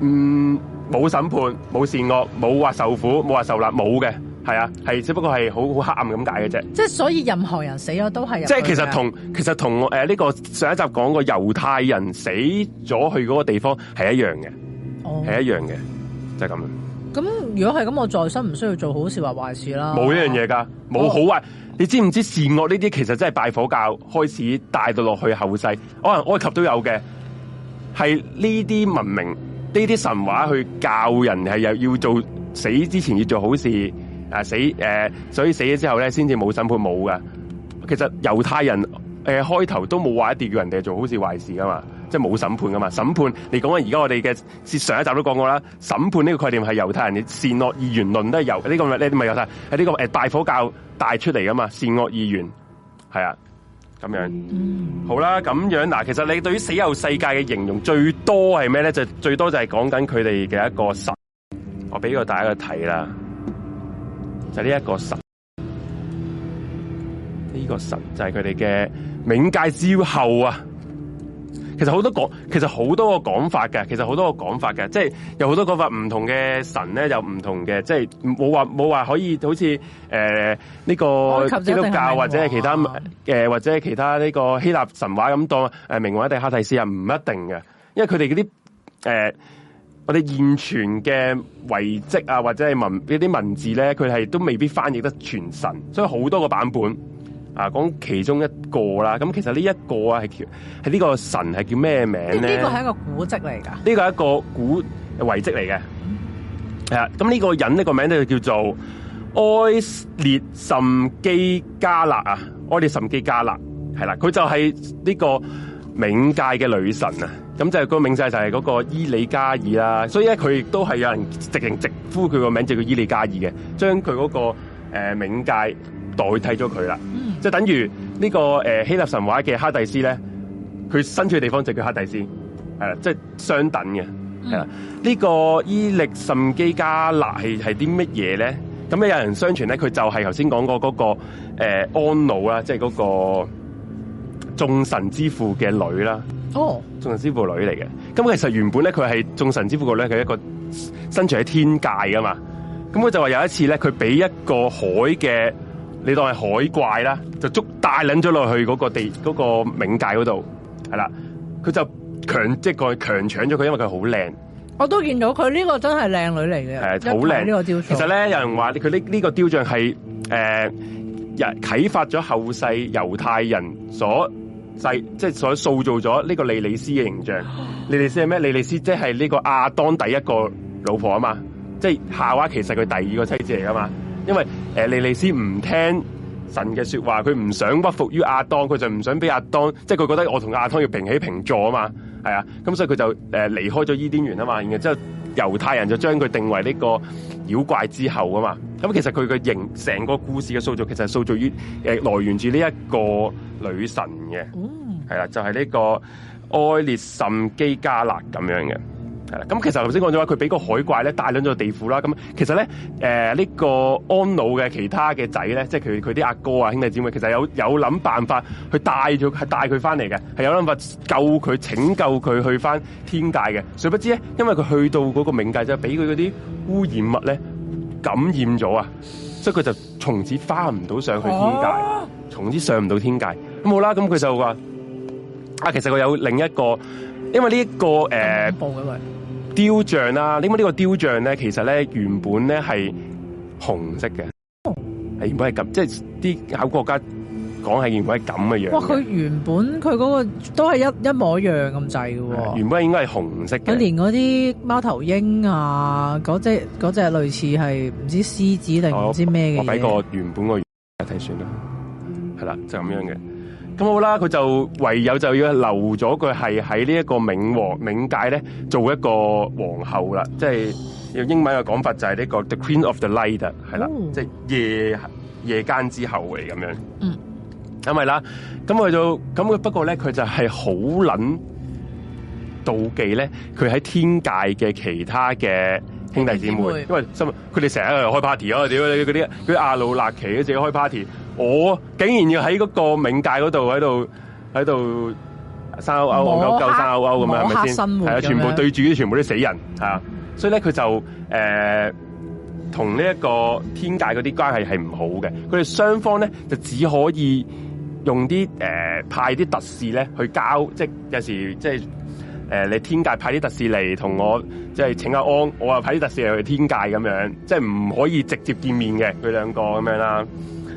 嗯，冇審判，冇善惡，冇話受苦，冇話受辣，冇嘅。係啊，係只不過係好好黑暗咁解嘅啫。即係所以任何人死咗都係。即係其實同其實同誒呢個上一集講個猶太人死咗去嗰個地方係一樣嘅，oh，係一樣嘅。就係咁樣。咁如果係咁，我再生唔需要做好事或壞事啦。冇呢樣嘢噶，冇好壞。你知唔知善惡呢啲其實真係拜火教開始帶到落去後世。可能埃及都有嘅，係呢啲文明呢啲神話去教人係又要做死之前要做好事啊，死誒、啊，所以死咗之後咧先至冇審判冇噶。其實猶太人誒、啊、開頭都冇話一啲叫人哋做好事壞事㗎嘛。即係冇審判噶嘛？審判，你講緊而家我哋嘅上一集都講過啦。審判呢個概念係猶太人嘅善惡二元論，都係猶呢個呢啲唔係猶太，係呢、這個誒拜火教帶出嚟噶嘛？善惡二元係啊，咁樣好啦。咁樣嗱，其實你對於死後世界嘅形容最多係咩咧？就最多就係講緊佢哋嘅一個神。我俾個大家去睇啦，就呢、是、一個神，呢、這個神就係佢哋嘅冥界之後啊。其實好多講，其實好多個講法嘅，其實好多個講法嘅，即係有好多講法唔同嘅神咧，有唔同嘅，即係冇話冇話可以好似誒呢個基督教或者係其他、呃、或者係其他呢個希臘神話咁當、呃、冥王一定黑帝斯，唔一定嘅，因為佢哋嗰啲誒我哋現存嘅遺跡啊，或者係文啲文字咧，佢係都未必翻譯得全神，所以好多個版本。啊，講其中一個啦，咁其實呢、這、一個啊，係叫係呢個神係叫咩名咧？呢個係一個古跡嚟噶。呢個係一個古遺跡嚟嘅，係、嗯、啊。咁、啊、呢、這個人呢個名就叫做埃列什基加勒啊，埃列什基加勒係啦，佢、嗯 啊、就係呢個冥界嘅女神啊。咁就係個冥界就係嗰個伊里加爾啦。所以咧、啊，佢亦都係有人直情直呼佢個名就叫伊里加爾嘅，將佢嗰個冥、呃、界。代替咗佢啦，即係等於呢、這個誒、呃、希臘神話嘅哈迪斯咧，佢身處嘅地方就叫哈迪斯，係啦，即係相等嘅，係、嗯、啦。呢、這個伊力甚基加勒係係啲乜嘢咧？咁咧有人相傳咧，佢就係頭先講過嗰、那個誒、呃、安努啦，即係嗰個眾神之父嘅女啦。哦，眾神之父女嚟嘅。咁其實原本咧佢係眾神之父個女佢一個身處喺天界噶嘛。咁佢就話有一次咧，佢俾一個海嘅。你當係海怪啦，就捉帶領咗落去嗰個地、嗰個冥界嗰度，係啦，佢就強即係過去強搶咗佢，因為佢好靚。我都見到佢呢個真係靚女嚟嘅，好、呃、靚呢有人說他這個雕像是。其實咧，有人話佢呢呢個雕像係誒，啟發咗後世猶太人所製，即係所塑造咗呢個莉莉斯嘅形象。莉 莉斯係咩？莉莉斯即係呢個亞當第一個老婆啊嘛，即係夏娃其實佢第二個妻子嚟噶嘛，因為。誒莉利斯唔聽神嘅說話，佢唔想屈服於亞當，佢就唔想俾亞當，即係佢覺得我同亞當要平起平坐啊嘛，係啊，咁所以佢就離開咗伊甸園啊嘛，然後之後猶太人就將佢定為呢個妖怪之後啊嘛，咁其實佢嘅形成個故事嘅塑造，其實塑造於誒、呃、來源住呢一個女神嘅，係啦，就係、是、呢個愛列甚基加勒咁樣嘅。係、嗯、啦，咁、嗯嗯嗯、其實頭先講咗話，佢俾個海怪咧帶兩咗地府啦。咁、嗯、其實咧，呢、呃呢個安老嘅其他嘅仔咧，即係佢佢啲阿哥啊兄弟姐妹，其實有有諗辦法去帶咗，係帶佢翻嚟嘅，係有諗法救佢、拯救佢去翻天界嘅。誰不知咧，因為佢去到嗰個冥界就俾佢嗰啲污染物咧感染咗啊，所以佢就從此翻唔到上去天界，啊、從此上唔到天界。咁、嗯、好啦，咁、嗯、佢就話啊，其實佢有另一個。因為呢、這、一個誒、呃、雕像啦、啊，因為呢個雕像咧、啊，其實咧原本咧係紅色嘅，係、oh. 原本係咁，即係啲某國家講係原本係咁嘅樣，樣的。哇！佢原本佢嗰個都係一一模一樣咁滯嘅。原本應該係紅色的。佢連嗰啲貓頭鷹啊，嗰隻類只類似係唔知獅子定唔知咩嘅。我俾個原本個樣睇算啦，係、mm. 啦就咁、是、樣嘅。咁好啦，佢就唯有就要留咗佢係喺呢一個冥王冥界咧，做一個皇后啦。即係用英文嘅講法就係呢個 The Queen of the Light 係啦，嗯、即係夜夜間之後嚟，咁樣。嗯，係咪啦？咁佢就咁佢不過咧，佢就係好捻妒忌咧，佢喺天界嘅其他嘅。兄弟姊妹，因為他們，佢哋成日喺度開 party 咯，屌啲啲阿魯納奇自己開 party，我竟然要喺嗰個冥界嗰度喺度喺度生勾勾救生勾勾咁樣，係咪先？係啊，全部對住啲，全部啲死人吓，所以咧佢就誒，同呢一個天界嗰啲關係係唔好嘅，佢哋雙方咧就只可以用啲誒、呃、派啲特使咧去交，即係有時候即係。誒、呃，你天界派啲特使嚟同我，即、就、係、是、請阿安，我又派啲特使嚟去天界咁樣，即係唔可以直接見面嘅佢兩個咁樣啦。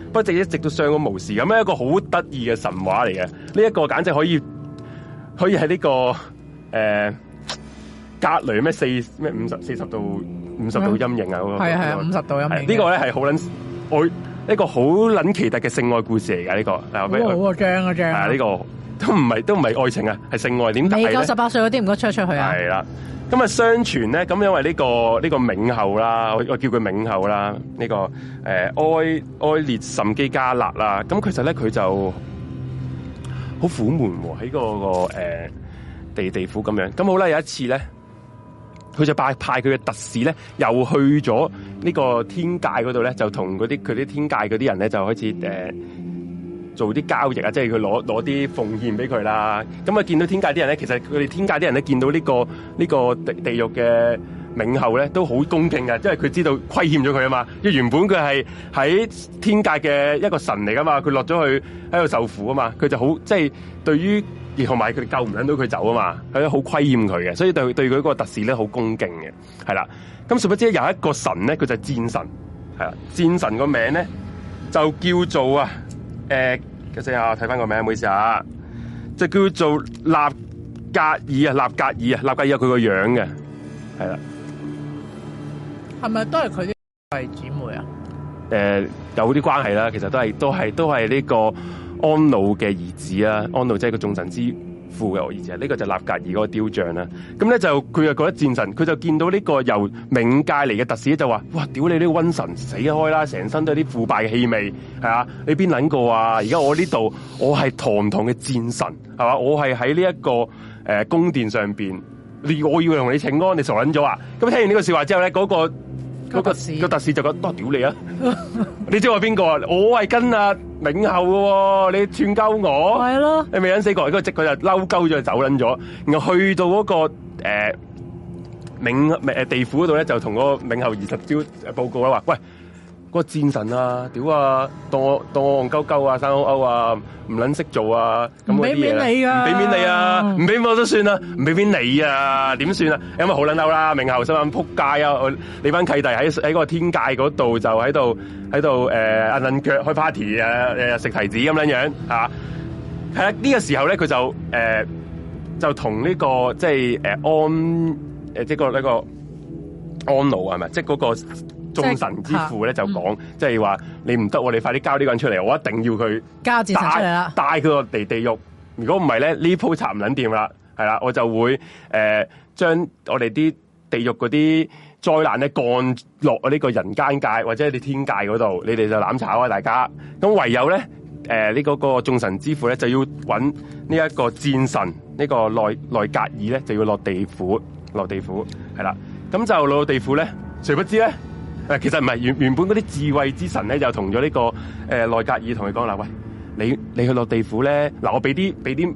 不過直一直都相安無事，咁咧一個好得意嘅神話嚟嘅，呢、這、一個簡直可以可以係呢、這個誒，格雷咩四咩五十四十度五十、嗯、度陰影啊，嗰、那個係係五十度陰影的的。呢、這個咧係好捻愛一個好捻奇特嘅性愛故事嚟嘅呢個，好，好啊我正啊正啊呢、啊這個。都唔係都唔係愛情啊，係性愛，點解？未夠十八歲嗰啲唔該出一出去啊！係啦，咁啊相傳咧，咁因為呢、這個呢、這個冥后啦，我叫佢冥后啦，呢、這個誒、呃、愛愛列甚基加勒啦，咁其實咧佢就好苦悶喎、啊，喺個誒、呃、地地府咁樣。咁好啦，有一次咧，佢就派派佢嘅特使咧，又去咗呢個天界嗰度咧，就同嗰啲佢啲天界嗰啲人咧，就開始誒。呃做啲交易啊，即係佢攞攞啲奉獻俾佢啦。咁、嗯、啊，見到天界啲人咧，其實佢哋天界啲人咧，見到呢、呢個呢、呢個地地獄嘅冥后咧，都好恭敬嘅，因為佢知道虧欠咗佢啊嘛。因為原本佢係喺天界嘅一個神嚟噶嘛，佢落咗去喺度受苦啊嘛，佢就好即係對於，同埋佢哋救唔緊到佢走啊嘛，佢好虧欠佢嘅，所以對對佢嗰個特使咧好恭敬嘅，係啦。咁、嗯、殊不知有一個神咧，佢就係戰神，係啦，戰神個名咧就叫做啊。誒、呃，其實啊，睇翻個名，唔好意思啊，即係叫做納格爾啊，納格爾啊，納格爾有佢個樣嘅，係啦，係咪都係佢啲兄姊妹啊？誒、呃，有啲關係啦，其實都係都係都係呢個安努嘅兒子啊，嗯、安努即係個眾神之。富嘅，我以呢個就納格爾嗰個雕像啦。咁咧就佢又覺得戰神，佢就見到呢個由冥界嚟嘅特使就話：哇！屌你啲瘟神死了開啦，成身都係啲腐敗嘅氣味，係啊？你邊諗過啊？而家我呢度，我係堂堂嘅戰神，係嘛？我係喺呢一個誒、呃、宮殿上邊，我要同你請安，你傻捻咗啊？咁聽完呢個說話之後咧，嗰、嗰個個個士個特使就講：多屌你啊！你知我邊個啊？我係跟阿冥后嘅，你串鳩我。係咯，你未忍死佢，個侄佢就嬲鳩咗，走捻咗。然後去到嗰個誒冥誒地府嗰度咧，就同嗰個冥后二十招報告啦，話喂。那個戰神啊，屌啊，當我當我戇鳩鳩啊，生勾勾啊，唔捻識做啊，咁俾面你啊，唔俾面你啊，唔、啊、俾、啊、我都算啦，唔俾面你啊，點算啊？因為、啊欸、好捻嬲啦，明後生撚扑街啊，你班契弟喺喺個天界嗰度就喺度喺度誒，捻腳、呃呃嗯、開 party 啊，食提子咁樣樣吓。係啊，呢、啊啊這個時候咧，佢就誒、呃，就同呢、這個即係誒安誒，即係個呢個安奴係咪，即係嗰、那個。眾神之父咧就講，即係話你唔得，我哋快啲交呢個人出嚟，我一定要佢交戰出嚟啦，帶佢個地地獄。如果唔係咧，呢鋪茶唔捻掂啦，係啦，我就會誒將、呃、我哋啲地獄嗰啲災難咧降落呢個人間界或者你天界嗰度，你哋就攬炒啊大家。咁唯有咧誒呢、呃這個眾、那個、神之父咧就要搵呢一個戰神、這個、內內呢個內內格爾咧就要落地府落地府係啦，咁就落地府咧，誰不知咧？其實唔係，原原本嗰啲智慧之神咧，就同咗呢個誒內、呃、格爾同佢講啦，喂，你你去落地府咧，嗱，我俾啲俾啲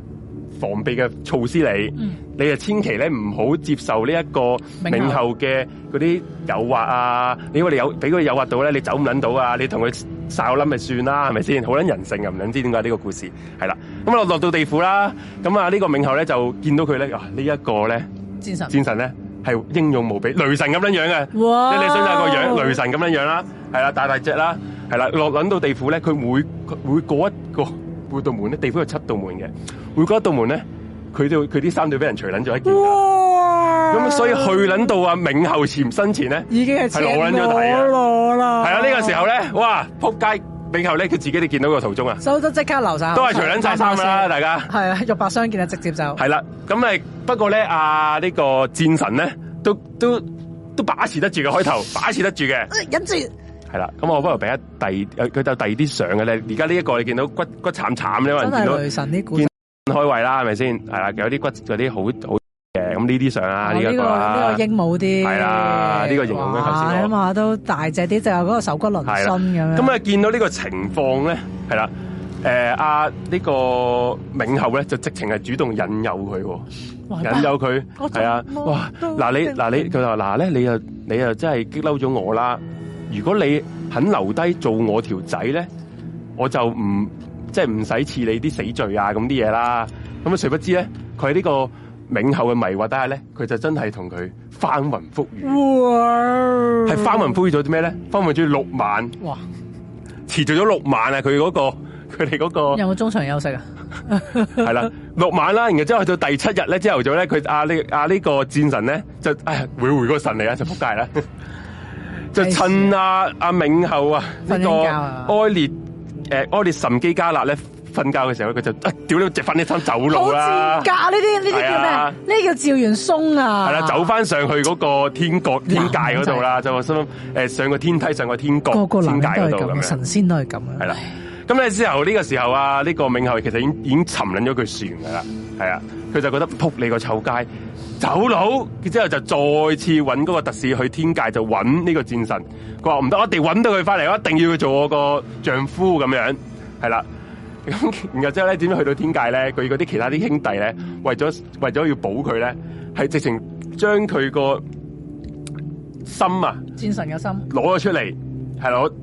防備嘅措施你、嗯，你啊千祈咧唔好接受呢一個冥后嘅嗰啲誘惑啊！嗯、你如果有俾佢誘惑到咧，你走唔甩到啊！你同佢耍冧咪算啦，係咪先？好撚人性啊，唔撚知點解呢個故事係啦。咁啊落到地府啦，咁啊呢個冥后咧就見到佢咧啊，這個、呢一個咧戰神，戰神咧。係英勇無比，雷神咁樣樣嘅，即係你想下個樣，雷神咁樣樣啦，係啦，大大隻啦，係啦，落撚到地府呢，佢每佢每嗰一個每道門咧，地府有七道門嘅，每嗰一道門呢，佢就佢啲衫就俾人除撚咗一件啦，咁所以去撚到啊，冥後潛身前呢，已經係攞撚咗底啊，係啊，呢個時候呢，嘩，撲街！然後咧，佢自己都見到個圖中啊，手都即刻留晒，都係除緊晒衫啦，大家係啊，肉帛是相見啊，直接就係啦。咁誒，不過咧，啊，呢、呢個戰神咧，都都都把持得住嘅開頭，把持得住嘅。忍住係啦。咁我不如俾一第誒，佢有第二啲相嘅咧。而家呢一個你見到骨骨慘慘咧，因為女神啲骨開胃啦，係咪先？係啦，有啲骨有啲好好。好呢啲相啊，呢、哦這個呢、啊這個鸚鵡啲係啦，呢、這個啊這個形容得合適啊嘛，都大隻啲，就有、是、嗰個手骨嶙峋咁樣。咁啊，嗯、見到呢個情況咧，係啦、啊，誒、呃，阿、啊、呢、這個冥后咧就直情係主動引誘佢，引誘佢係啊，哇！嗱你嗱你，佢話嗱咧，你又你又真係激嬲咗我啦！如果你肯留低做我條仔咧，我就唔即係唔使賜你啲死罪啊咁啲嘢啦。咁啊，誰不知咧，佢係呢個。冥後嘅迷惑，但係咧佢就真係同佢翻雲覆雨，係翻雲覆雨咗啲咩咧？翻雲覆雨六晚，哇，持續咗六晚啊！佢嗰、嗰個佢哋嗰個有冇中場休息啊？係 啦，六晚啦，然後之後到第七日咧朝頭早咧，佢啊呢阿呢個戰神咧就唉會回過神嚟啦，就扑街啦，哎會會啊、就, 就趁啊，阿、啊、冥後啊、這個呃呃呃呃呃、呢個埃列誒埃列神基加納咧。瞓覺嘅時候，佢就啊，屌你，着翻呢身走佬啦！好賤格，呢啲呢啲叫咩？呢、啊、叫趙元松啊！係、啊、啦，走翻上去嗰個天國天界嗰度啦，就心諗誒上個天梯，上個天國天界嗰度咁。神仙都係咁啊！係、啊、啦，咁咧之後呢個時候啊，呢、這個冥后其實已已沉撚咗佢船噶啦，係啊，佢就覺得仆你個臭街走佬，之後就再次揾嗰個特使去天界就揾呢個戰神，佢話唔得，我哋揾到佢翻嚟，一定要佢做我個丈夫咁樣，係啦、啊。咁， 然後之後咧，點樣去到天界咧？佢嗰啲其他啲兄弟咧，為咗為咗要保佢咧，係直情將佢個心啊，戰神嘅心攞咗出嚟，係囉，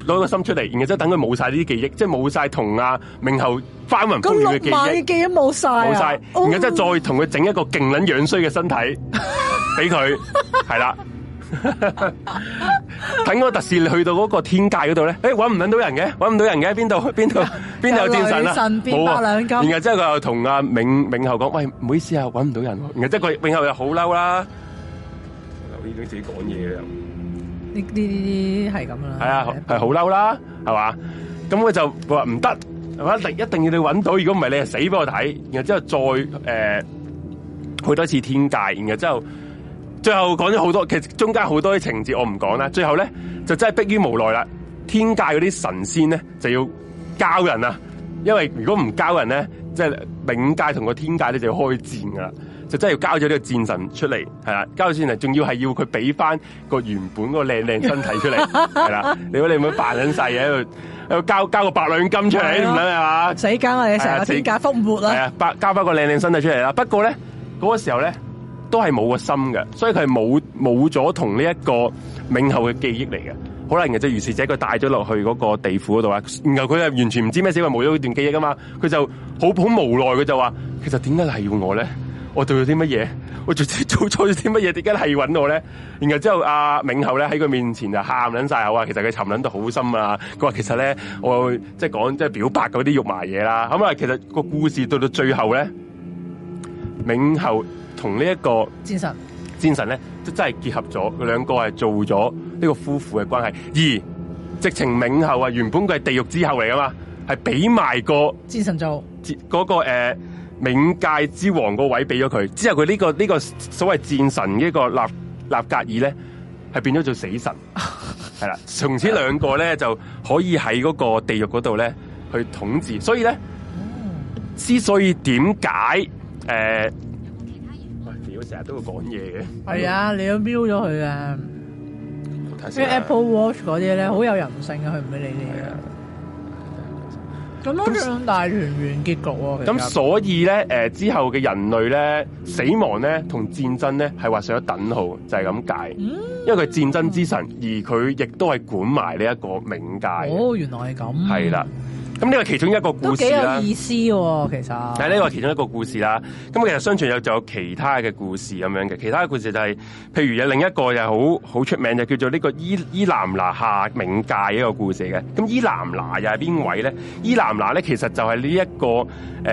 攞個心出嚟。然後即係等佢冇晒呢啲記憶，即係冇晒同阿明后翻雲覆雨嘅記憶，記憶冇晒，冇晒、啊。然後即係再同佢整一個勁撚樣衰嘅身體俾佢，係 啦。 睇嗰個特使去到嗰個天界嗰度咧，誒，搵唔搵到人嘅？搵唔到人嘅？邊度？邊度？邊度有戰神啦？冇啊，然後之後佢又同阿明明后講：喂，唔好意思啊，搵唔到人。然後之後佢明后又好嬲啦。呢種自己講嘢啊，呢呢呢係咁啦。係啊，係好嬲啦，係嘛？咁佢就話唔得，一定一定要你搵到，如果唔係你係死俾我睇。然後之後再誒去多次天界，然後之後。最後講咗好多，其實中間好多啲情節我唔講啦。最後咧就真係迫於無奈啦，天界嗰啲神仙咧就要交人啦，因為如果唔交人咧，即係冥界同個天界咧就要開戰噶啦，就真係要交咗呢個戰神出嚟，係啦，交咗戰神仲要係要佢俾翻個原本個靚靚身體出嚟，係 啦，你估你唔會扮緊晒嘢喺度，喺度交交個白兩金出嚟，唔諗係嘛？死梗我哋成日天界復活啦，係啊，交交翻個靚靚身體出嚟啦。不過咧嗰、嗰個時候咧。都係冇個心嘅，所以佢係冇冇咗同呢一個冥后嘅記憶嚟嘅。好啦，然即係如是者佢帶咗落去嗰個地府嗰度啊，然後佢係完全唔知咩事，因為冇咗一段記憶噶嘛，佢就好好無奈，佢就話：其實點解係要我咧？我做咗啲乜嘢？我做做錯咗啲乜嘢？點解係搵我咧？然後之後阿冥、啊、后咧喺佢面前就喊撚晒口啊！其實佢沉撚到好深啊！佢話其實咧，我即係講即係表白嗰啲肉麻嘢啦。咁、嗯、啊，其實個故事到到最後咧，冥后。同呢一個戰神呢，戰神咧，都真係結合咗佢兩個係做咗呢個夫婦嘅關係。而直情冥后啊，原本佢係地獄之后嚟噶嘛，係俾埋個戰神做，嗰、嗰個誒冥、呃、界之王個位俾咗佢。之後佢呢、這個呢、這個所謂戰神的個立立呢個納納格爾咧，係變咗做死神，係 啦。從此兩個咧就可以喺嗰個地獄嗰度咧去統治。所以咧、嗯，之所以點解誒？呃佢成日都會講嘢嘅，係啊，你都瞄咗佢啊！Apple Watch 嗰啲咧，好有人性嘅，佢唔會理你嘅。咁樣、啊、大團圓結局喎、啊。咁所以咧，之後嘅人類咧，死亡咧同戰爭咧係劃上咗等號，就係咁解。因為佢係戰爭之神，嗯、而佢亦都係管埋呢一個冥界。哦，原來係咁。係啦。咁、這、呢個其中一個故事啦，都幾有意思喎，其實。係呢、這個其中一個故事啦，咁其實商傳又仲有其他嘅故事咁樣嘅，其他嘅故事就係、是，譬如有另一個又好好出名就叫做呢個伊伊南娜下冥界一個故事嘅，咁伊南娜又係邊位咧？伊南娜咧其實就係呢一個誒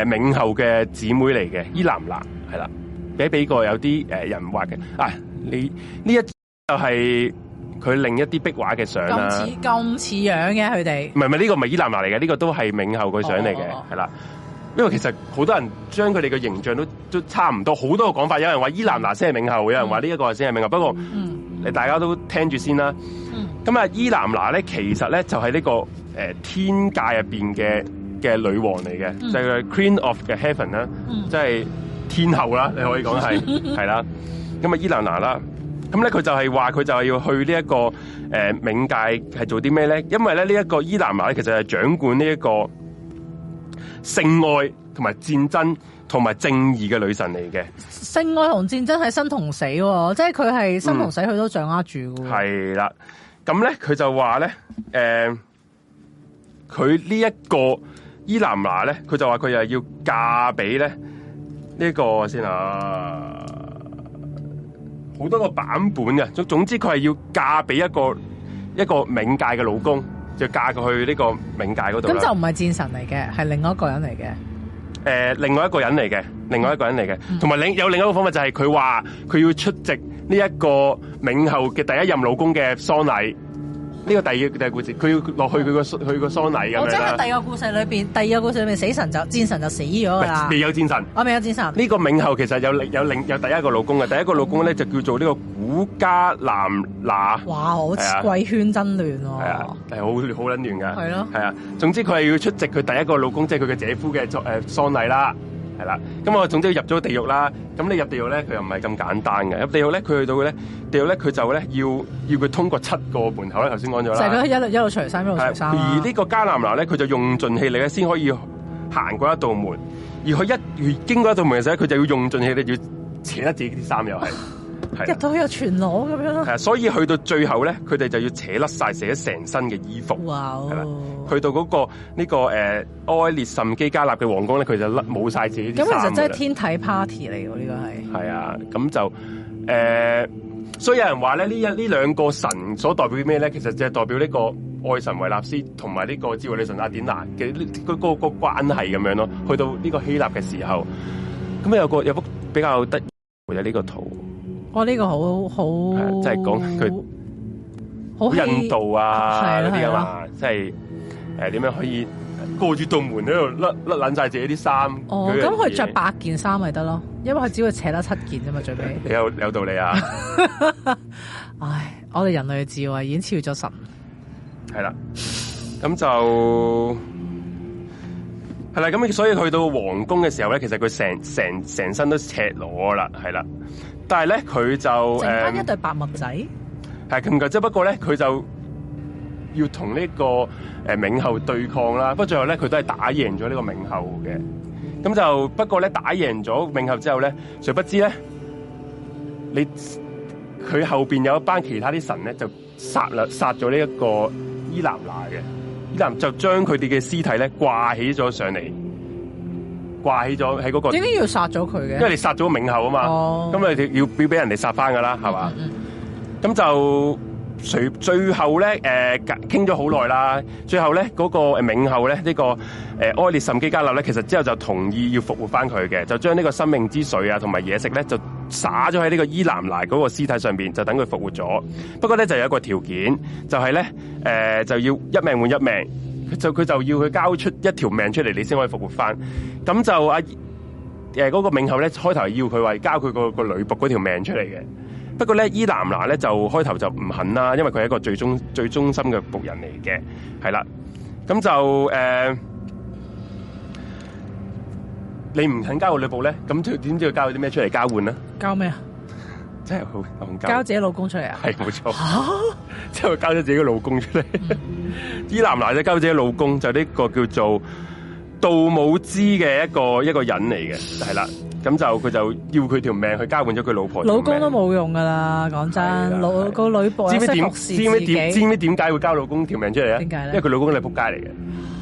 冥、呃、後嘅姊妹嚟嘅，伊南娜，係啦，俾俾個有啲、呃、人話嘅，啊你呢一就係、是。佢另一啲壁畫嘅相啊，似咁似樣嘅佢哋，唔係唔係呢個唔係伊蘭娜嚟嘅，呢、這個都係冥后嘅相嚟嘅，係啦。因為其實好多人將佢哋嘅形象都都差唔多，好多個講法，有人話伊蘭娜先係冥后，有人話呢一個先係冥后。Mm. 不過，mm. 你大家都聽住先啦。咁、mm. 啊，伊蘭娜咧，其實咧就係、是、呢、這個誒、呃、天界入邊嘅嘅女王嚟嘅，mm. 就係 Queen of 嘅 Heaven 啦，即係天后啦，你可以講係係啦。咁啊，伊蘭娜啦。咁咧，佢就係話佢就係要去，這個，呃，界做什麼呢一個誒冥界係做啲咩咧？因為咧呢一個伊南娜咧，其實係掌管呢一個性愛同埋戰爭同埋正義嘅女神嚟嘅，嗯。性愛同戰爭係生同死，即係佢係生同死，佢都掌握住。係啦，咁咧佢就話咧，誒，佢呢一個伊南娜咧，佢就話佢又係要嫁俾咧呢個先啊！好多個版本嘅，總總之佢係要嫁俾一個一個冥界嘅老公，就嫁過去呢個冥界嗰度。咁就唔係戰神嚟嘅，係另外一個人嚟嘅。誒、呃，另外一個人嚟嘅，另外一個人嚟嘅，同、嗯、埋另有另一個方法就係佢話佢要出席呢一個冥后嘅第一任老公嘅喪禮。呢、這個第二第二故事，佢要落去佢個佢個喪禮咁樣啦。我真係第二個故事裏邊，第二個故事裏邊死神就戰神,神就死咗㗎啦。未有戰神，我未有戰神。呢、這個冥後其實有有另有,有第一個老公嘅，第一個老公咧、嗯、就叫做呢個古家南娜。哇！好似貴圈真亂喎，係啊，係好好撚亂㗎，係咯，係啊,啊。總之佢係要出席佢第一個老公，即係佢嘅姐夫嘅作誒喪禮啦。係啦，咁我總之要入咗地獄啦。咁你入地獄咧，佢又唔係咁簡單嘅。入地獄咧，佢去到咧，地獄咧，佢就咧要要佢通過七個門口咧。頭先講咗啦，成日都一路一路除衫，一路除衫。而個呢個加南拿咧，佢就用盡氣力咧，先可以行過一道門。而佢一越經過一道門嘅時候，佢就用盡氣要用盡氣力，要扯得自己啲衫又係。 入、啊、到去有全裸咁樣咯，啊，係啊，所以去到最後咧，佢哋就要扯甩晒寫成身嘅衣服。哇，wow，哦！去到嗰，那個呢，這個誒，愛烈什基加納嘅皇宮咧，佢就甩冇晒自己。咁其實真係天體 party 嚟嘅。呢，這個係。係啊，咁就誒，呃，所以有人話咧，呢一、呢兩個神所代表咩咧？其實就係代表呢個愛神維納斯同埋呢個智慧女神阿典娜嘅呢個個關係咁樣咯。去到呢個希臘嘅時候，咁有個有幅比較得意嘅呢個圖。我呢、這個好好，即係講佢好印度啊嗰啊即係誒點樣可以過住道門嗰度甩甩冷晒自己啲衫？哦，咁佢着八件衫咪得咯，因為佢只會扯得七件啫嘛，最尾你有有道理啊！ 唉，我哋人類嘅智慧已經超越咗神，係啦，咁就係啦，咁所以去到皇宮嘅時候咧，其實佢成成成身都赤裸啦，係啦。但係咧，佢就整翻一對白襪仔，係咁嘅。不過咧，佢就要同呢個誒冥后對抗啦。不過最後咧，佢都係打贏咗呢個冥后嘅。咁就不過咧，打贏咗冥后之後咧，誰不知咧，你佢後邊有一班其他啲神咧，就殺啦殺咗呢一個伊南娜嘅伊南，就將佢哋嘅屍體咧掛起咗上嚟。掛起咗喺、嗰個，點解要殺咗佢嘅？因為你殺咗冥后啊嘛，咁、oh. 你要要俾人哋殺翻噶啦，係、mm、嘛 -hmm.？咁就最最後咧，誒，傾咗好耐啦。最後咧，嗰、呃那個誒冥、呃、后咧呢、呢個誒埃列什基加勒咧，其實之後就同意要復活翻佢嘅，就將呢個生命之水啊同埋嘢食咧就灑咗喺呢個伊南那嗰個屍體上邊，就等佢復活咗。Mm-hmm. 不過咧就有一個條件，就係咧誒就要一命換一命。就佢就要佢交出一條命出嚟，你先可以復活翻。咁就阿誒嗰個冥后咧，開頭要佢話交佢，那個個女僕嗰條命出嚟嘅。不過咧，伊蘭娜咧就開頭就唔肯啦，因為佢係一個最忠最忠心嘅僕人嚟嘅，係啦。咁就誒、啊，你唔肯交個女僕咧，咁點點知要交啲咩出嚟交換啊？交咩啊？真係好交自己老公出嚟，嗯、啊！係冇錯，就交咗自己嘅老公出嚟，嗯。伊南娜就交自己老公，就呢個叫做杜姆之嘅一個一個人嚟嘅，係啦。咁就佢就要佢條命去交換咗佢老婆，老公都冇用噶啦。講真，老個女婆，知唔知點？知唔知點？知唔知點解會交老公條命出嚟咧？點解咧？因為佢老公係仆街嚟嘅。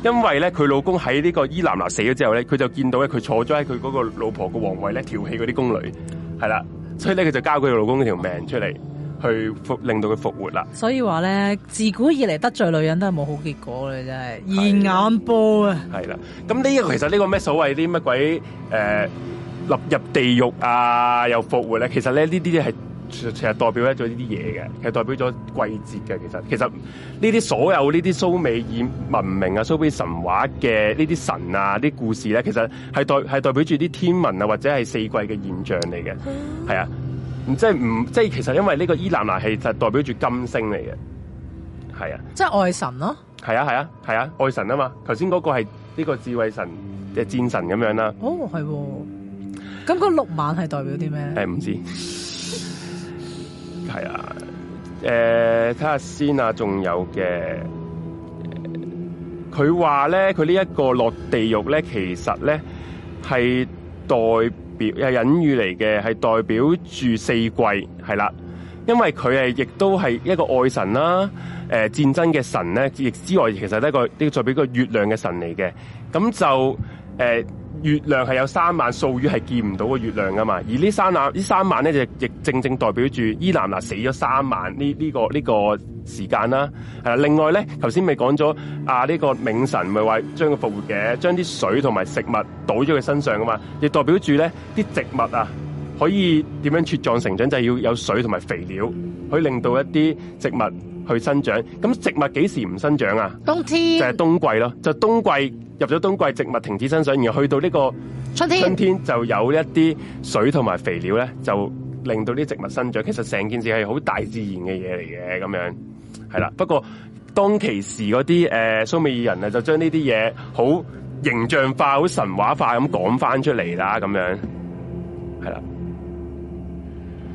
因為咧，佢老公喺呢個伊南娜死咗之後咧，佢就見到咧，佢坐咗喺佢嗰個老婆嘅皇位咧，調戲嗰啲宮女，係啦。所以咧，佢就交佢老公嗰條命出嚟，去復令到佢復活啦。所以話咧，自古以嚟得罪女人都係冇好結果嘅，真係現眼報啊，這個呃、啊！係啦，咁呢個其實呢個咩所謂啲乜鬼誒，落入地獄啊又復活咧？其實咧呢啲嘢係。其實代表咗呢啲嘢嘅，其實代表咗季節嘅。其實其實呢啲所有呢啲蘇美爾文明啊、蘇美神話嘅呢啲神啊、啲故事咧，其實係代係代表住啲天文啊或者係四季嘅現象嚟嘅。係啊，即係唔即係其實因為呢個伊南娜係就代表住金星嚟嘅，係啊，即係愛神咯、啊。係啊係啊係啊，愛神啊嘛。頭先嗰個係呢個智慧神即係戰神咁樣啦。哦，係、啊。咁、那、嗰、個、六晚係代表啲咩咧？唔、 嗯嗯、知。係啊，誒、呃，睇下先啊，仲有嘅，佢話咧，佢呢一個落地獄咧，其實咧係代表，係隱喻嚟嘅，係代表住四季係啦、啊，因為佢係亦都係一個愛神啦，誒、呃，戰爭嘅神咧，亦之外，其實呢一個呢個代表一個月亮嘅神嚟嘅，咁就誒。呃月亮係有三萬數月，係見唔到個月亮噶嘛，而呢三萬，呢三萬呢就亦正正代表住伊南娜死咗三萬呢，呢個呢個時間啦。啊，另外咧，頭先咪講咗啊，呢個冥神咪話將個復活嘅，將啲水同埋食物倒咗佢身上噶嘛，亦代表住咧，啲植物啊可以點樣茁壯成長，就係要有水同埋肥料，可以令到一啲植物。去生長，咁植物幾時唔生長啊？冬天就係冬季咯，就冬季入咗冬季，植物停止生長，然後去到呢個春天，春天就有一啲水同埋肥料咧，就令到啲植物生長。其實成件事係好大自然嘅嘢嚟嘅，咁樣係啦。不過當其時嗰啲誒蘇美爾人啊，就將呢啲嘢好形象化、好神話化咁講翻出嚟啦，咁樣係啦。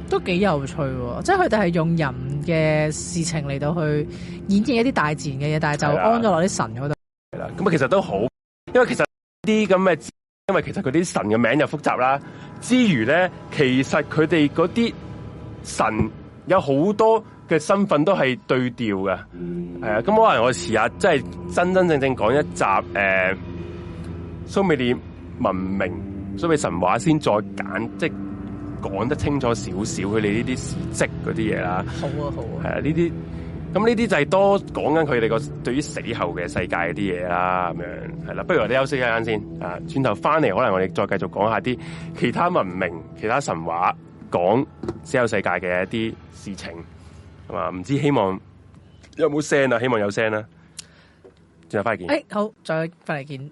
都幾有趣喎！即係佢哋係用人嘅事情嚟到去演繹一啲大自然嘅嘢，但係就安咗落啲神嗰度。係啦，咁啊其實都好，因為其實啲咁嘅，因為其實佢啲神嘅名又複雜啦。之餘咧，其實佢哋嗰啲神有好多嘅身份都係對調嘅，嗯。係啊，咁可能我時下即係真真正正講一集誒蘇美爾文明蘇美神話先，再簡即。講得清楚少少佢哋呢啲事跡嗰啲嘢啦。好啊好啊，係啊呢啲，咁呢啲就係多講緊佢哋個對於死後嘅世界啲嘢啦。咁樣係啦，不如我哋休息一陣先啊，轉頭翻嚟可能我哋再繼續講下啲其他文明、其他神話講死後世界嘅一啲事情，係嘛？唔知希望有冇聲啊？希望有聲啦，轉頭翻嚟見，誒、欸、好，再翻嚟見。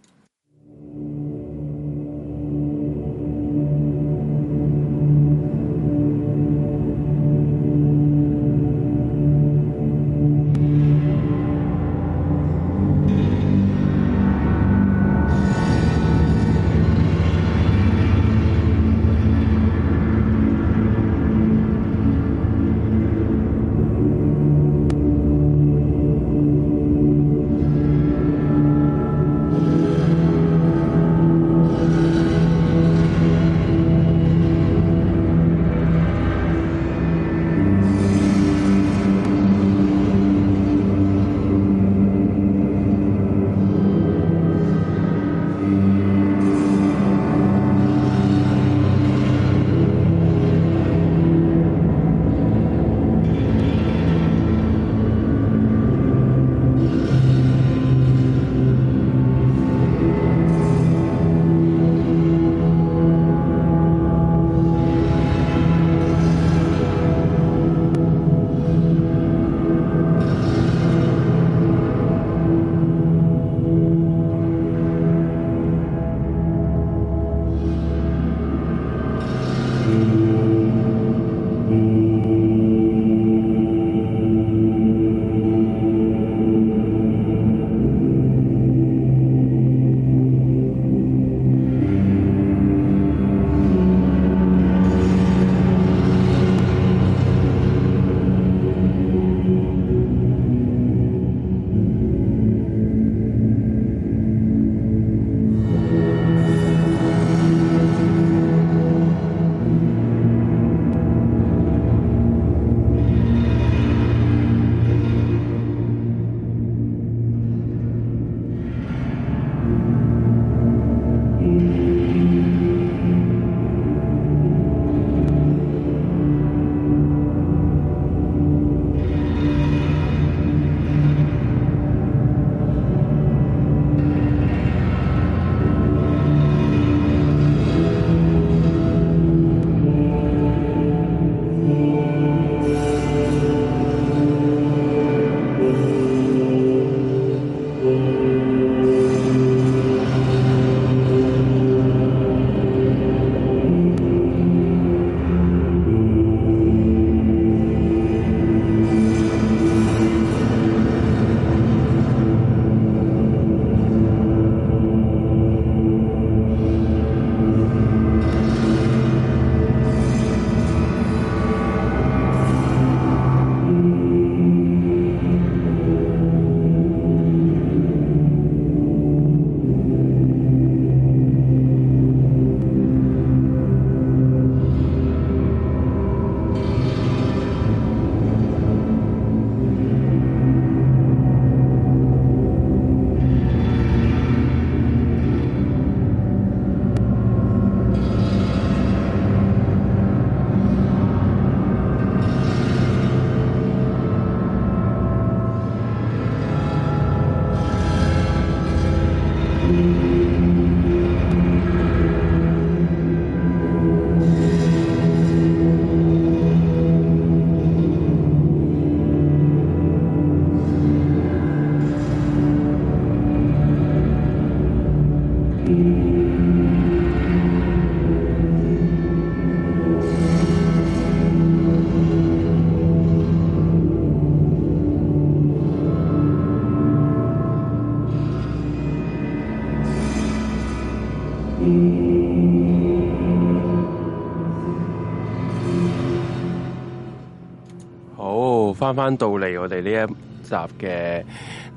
翻翻到嚟我哋呢一集嘅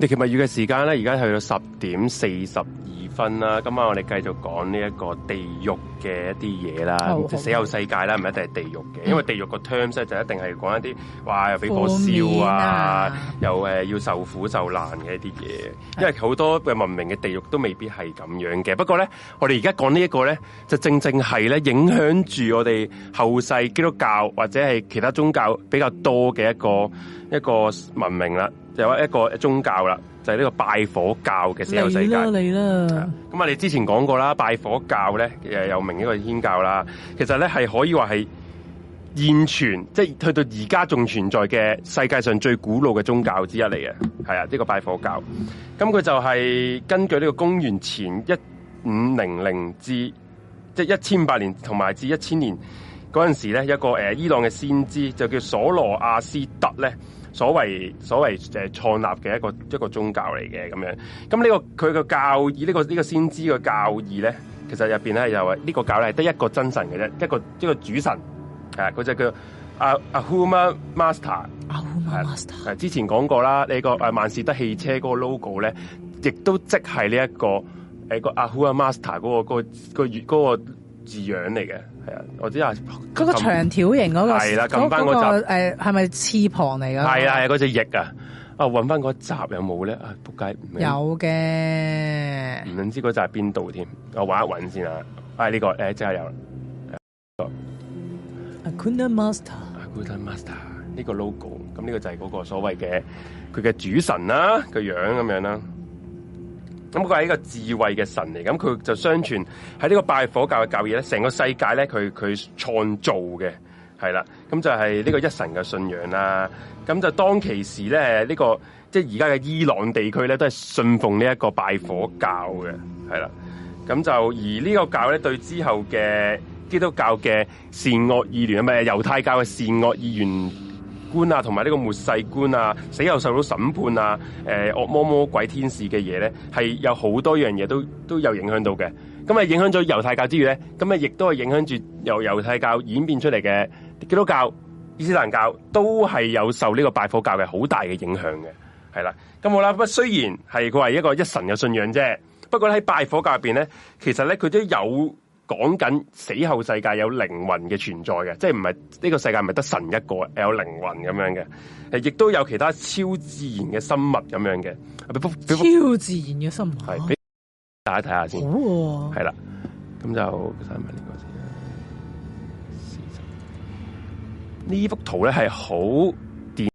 《獵奇物語》嘅時間咧，而家去到十點四十二分啦。今晚我哋繼續講。講呢一個地獄嘅一啲嘢啦，即係死後世界啦，唔係一定係地獄嘅、嗯，因為地獄個 terms 咧，就一定係講一啲，哇又俾火燒啊，啊，又誒、呃、要受苦受難嘅一啲嘢、嗯，因為好多嘅文明嘅地獄都未必係咁樣嘅。不過咧，我哋而家講呢一個咧，就正正係咧影響住我哋後世基督教或者係其他宗教比較多嘅一個一個文明啦。有一個宗教啦，就係呢個拜火教嘅死後世界。嚟啦。咁啊，你之前講過啦，拜火教咧，又又名呢個天教啦。其實咧係可以話係現存，即係去到而家仲存在嘅世界上最古老嘅宗教之一嚟嘅。係啊，呢個拜火教。咁佢就係根據呢個公元前一五零零至即係一千八年同埋至一千年嗰陣時咧，一個呃伊朗嘅先知就叫索羅亞斯德咧，所謂所謂誒創立嘅一個一個宗教嚟嘅咁樣，咁、呢個呢個呢個、呢個佢、就係、個教義呢個呢個先知嘅教義咧，其實入面咧就係呢個教咧係得一個真神嘅啫，一個一個主神係只、啊、叫阿阿 Ahura Mazda，阿 Ahura Mazda、啊啊、之前講過啦，呢、呢個誒、啊、萬事得汽車嗰個 logo 咧，亦都即係呢、呢個、一個阿 Ahura Mazda 嗰月嗰個。嗰個嗰個嗰個字樣嚟嘅，係啊！我知啊，嗰、嗰個嗰個長條形嗰、嗰個，係啦，撳翻嗰集係咪翅膀嚟㗎？係啊，係嗰隻翼啊！啊，揾翻嗰集有冇咧？啊，仆街，有嘅，唔知嗰集喺邊度添？我揾一揾先啊！啊，呢、呢個誒，真、欸、係有啦、啊呢個、A Good Master，A Good Master，呢個 logo，咁呢個就係嗰個所謂嘅佢嘅主神啦、啊，個樣咁樣啦、啊。咁佢係一個智慧嘅神嚟，咁佢就相傳喺呢個拜火教嘅教義咧，成個世界咧佢佢創造嘅係啦，咁就係呢個一神嘅信仰啦。咁就當其時咧，呢、這個即係而家嘅伊朗地區咧，都係信奉呢一個拜火教嘅，係啦。咁就而呢個教咧，對之後嘅基督教嘅善惡二元，唔係猶太教嘅善惡二元。觀啊，同埋呢個末世觀啊，死後受到審判啊，誒、呃，惡魔、魔鬼、天使嘅嘢咧，係有好多樣嘢都都有影響到嘅。咁啊，影響咗猶太教之餘咧，咁啊，亦都係影響住由猶太教演變出嚟嘅基督教、伊斯蘭教，都係有受呢個拜火教嘅好大嘅影響嘅。係啦，咁好啦，咁啊，雖然係佢係一個一神嘅信仰啫，不過喺拜火教入邊咧，其實咧佢都有。講緊死後世界有靈魂嘅存在嘅，即係唔係呢個世界唔係得神一個，有靈魂咁樣嘅，亦都有其他超自然嘅生物咁樣嘅。超自然嘅生物係俾大家睇下先，係啦、哦，咁就睇埋呢個先。呢幅圖咧係好電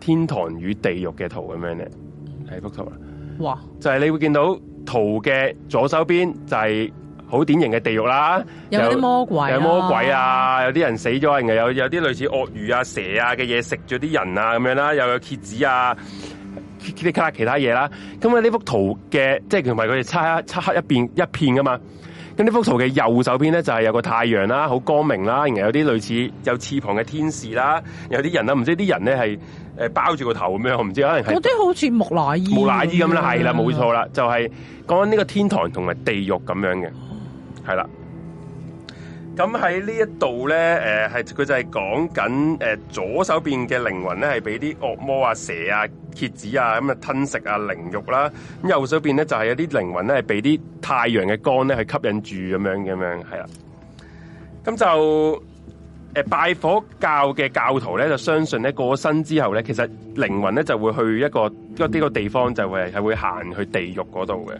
天堂與地獄嘅圖咁樣咧，係幅圖啦。哇！就係、是、你會見到圖嘅左手邊就係、是。好典型嘅地獄啦，有啲魔鬼，有魔鬼啊，有啲、啊啊、人死咗然後有有啲類似鱷魚啊、蛇啊嘅嘢食咗啲人啊咁樣啦，又有蠍子啊、啲其，其他其、啊就是、他嘢啦。咁啊呢幅圖嘅即係同埋佢哋漆黑漆黑一片一片噶嘛。咁呢幅圖嘅右手邊咧就係、是、有個太陽啦、啊，好光明啦、啊，然後有啲類似有翅膀嘅天使啦、啊，有啲人啦、啊，唔知啲人咧係包住個頭咁樣，我唔知，可能我啲好似木乃伊，木乃伊咁啦，係啦，冇錯啦，就係、是、講緊呢個天堂同埋地獄咁樣嘅。係啦，咁喺呢一度咧，誒、呃，係佢就係講緊，誒、呃，左手邊嘅靈魂咧係俾啲惡魔啊、蛇啊、蠍子啊咁啊吞食啊、凌辱啦，咁右手邊咧就係、是、有啲靈魂咧係俾啲太陽嘅光咧吸引住，咁樣咁樣，係啦，咁就誒、呃、拜火教嘅教徒咧就相信咧過咗身之後咧，其實靈魂咧就會去一個一個、這個地方就會，就係係會行去地獄嗰度嘅，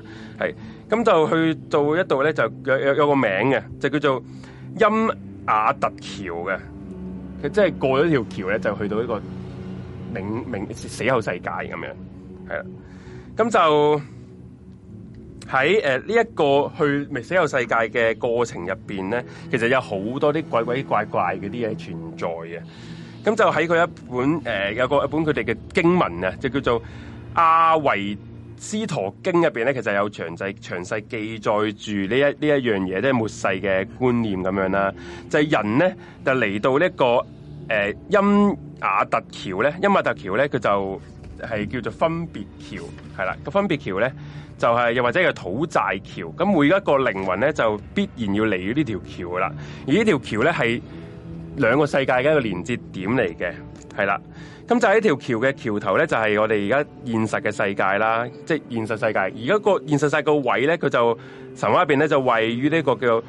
係。咁就去到一度咧，就有有有個名嘅，就叫做陰雅特橋嘅。佢即係過咗條橋咧，就去到一個冥冥死後世界咁樣，係啦。咁就喺誒呢一個去未死後世界嘅過程入邊咧，其實有好多啲鬼鬼怪怪嗰啲嘢存在嘅。咁就喺佢一本誒、呃、有一個一本佢哋嘅經文啊，就叫做阿維。《司陀經》入邊咧，其實有詳細詳細記載住呢一呢一樣嘢，即係末世嘅觀念咁樣啦。就係、是、人咧，就嚟到呢、這個誒陰亞特橋咧，陰亞特橋咧，佢就係叫做分別橋，係啦。個分別橋咧，就係、是、又或者叫土寨橋。咁每一個靈魂咧，就必然要嚟於呢條橋啦。而呢條橋咧，係兩個世界嘅一個連接點嚟嘅，係啦。咁就這條橋的橋呢條橋嘅橋頭咧，就係、是、我哋而家現實嘅世界啦，即係現實世界。而家個現實世界個位咧，佢就神話入邊咧，就位於呢個叫誒、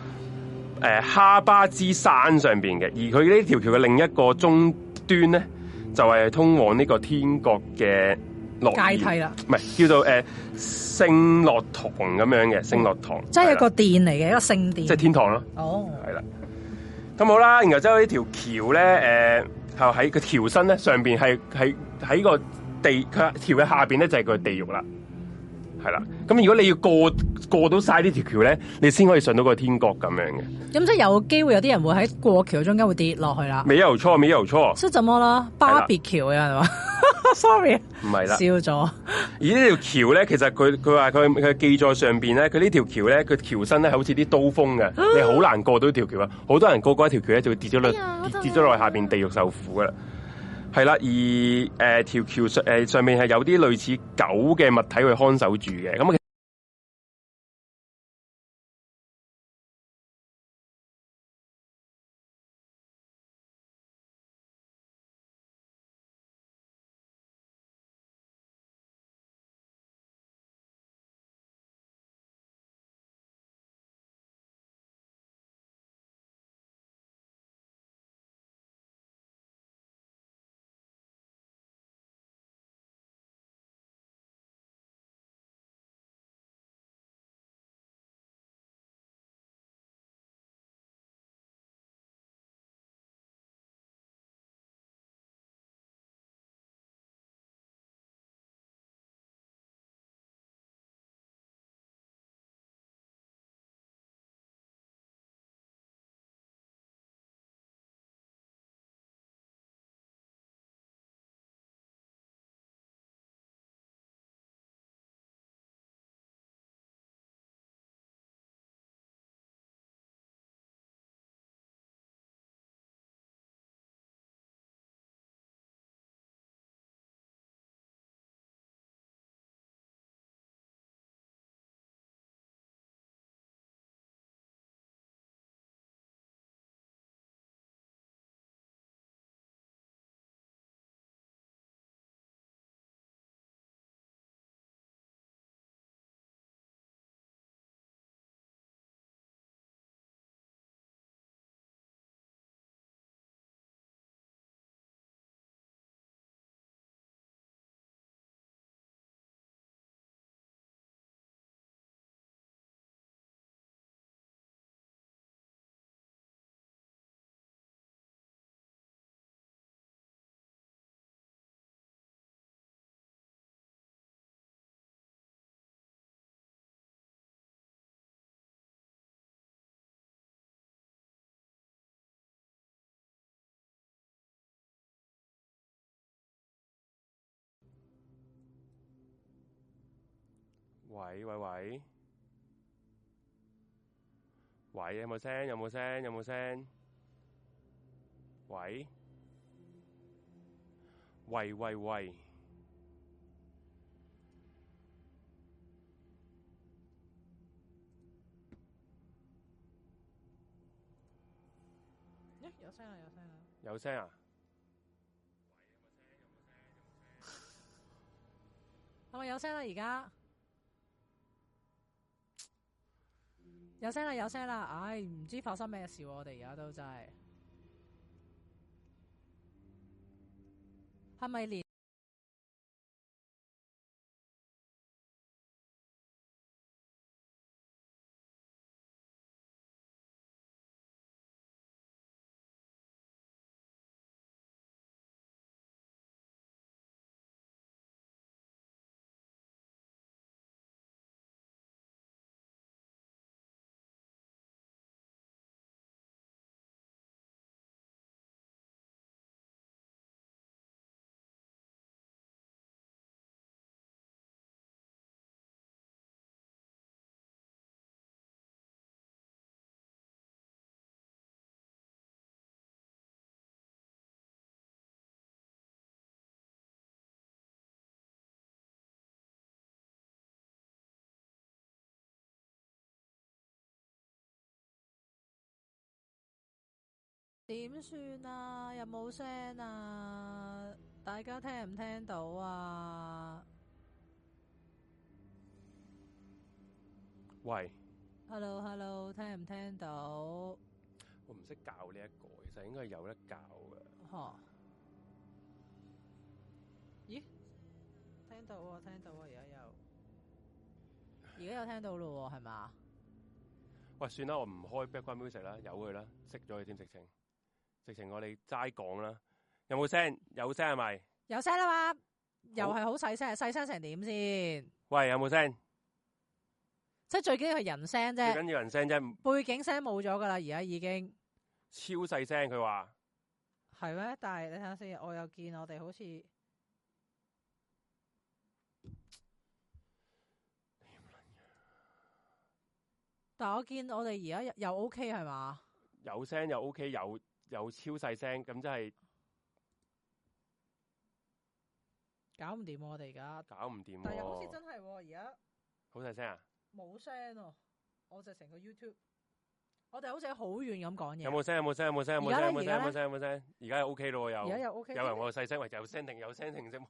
呃、哈巴之山上邊嘅。而佢呢條橋嘅另一個終端咧，就係、是、通往呢個天國嘅階梯啦。唔係，叫做誒聖樂堂咁樣嘅聖樂堂，即係一個殿嚟嘅，一個聖殿，即、就、係、是、天堂咯。哦，係啦，咁好啦，然後之後呢條橋咧，誒、呃。後喺個橋身咧上邊，係喺喺個地佢橋嘅下邊咧就係個地獄啦。係啦，咁如果你要過過到晒呢條橋咧，你先可以上到個天國咁樣嘅、嗯。咁即係有機會，有啲人會喺過橋中間會跌落去啦。未油搓，未油搓。即係怎麼啦？巴別橋啊係嘛 ？Sorry，唔係啦，笑咗。而呢條橋咧，其實佢佢話佢佢記載上邊咧，佢呢條橋咧，佢橋身咧好似啲刀鋒嘅， 你好難過到呢條橋啊！好多人過過一條橋咧，就會跌咗落、哎、跌跌咗落下邊地獄受苦嘅啦。係啦，而誒條橋上誒、呃、上面係有啲類似狗嘅物體去看守住嘅，咁、嗯。喂喂喂，喂有冇聲？有冇聲？有冇聲？喂，喂喂喂，咦？有聲啦！有聲啦！有聲啊！喂有冇聲？有冇聲？有冇聲？係咪有聲啦？而家？ 是有聲啦，有聲啦！唉，唔知發生咩事，啊，我哋而家都真係係咪連？點算啊？有冇聲啊！大家聽唔聽到啊？喂，Hello，Hello，hello, 聽唔聽到？我唔識教呢一個，其實應該有得教嘅。嗬、huh?？咦？聽到，聽到，而家有，而家有聽到咯，係嘛？喂，算啦，我唔開 Background Music 啦，由佢啦，熄咗佢添，直情。直情我哋齋講啦，有冇聲？有聲係咪？有聲啦嘛，又係好細聲，細聲成點先？喂，有冇聲？即係最緊要係人聲啫，最緊要人聲啫。背景聲冇咗噶啦，而家已經超細聲。佢話係咩？但係你睇下先，我又見我哋好似。但係我見我哋而家又 OK 係嘛？有聲又 OK 有。有超細聲，咁真係搞唔掂、啊、我哋而家，搞唔掂、啊。但係又好似真係、哦，而家好細聲啊！冇聲哦，我就成個 YouTube，我哋好似好遠咁講嘢。有冇聲？有冇聲？有冇聲？有冇聲？有冇聲？有冇聲？而家又 OK 咯，又而家又 OK。有人話我細聲，喂、okay? 有有有有有 okay? 又聲停，又聲停，即係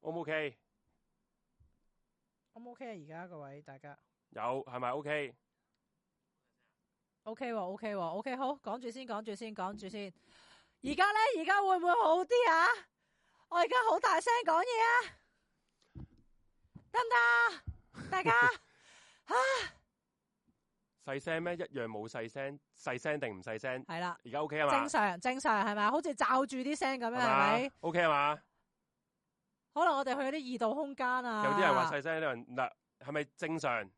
O 唔 OK？O 唔 OK 啊？而家各位大家有係咪 OK？O K 喎，O K 喎，O K 好，講住先，講住先，講住先。而家咧，而家會唔會好啲啊？我而家好大聲講嘢啊，得唔得？大家啊，細聲咩？一樣冇細聲，細聲定唔細聲？係啦，而家 O K 啊嘛？正常，正常係咪？好似罩住啲聲咁樣，係咪？O K 啊嘛？可 能我哋去啲異度空間啊有。有啲人話細聲，有啲人嗱，係咪正常？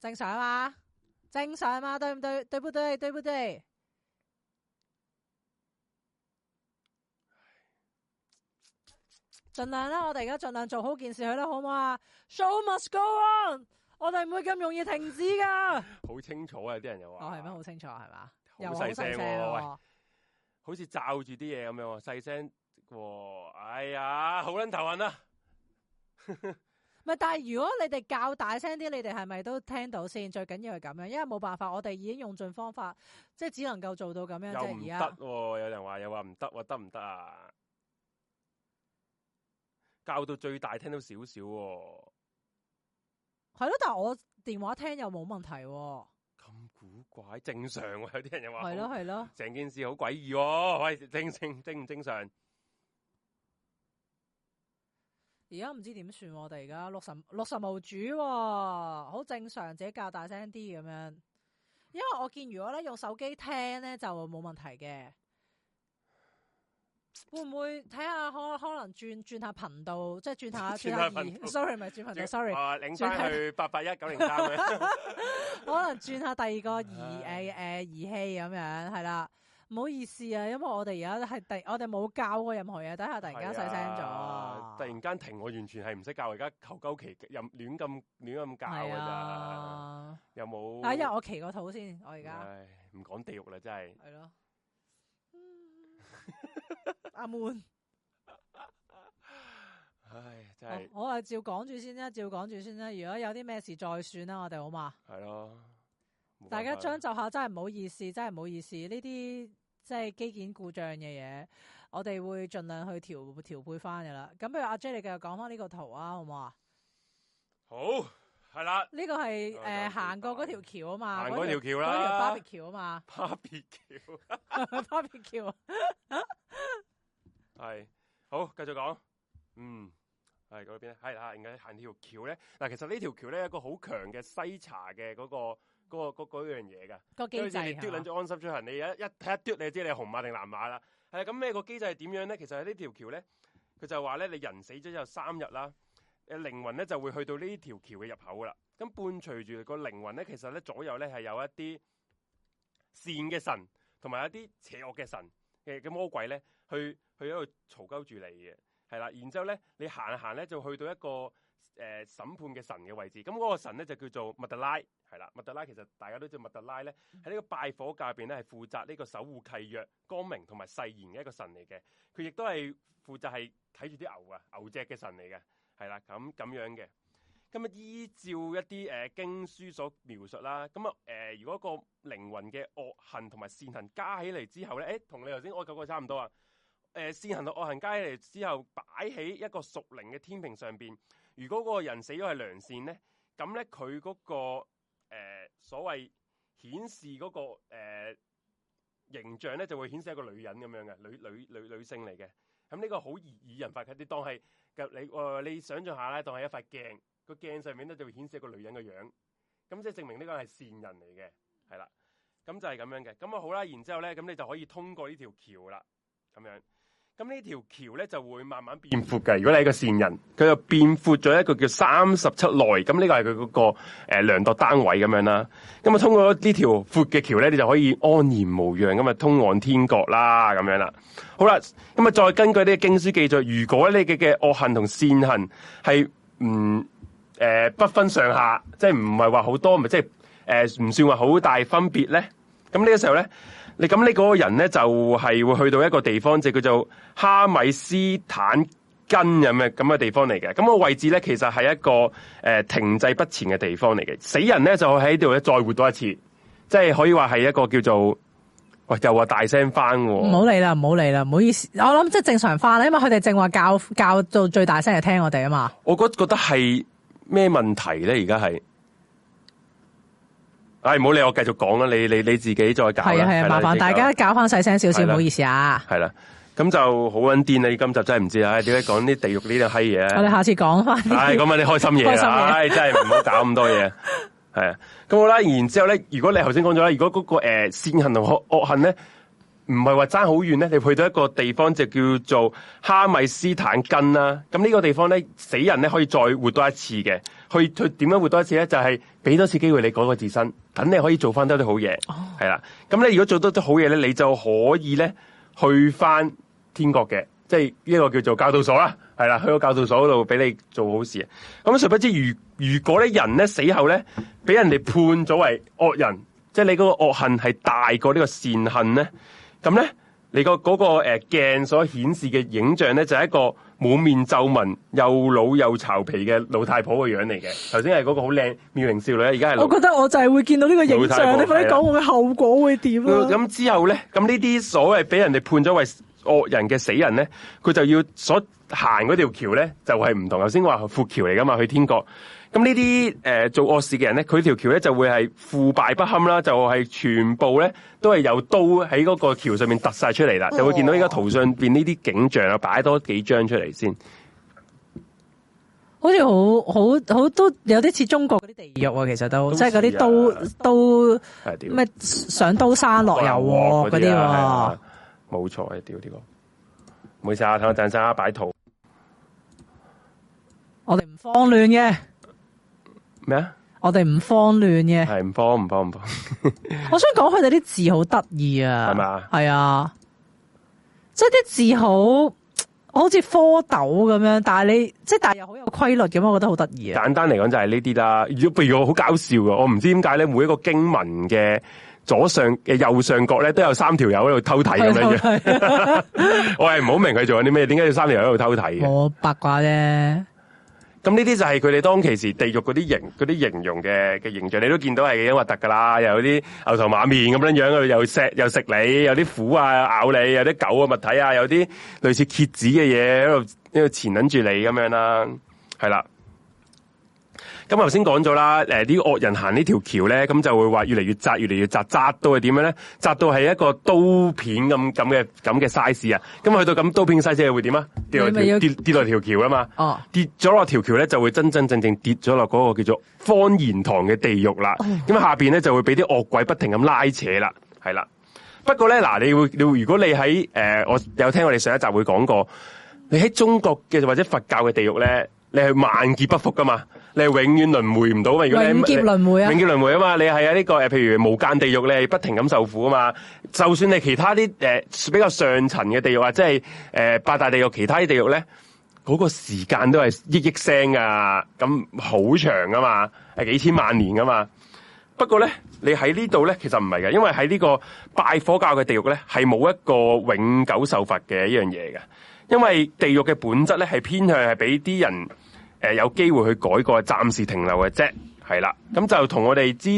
正常啊嘛。正常嘛，對唔對？對不對？對不對？盡量啦，我哋而家盡量做好件事去啦，好唔好啊？Show must go on，我哋唔會咁容易停止噶。好 清楚啊！有啲人又話，哦係咩？好清楚係嘛？又細聲，啊呃聲啊，喂，好似罩住啲嘢咁樣，細聲，哦，哎呀，好撚頭暈啦，啊！ 但係如果你哋教大聲啲，你哋係咪都聽到先？最緊要係咁樣，因為冇辦法，我哋已經用盡方法，即係只能夠做到咁樣。得喎，有人話又話唔得喎，得唔得啊？教到最大聽到少少喎。係咯，但係我電話聽又冇問題喎。咁古怪正常喎，有啲人又話係咯係咯，成件事好詭異喎。喂，正正正唔正常？而家唔知點算，我哋而家六十六十無主、啊，好正常，自己較大聲啲咁樣。因為我見如果咧用手機聽咧就冇問題嘅，會唔會睇下可可能轉轉下頻道，即係轉下轉 下 Sorry 唔係轉頻道 轉，Sorry。啊，領翻回去八八一九零三。可能轉下第二個儀誒誒儀器咁樣，係啦。唔好意思啊，因為我哋而家係第，我哋冇教過任何嘢，等下突然間細聲咗，突然間停，我完全係唔識教，而家求鳩其任亂咁亂咁教噶咋，有冇。啊，因為我騎個肚先，我而家唉，唔講地獄啦，真係係咯，阿 m、啊嗯、 打悶 唉，真係、哦、我照先啊，照講住先啦，照講住先啦，如果有啲咩事再算啦、啊，我哋好嘛？係咯、啊。大家將就下，真係唔好意思，真係唔好意思。呢啲即係機件故障嘅嘢，我哋會盡量去調調配翻噶啦。咁不如阿 J 你繼續講翻呢個圖、這個、啊，好唔好啊？好係啦，呢個係誒行過嗰條橋啊嘛，行過條橋啦，芭比橋啊嘛，芭比橋，芭比橋？係 好繼續講，嗯係講邊咧？係而家行條橋咧嗱，其實呢條橋咧有一個好強嘅西茶嘅嗰、那個。嗰、嗰個、嗰、樣嘢噶，個機制。嘟撚住安心出行，啊、你一一睇一嘟，你就知你紅馬定藍馬啦。係啊，咁、咩、呢個機制係點樣咧？其實喺呢條橋咧，佢就話咧，你人死咗之後三日啦，誒靈魂咧就會去到呢條橋嘅入口啦。咁伴隨住個靈魂咧，其實咧左右咧係有一啲善嘅神，同埋一啲邪惡嘅神嘅嘅魔鬼咧，去去喺度嘈鳩住你嘅。係啦，然之後咧，你行一行咧就去到一個誒、呃、審判嘅神嘅位置，咁、嗯、嗰、那個神咧就叫做麥特拉，係啦。麥特拉其實大家都知，麥特拉咧喺呢個拜火教入邊咧係負責呢個守護契約、光明同埋誓言嘅一個神嚟嘅。佢亦都係負責係睇住啲牛啊牛隻嘅神嚟嘅，係啦咁咁樣嘅咁啊。依照一啲誒、呃、經書所描述啦，咁啊誒，如果個靈魂嘅惡行同埋善行加起嚟之後咧，誒、欸、同你頭先我講嘅差唔多啊。誒、呃、善行同惡行加起嚟之後，擺喺一個屬靈嘅天平上邊。如果嗰個人死咗係良善咧，咁咧佢嗰個、呃、所謂顯示嗰個、呃、形象咧，就會顯示一個女人咁樣嘅女女女女性嚟嘅。咁呢個好易以人發嘅，你當係你、呃、你想象下咧，當係一塊鏡，個鏡上面咧就會顯示一個女人嘅樣。咁即係證明呢個係善人嚟嘅，係啦。咁就係咁樣嘅。咁啊好啦，然之後咧，咁你就可以通過呢條橋啦，咁樣。咁呢條橋咧就會慢慢變闊嘅。如果你係一個善人，佢就變闊咗一個叫三十七內。咁呢個係佢嗰個誒、呃、量度單位咁樣啦。咁、嗯、啊，通過呢條闊嘅橋咧，你就可以安然無恙咁啊、嗯，通往天國啦咁樣啦。好啦，咁、嗯、啊，再根據啲經書記載，如果你嘅嘅惡行同善行係唔誒不分上下，即係唔係話好多，咪即係誒唔算話好大分別咧。咁、嗯、呢、呢個時候咧。那你咁你個人咧，就係、是、會去到一個地方，即叫做哈米斯坦根有咩咁嘅地方嚟嘅。咁、那個位置咧，其實係一個、呃、停滯不前嘅地方嚟嘅。死人咧就喺度咧再活多一次，即係可以話係一個叫做喂，又、哎、話大聲翻喎。唔好理啦，唔好理啦，唔好意思。我諗即係正常翻啦，因為佢哋正話教教到最大聲係聽我哋啊嘛。我覺覺得係咩問題咧？而家係。唉，唔好理我，繼續講啦。你你你自己再搞。係啊係，麻煩大家搞翻細聲少少，唔好意思啊。係啦，咁就好撚癲啊。呢今集真係唔知啊，點解講啲地獄呢啲閪嘢？我哋下次講翻。唉，講翻啲開心嘢啦，唉、哎哎，真係唔好搞咁多嘢。係 啊，咁好啦。然之後咧，如果你頭先講咗啦，如果嗰、那個誒、呃、善恨同惡惡恨咧。唔係話爭好遠咧，你去到一個地方就叫做哈米斯坦根啦、啊。咁呢個地方咧，死人咧可以再活多一次嘅。去點樣活多一次咧？就係、是、俾多次機會你改過自身，等你可以做翻多啲好嘢。係、哦、啦，咁咧如果做多啲好嘢咧，你就可以咧去翻天國嘅，即係呢個叫做教導所啦。係啦，去個教導所度俾你做好事。咁殊不知如，如如果咧人咧死後咧，俾人哋判咗為惡人，即、就、係、是、你嗰個惡行係大過呢個善行咧。咁咧，你個嗰個誒鏡所顯示嘅影像咧，就係一個滿面皺紋、又老又巢皮嘅老太婆嘅樣嚟嘅。頭先係嗰個好靚妙齡少女，而家係我覺得我就係會見到呢個影像，你快啲講我嘅後果會點啊。咁之後咧，咁呢啲所謂俾人哋判咗為惡人嘅死人咧，佢就要所行嗰條橋咧，就係唔同。頭先話闊橋嚟噶嘛，去天國。咁呢啲誒做惡事嘅人咧，佢條橋咧就會係腐敗不堪啦，就係、是、全部咧都係由刀喺嗰個橋上面突晒出嚟啦、哦。就會見到依家圖上邊呢啲景象啊，擺多幾張出嚟先，好似好好好都有啲似中國嗰啲地獄啊，其實都，都是即係嗰啲刀、啊、刀咩、啊、上刀山落油嗰啲，冇錯啊！屌呢個，唔、啊啊啊啊啊啊啊啊啊、好意思啊，等我陣間擺圖，我哋唔慌亂嘅。咩 啊，啊？我哋唔慌亂嘅，係唔慌唔慌唔慌。我想講佢哋啲字好得意啊，係咪？係啊，即係啲字好，好好似蝌蚪咁樣。但係你即係，但係又好有規律咁，我覺得好得意啊。簡單嚟講就係呢啲啦。如果譬如我好搞笑嘅，我唔知點解咧，每一個經文嘅左上嘅右上角咧都有三條友喺度偷睇咁樣。 我係唔好明佢做緊啲咩？點解要三條友喺度偷睇？我八卦啫。咁呢啲就係佢哋當其時地獄嗰啲形啲形容嘅嘅形，形象，你都見到係幾咁核突噶啦！又有啲牛頭馬面咁樣樣，又食又食你，有啲虎啊又咬你，有啲狗嘅物體啊，有啲類似蠍子嘅嘢喺度喺度纏撚住你咁樣啦，係啦。咁頭先講咗啦，誒，啲惡人行呢條橋咧，咁就會話越嚟越窄，越嚟越窄，窄到係點樣咧？窄到係一個刀片咁咁嘅咁嘅 size 啊！咁去到咁刀片 size 又會點啊？跌落條跌跌落條橋啊嘛！哦，跌咗落條橋咧，就會真真正正跌咗落嗰個叫做方言堂嘅地獄啦。咁、哦、下邊咧就會俾啲惡鬼不停咁拉扯啦，係啦。不過咧，嗱，你會你如果你喺誒，我有聽我哋上一集會講過，你喺中國嘅或者佛教嘅地獄咧，你係萬劫不復噶嘛？你永遠輪迴唔到啊！永劫輪迴啊！永劫輪迴啊嘛！你係啊呢個譬如無間地獄，你係不停咁受苦啊嘛！就算你其他啲、呃、比較上層嘅地獄啊，即係誒、呃、八大地獄，其他啲地獄咧，嗰、那個時間都係億億聲啊，咁好長啊嘛，係幾千萬年噶嘛。不過咧，你喺呢度咧，其實唔係嘅，因為喺呢個拜火教嘅地獄咧，係冇一個永久受罰嘅一樣嘢嘅，因為地獄嘅本質咧係偏向係俾啲人。誒、呃，有機會去改過，暫時停留嘅啫，係啦。咁就同我哋知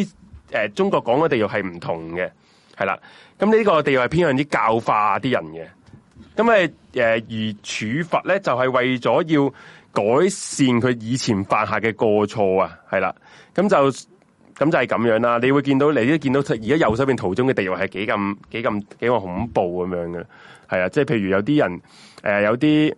誒中國講嘅地獄係唔同嘅，係啦。咁呢個地獄係偏向啲教化啲人嘅。咁咪誒，而處罰咧，就係、是、為咗要改善佢以前犯下嘅過錯啊。係啦，咁就咁就係咁樣啦。你會見到你都見到，而家右手邊圖中嘅地獄係幾咁幾咁幾咁恐怖咁樣嘅，係啊。即係譬如有啲人誒、呃，有啲。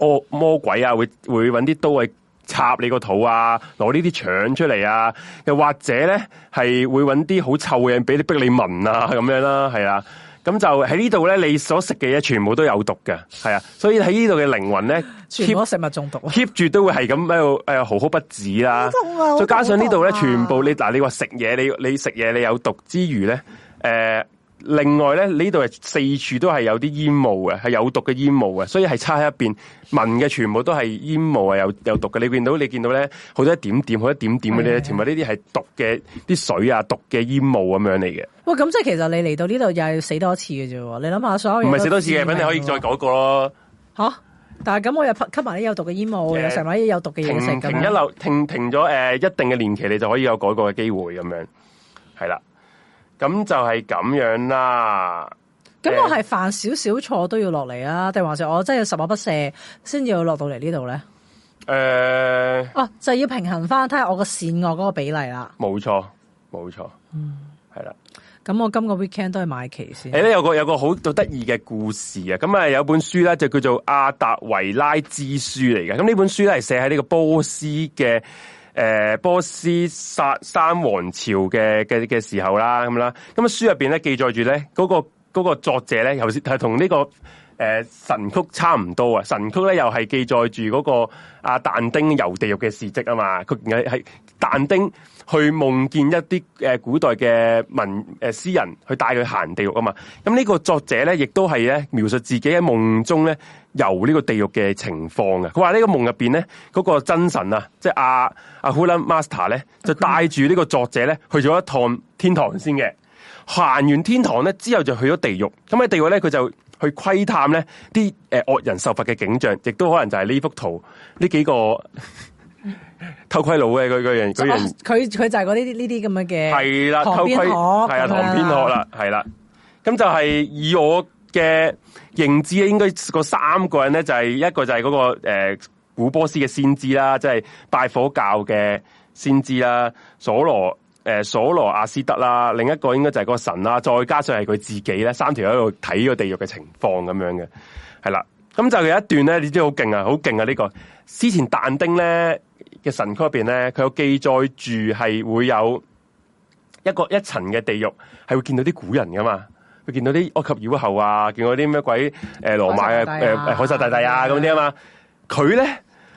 惡魔鬼啊，會會揾啲刀去插你個肚啊，攞呢啲腸出嚟啊，又或者咧係會揾啲好臭嘅嘢俾你逼你聞啊，咁樣啦，啊，係啦，咁就喺呢度咧，你所食嘅嘢全部都有毒嘅，係啊，啊，所以喺呢度嘅靈魂咧，全部食物中毒，keep 住都會係咁喺度誒，毫毫不止啦。再加上呢度咧，全部你嗱，你話食嘢，你你食嘢你有毒之餘咧，誒、呃。另外咧，呢度係四處都係有啲煙霧嘅，係有毒嘅煙霧嘅，所以係差喺入邊聞嘅全部都係煙霧啊，有有毒嘅。你見到你見到咧，好多一點點，好多一點點嘅啲，全部呢啲係毒嘅啲水啊，毒嘅煙霧咁樣嚟嘅。喂，咁即係其實你嚟到呢度又係死多次嘅啫。你諗下所有唔係死多次嘅，咁你可以再改過咯。吓、啊！但係咁我又吸埋啲有毒嘅煙霧，成埋啲有毒嘅形成停停一停停咗誒、呃、一定嘅年期，你就可以有改過嘅機會咁樣，係啦。咁就係咁樣啦。咁我係犯少少錯都要落嚟啊，定、呃、話是，我真係十惡不赦先至要落到嚟呢度咧？誒、呃，哦、啊，就是、要平衡翻，睇下我個善惡嗰個比例啦。冇錯，冇錯。嗯，係啦。咁我今個 weekend 都係買旗先。誒、欸，咧有個有個好好得意嘅故事啊！咁啊有本書咧就叫做《阿達維拉之書》嚟嘅。咁呢本書咧係寫喺呢個波斯嘅。誒，波斯薩珊王朝嘅嘅嘅時候啦，咁啦，咁啊書入邊咧記載住咧，嗰個個作者咧，又是係同呢個誒神曲差唔多啊，神曲咧又係記載住嗰個阿但丁遊地獄嘅事跡啊嘛，佢係係但丁去夢見一啲誒古代嘅文誒詩人去帶佢行地獄啊嘛，咁呢個作者咧亦都係咧描述自己喺夢中咧。由呢個地獄嘅情況啊，佢話呢個夢入邊咧，嗰、嗰個真神啊，即係阿阿 Ahura Mazda 咧，就帶住呢個作者咧去咗一趟天堂先嘅。行完天堂咧之後就去咗地獄，咁喺地獄咧佢就去窺探咧啲誒惡人受罰嘅景象，亦都可能就係呢幅圖呢幾個偷窺佬嘅嗰個人。佢佢就係嗰啲呢啲咁嘅嘅。係啦，偷窺係啊，唐天鶴啦，係啦。咁就係以我嘅認知咧，應該個三個人咧，就係一個就係嗰個誒古波斯嘅先知啦，即係拜火教嘅先知啦，索羅誒索羅阿斯德啦，另一個應該就係個神啦，再加上係佢自己咧，三條喺度睇個地獄嘅情況咁樣嘅，係啦。咁就有一段咧，你知好勁啊，好勁啊！呢個之前但丁咧嘅神曲入邊咧，佢有記載住係會有一個一層嘅地獄，係會見到啲古人噶嘛。見到啲埃及妖后啊，見到啲咩鬼誒羅、呃、馬嘅、啊、誒、啊呃、海薩大帝啊咁啲啊嘛，佢咧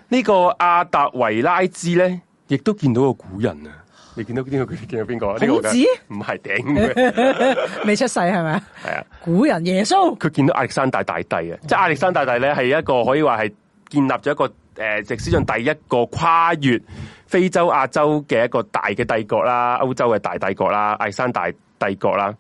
呢、這個阿達維拉茲咧，亦都見到個古人啊，你見到邊、這個？見到邊個？孔子？唔係頂，未出世係咪啊？係啊，古人耶穌。佢、嗯、見到亞歷山大大帝啊，即係亞歷山大大帝咧係一個可以話係建立咗一個誒歷、呃、史上第一個跨越非洲、亞洲嘅一個大嘅帝國啦，歐洲嘅大帝國啦，亞歷山大帝國啦。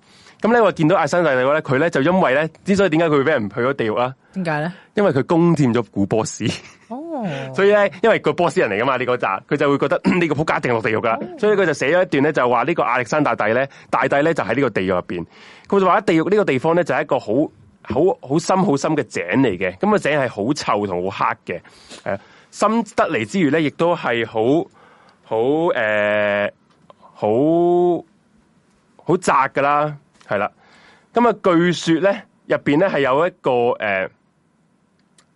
咁咧，我見到亞歷山大帝咧，佢咧就因為咧，之所以點解佢會俾人去咗地獄啊？點解咧？因為佢攻佔咗古波斯，oh. 所以咧，因為個波斯人嚟噶嘛，呢個集佢就會覺得呢、oh. 這個仆街一定落地獄噶，所以佢就寫咗一段咧，就話呢個亞歷山大帝咧，大帝咧就喺呢個地獄入邊。佢就話喺地獄呢個地方咧，就係一個好好好深好深嘅井嚟嘅，咁個井係好臭同好黑嘅，誒，深得嚟之餘咧，亦都係好好誒，好好、呃、窄噶啦。係啦，咁啊，據說咧入邊咧係有一個誒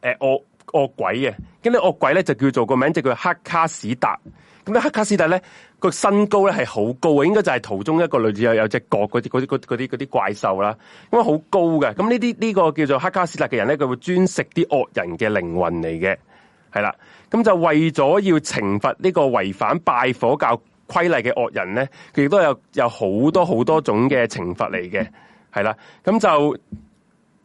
誒惡惡鬼嘅，咁啲惡鬼咧就叫做個名，即係叫做黑卡史達。咁咧黑卡史達咧個身高咧係好高嘅，應該就係圖中一個類似有有隻角嗰啲嗰啲嗰啲嗰啲怪獸啦，咁好高嘅。咁呢啲呢個叫做黑卡史達嘅人咧，佢會專食啲惡人嘅靈魂嚟嘅。係啦，咁就為咗要懲罰呢個違反拜火教。規例嘅惡人咧，佢亦都有有好多好多種嘅懲罰嚟嘅，係啦。咁就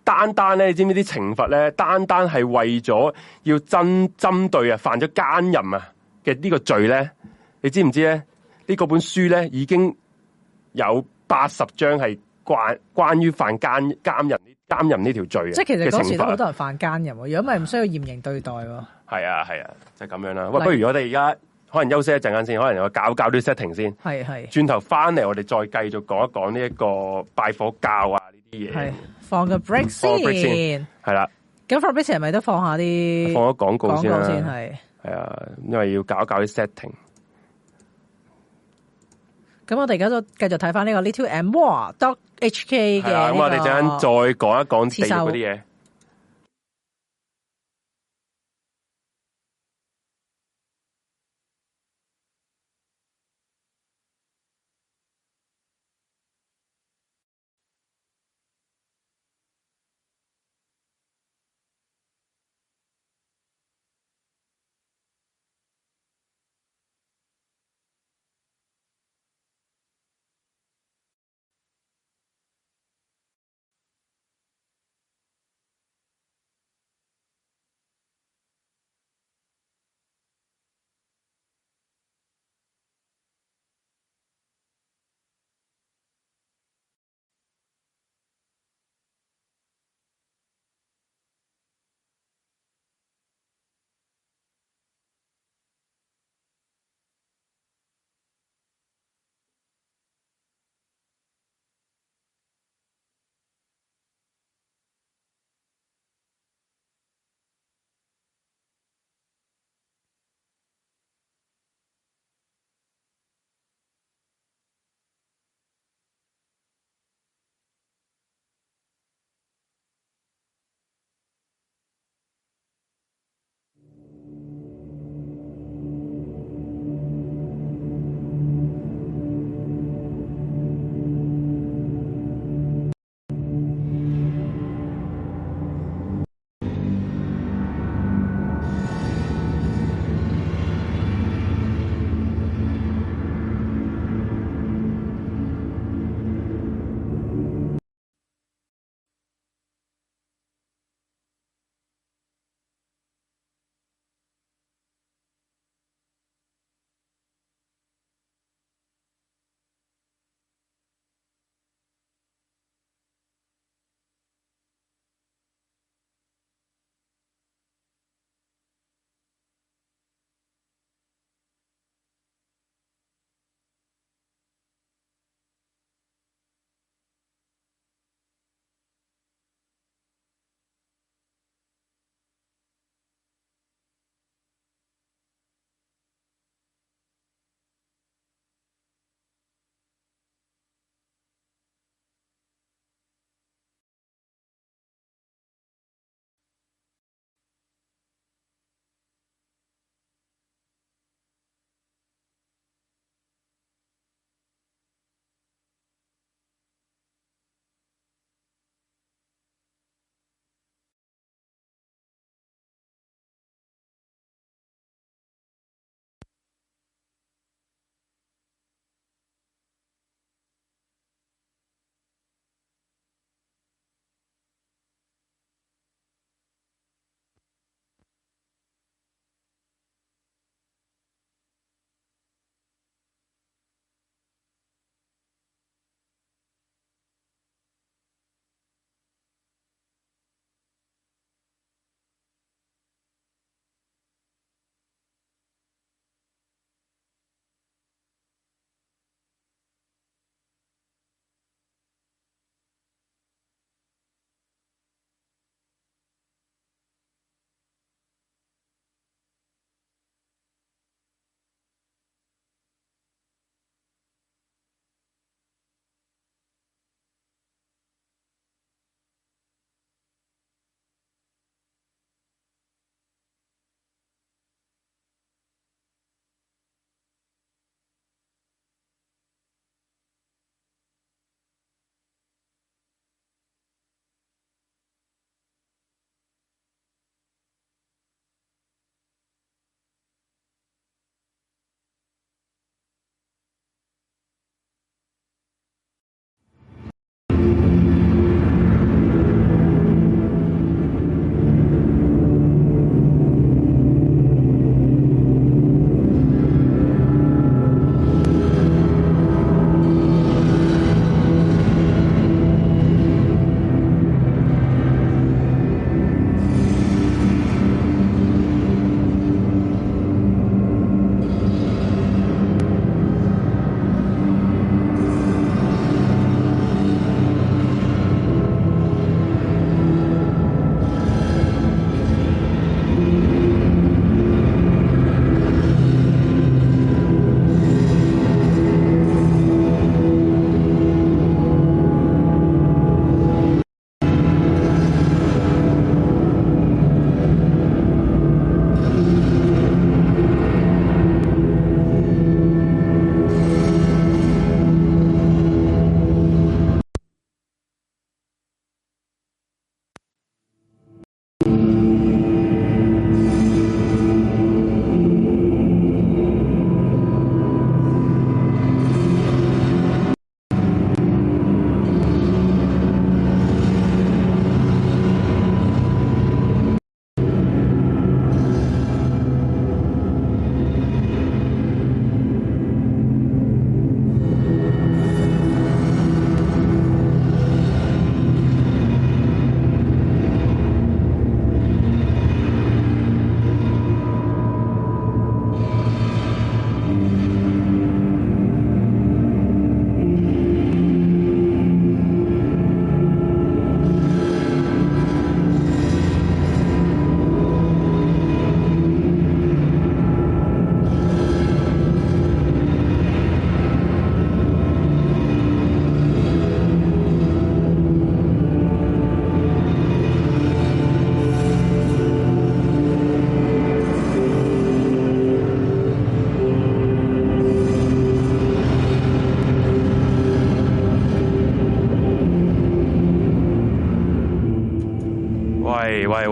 單單咧，你知唔知啲懲罰咧？單單係為咗要針針對啊犯咗奸淫啊嘅呢個罪咧，你知唔知咧？呢個本書咧已經有八十章係關關於犯奸奸淫呢奸淫呢條罪嘅。即係其實嗰時都好多人犯奸淫喎，如果唔係唔需要嚴刑對待喎。係啊係啊，就係咁樣啦。喂，不如我哋而家。可能休息一陣間先，可能我搞搞啲 setting 先，係係。轉頭翻嚟，我哋再繼續講一講呢一個拜火教啊呢啲嘢。係放個 break 先，係啦。咁 break 先係咪都放下啲？放咗廣告先啦，係係啊，因為要搞一搞啲 setting。咁我哋而家都繼續睇翻呢個 Little and More dot HK 嘅、這個，咁我哋陣間再講一講地獄嗰啲嘢。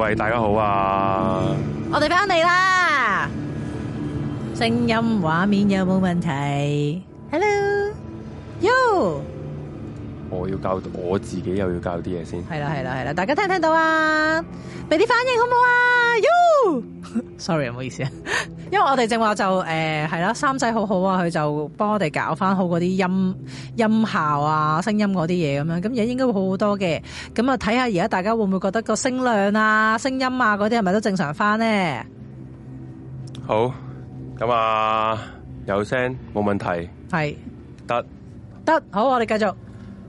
喂，大家好啊！我哋翻嚟啦，聲音畫面有冇問題？Hello，yo，我要教我自己又要教啲嘢先，係啦，係啦，係啦，大家聽唔聽到啊？俾啲反應好唔好啊？Yo，sorry，唔好意思啊。我哋正話就誒係啦，三仔好好啊，佢就幫我哋搞翻好嗰啲音音效啊，聲音嗰啲嘢，咁樣，咁嘢應該會好好多嘅。咁啊，睇下而家大家會唔會覺得個聲量啊、聲音啊嗰啲係咪都正常翻咧？好，咁啊有聲冇問題係得得好，我哋繼續。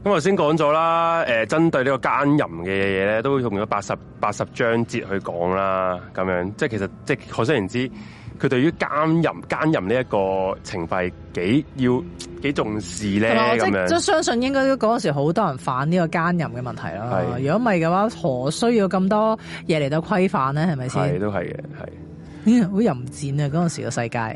咁我先講咗啦，誒、呃，針對呢個奸淫嘅嘢咧，都用咗八十八十章節去講啦，咁樣即係其實即係可想而知。佢對於奸淫、奸淫呢一個懲罰幾要幾重視咧，即相信應該嗰陣時好多人反呢個奸淫嘅問題啦。如果唔係嘅話，何需要咁多嘢嚟到規範咧？係咪先？你都係嘅，係好，嗯，淫賤啊！嗰陣時個世界係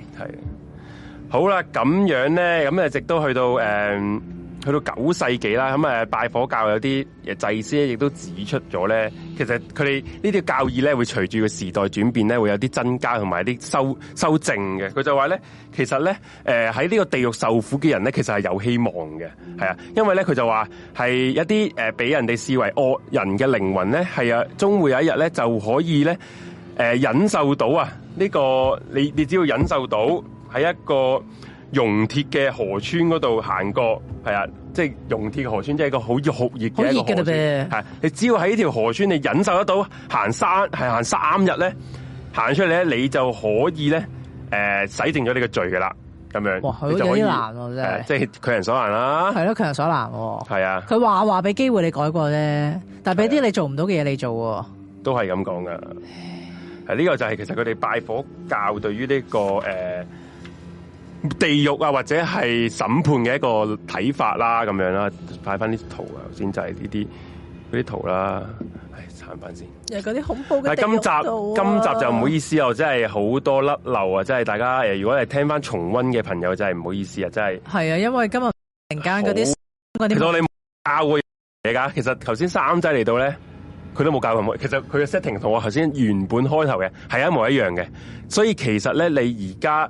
好啦，咁樣咧，咁啊，直到去到，嗯去到九世紀啦，咁誒拜火教有啲誒祭司咧，亦都指出咗咧，其實佢哋呢啲教義咧，會隨住個時代轉變咧，會有啲增加同埋啲修修正嘅。佢就話咧，其實咧，喺、呃、呢個地獄受苦嘅人咧，其實係有希望嘅，係啊，因為咧佢就話係一啲誒俾人哋視為惡人嘅靈魂咧，係啊，終會有一日咧就可以咧、呃，忍受到啊呢個你你只要忍受到喺一個，融鐵嘅河村嗰度行過，係啊，即係融鐵河村，即、就、係、是、一個好酷熱嘅河，好熱，係你只要喺呢條河村，你忍受得到行山，係行三日咧，行出嚟，咧，你就可以咧，誒、呃，洗淨咗你嘅罪噶啦，咁樣。好有難喎、啊，係。即係強人所難啦、啊。係咯，強人所難。係啊。佢話話俾機會你改過啫，但係俾啲你做唔到嘅嘢，你做的是、啊。都係咁講噶。係呢、啊，這個就係其實佢哋拜火教對於呢、這個誒。呃地獄啊，或者係審判嘅一個睇法啦、啊，咁樣啦、啊，睇翻啲圖啊，頭先就係呢啲嗰啲圖啦。唉，行翻先。係嗰啲恐怖嘅、啊、但今集今集就唔好意思哦、啊啊，真係好多甩漏啊，真係大家如果係聽翻重溫嘅朋友，真係唔好意思啊，真係。係啊，因為今日突然間嗰啲嗰啲，其實我哋教嘢噶，其實頭先三仔嚟到咧，佢都冇教佢。其實佢嘅 setting 同我頭先原本開頭嘅係一模一樣嘅，所以其實咧你而家。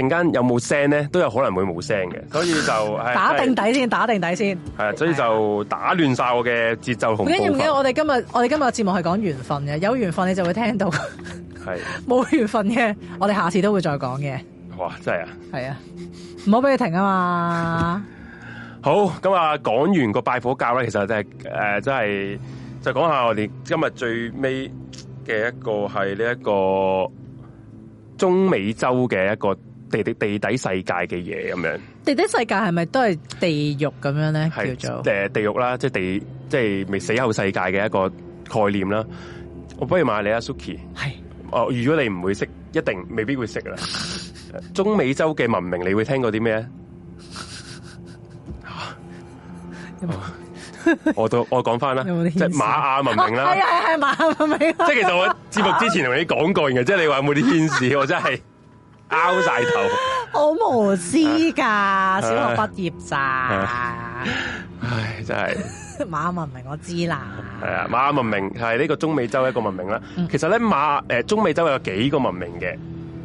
陣間有冇聲咧？都有可能會冇聲嘅，所以就 打定底先，打定底先。係啊，所以就打亂晒我嘅節奏同步伐。唔緊要嘅，我哋今日我哋今日嘅節目係講緣分嘅，有緣分你就會聽到。係冇緣分嘅，我哋下次都會再講嘅。哇，真係啊！係啊，唔好俾佢停啊嘛 ！好，咁啊，講完個拜火教咧，其實真係誒，真、呃、係、就是、就講下我哋今日最尾嘅一個係呢一個中美洲嘅一個。地地地底世界嘅嘢咁樣，地底世界係咪都係地獄咁樣咧？叫做誒地獄啦，即係地即係未死後世界嘅一個概念啦。我不如問下你啊，Suki 係哦。如果你唔會識，一定未必會識噶啦。中美洲嘅文明，你會聽過啲咩？啊？啊？我都，我講翻啦，即係瑪雅文明啦，係係係瑪雅文明。即、就、係、是、其實我節目之前同、啊、你講過嘅，即係你話冇啲天使，我真係。 拗晒頭私，好無知噶！小學畢業咋，啊啊？唉，真係瑪雅文明我知啦，係啊，瑪雅文明係呢個中美洲一個文明啦。其實咧瑪雅誒中美洲有幾個文明嘅。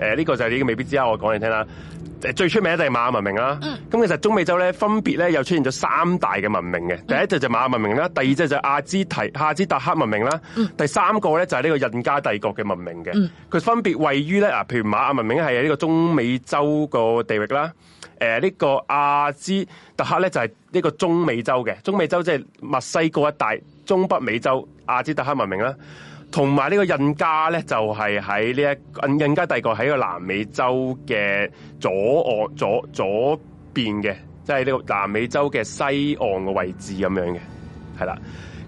誒、呃、呢、這個就係你未必知啦，我講你聽啦。誒最出名就係瑪雅文明啦。咁其實中美洲咧分別咧又出現咗三大嘅文明嘅。第一隻就瑪雅文明啦，第二隻就亞茲提亞茲特克文明啦。第三個咧就係呢個印加帝國嘅文明嘅。佢分別位於咧啊，譬如瑪雅文明係呢個中美洲個地域啦。誒、呃、呢、這個亞茲特克咧就係呢個中美洲嘅，中美洲即係墨西哥一帶，中北美洲亞茲特克文明啦。同埋呢個印加咧，就係喺呢一印印加帝國喺一個南美洲嘅左岸左,左邊邊嘅，即係呢個南美洲嘅西岸嘅位置咁樣嘅，係啦。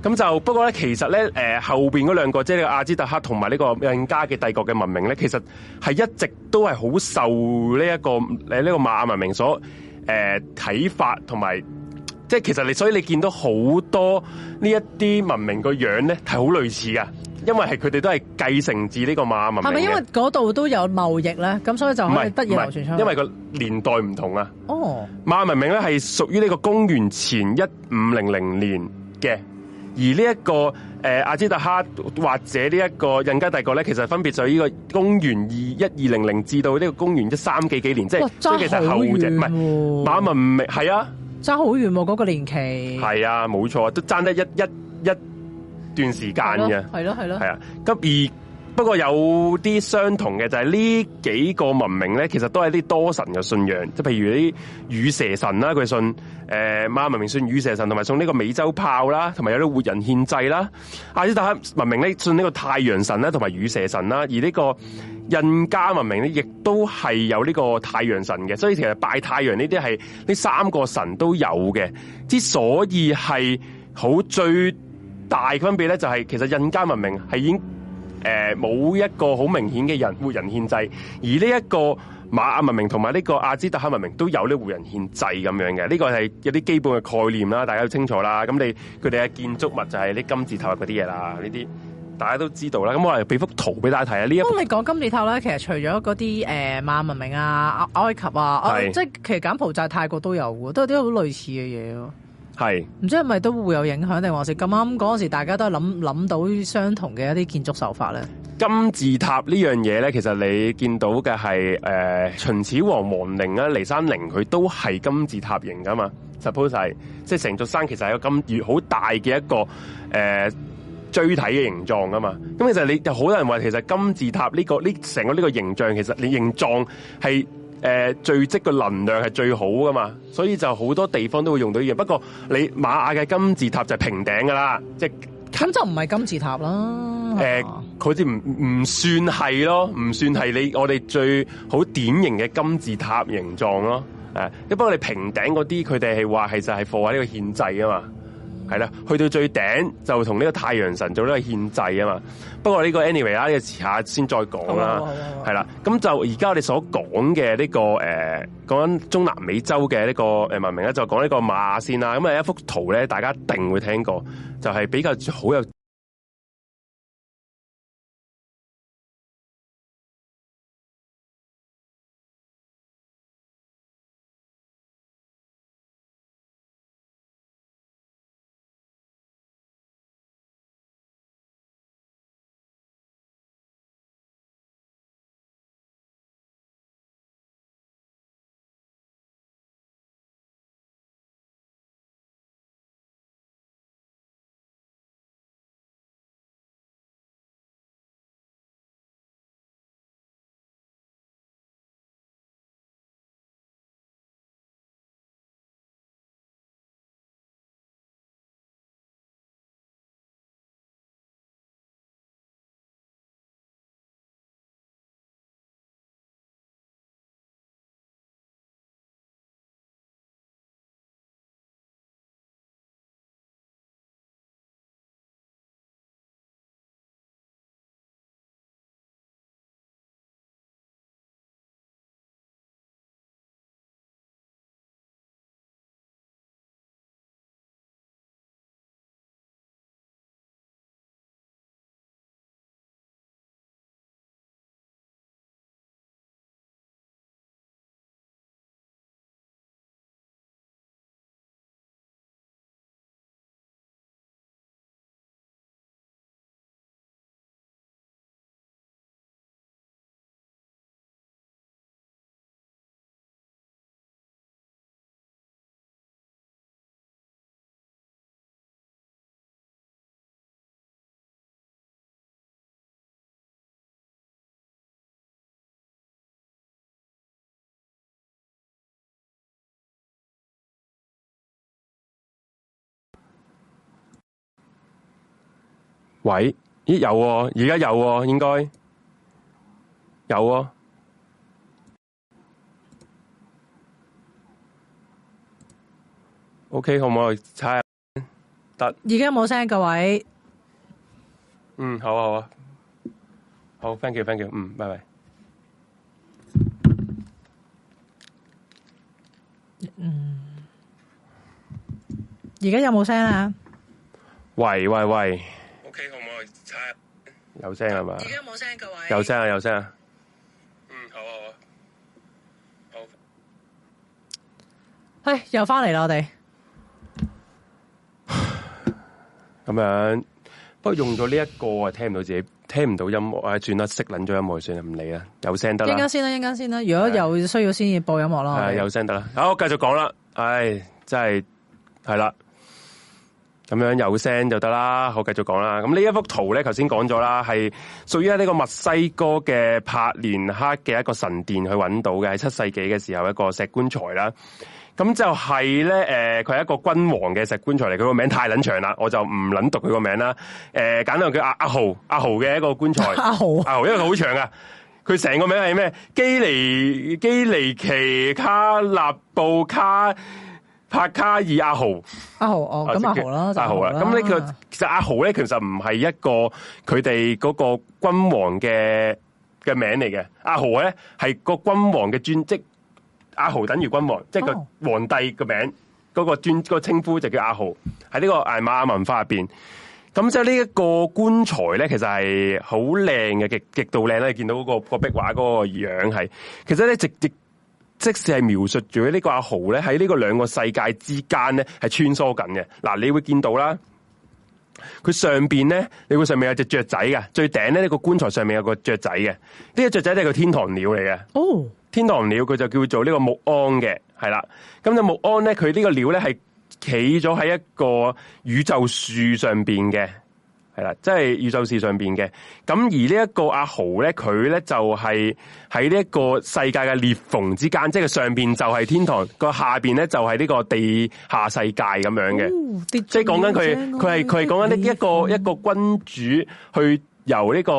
咁就不過咧，其實咧，誒、呃、後邊嗰兩個即係呢個阿茲特克同埋呢個印加嘅帝國嘅文明咧，其實係一直都係好受呢、這、一個誒呢、這個瑪雅文明所誒啟、呃、發，同埋即係其實你所以你見到好多呢一啲文明個樣咧，係好類似噶。因為係佢哋都係繼承自呢個瑪雅文明係咪？係咪因為嗰度都有貿易咧？咁所以就唔係，唔係，因為個年代唔同啊。哦、oh.，瑪雅文明咧係屬於呢個公元前一五零零年嘅，而呢、這、一個誒阿茲特克或者呢一個印加帝國咧，其實分別就喺呢個公元二一二零零至到呢個公元一三幾幾年，即係即、哦啊、其實後烏嘅，唔係瑪雅文明係啊，爭好遠喎嗰個年期。係啊，冇錯都爭得一一一。一一段時間嘅，係咯，係咯，係啊。咁而不過有啲相同嘅就係呢幾個文明咧，其實都係啲多神嘅信仰，即譬如啲羽蛇神啦，佢信誒瑪雅文明信羽蛇神，同埋信呢個美洲豹啦，同埋有啲活人獻祭啦。阿茲特克文明咧信呢個太陽神啦，同埋羽蛇神啦，而呢個印加文明咧亦都係有呢個太陽神嘅，所以其實拜太陽呢啲係呢三個神都有嘅，之所以係好最。大分別咧就係、是，其實印加文明係已經誒冇、呃、一個好明顯嘅人活人獻祭。而呢一個瑪雅文明同埋呢個阿茲特克文明都有呢活人獻祭咁樣嘅。呢個係有啲基本嘅概念啦，大家都清楚啦。咁你佢哋嘅建築物就係啲金字塔嗰啲嘢啦，呢啲大家都知道啦。咁我嚟俾幅圖俾大家睇下。呢一，你哋講金字塔咧，其實除咗嗰啲誒瑪雅文明啊、埃及啊，即係其實柬埔寨、泰國都有嘅，都係啲好類似嘅嘢咯。係，唔知係咪都會有影響定還是咁啱嗰陣時，大家都諗諗到相同嘅一啲建築手法咧。金字塔呢樣嘢咧，其實你見到嘅係誒秦始皇皇陵啊、驪山陵，佢都係金字塔形噶嘛。suppose 係，即係成座山其實係個金越好大嘅一個誒錐體嘅形狀噶嘛。咁其實你就好多人話，其實金字塔呢個呢成個呢個形象，其實你形狀係。誒聚積嘅能量係最好噶嘛，所以就好多地方都會用到呢樣。不過你瑪雅嘅金字塔就係平頂噶啦，即係根本就唔係金字塔啦。誒、呃，佢哋唔唔算係咯，唔算係你我哋最好典型嘅金字塔形狀咯。誒、啊，不過你平頂嗰啲佢哋係話其實就係符合喺呢個限制啊嘛。係啦，去到最頂就同呢個太陽神做呢個獻祭啊嘛。不過呢個 anyway 啦，呢、這個遲下先再講啦。係啦，咁就而家我哋所講嘅呢個誒，講緊、欸、中南美洲嘅呢個誒文明咧，就講呢個瑪雅先啦。咁啊一幅圖咧，大家一定會聽過，就係、是、比較好有。喂，咦有，而家有應該有。OK，可唔可以猜下得？而家有冇聲，各位。嗯，好啊好啊。好，thank you thank you，嗯，拜拜。嗯，而家有冇聲啊？喂喂喂！有聲係嘛？而家冇聲，各位。有聲啊，有聲啊。嗯，好啊，好啊，好。唉，又翻嚟啦，我哋。咁樣，不過用咗呢一個啊，聽唔到自己，聽唔到音樂啊，轉啦，熄撚咗音樂算啦，唔理啦，有聲得啦。一陣間先啦，一陣間先啦，如果有需要先至播音樂咯。係有聲得啦，好，繼續講啦。唉，真係係啦。咁樣有聲就得啦，好，繼續講啦。咁呢一幅圖咧，頭先講咗啦，係屬於喺呢個墨西哥嘅帕連克嘅一個神殿去揾到嘅，喺七世紀嘅時候一個石棺材啦。咁就係、是、咧，誒、呃，佢係一個君王嘅石棺材嚟，佢個名太捻長啦，我就唔捻讀佢個名啦。誒、呃，簡單叫阿豪阿豪阿豪嘅一個棺材，阿豪阿豪，因為佢好長啊，佢成個名係咩？基尼基尼奇卡納布卡。帕卡爾阿豪，阿、啊、豪哦，咁阿豪啦，阿豪啦。咁呢個其實阿豪咧，其實唔係一個佢哋嗰個君王嘅嘅名嚟嘅。阿豪咧係個君王嘅專即阿豪等於君王，哦、即個皇帝嘅名嗰、嗰個尊、嗰個稱呼就叫阿豪。喺呢個瑪雅文化入邊，咁即呢一個棺材咧、那個那個，其實係好靚嘅，極極度靚啦。你見到嗰個個壁畫嗰個樣係，其實咧直直。即使係描述住呢個阿豪咧喺呢個兩個世界之間咧係穿梭緊嘅，嗱你會見到啦，佢上邊咧你會上面有隻雀仔嘅，最頂咧呢個棺材上面有個雀仔嘅，呢個雀仔係個天堂鳥嚟嘅，哦、oh.，天堂鳥佢就叫做鞍鞍呢個木安嘅，係啦，咁就木安咧佢呢個鳥咧係企咗喺一個宇宙樹上邊嘅。係啦，即係宇宙史上邊嘅。咁而呢一個阿豪咧，佢咧就係喺呢一個世界嘅裂縫之間，即係上邊就係天堂，個下邊咧就係呢個地下世界咁樣嘅，哦。即係講緊佢，佢係佢係講緊一一個一個君主去由呢個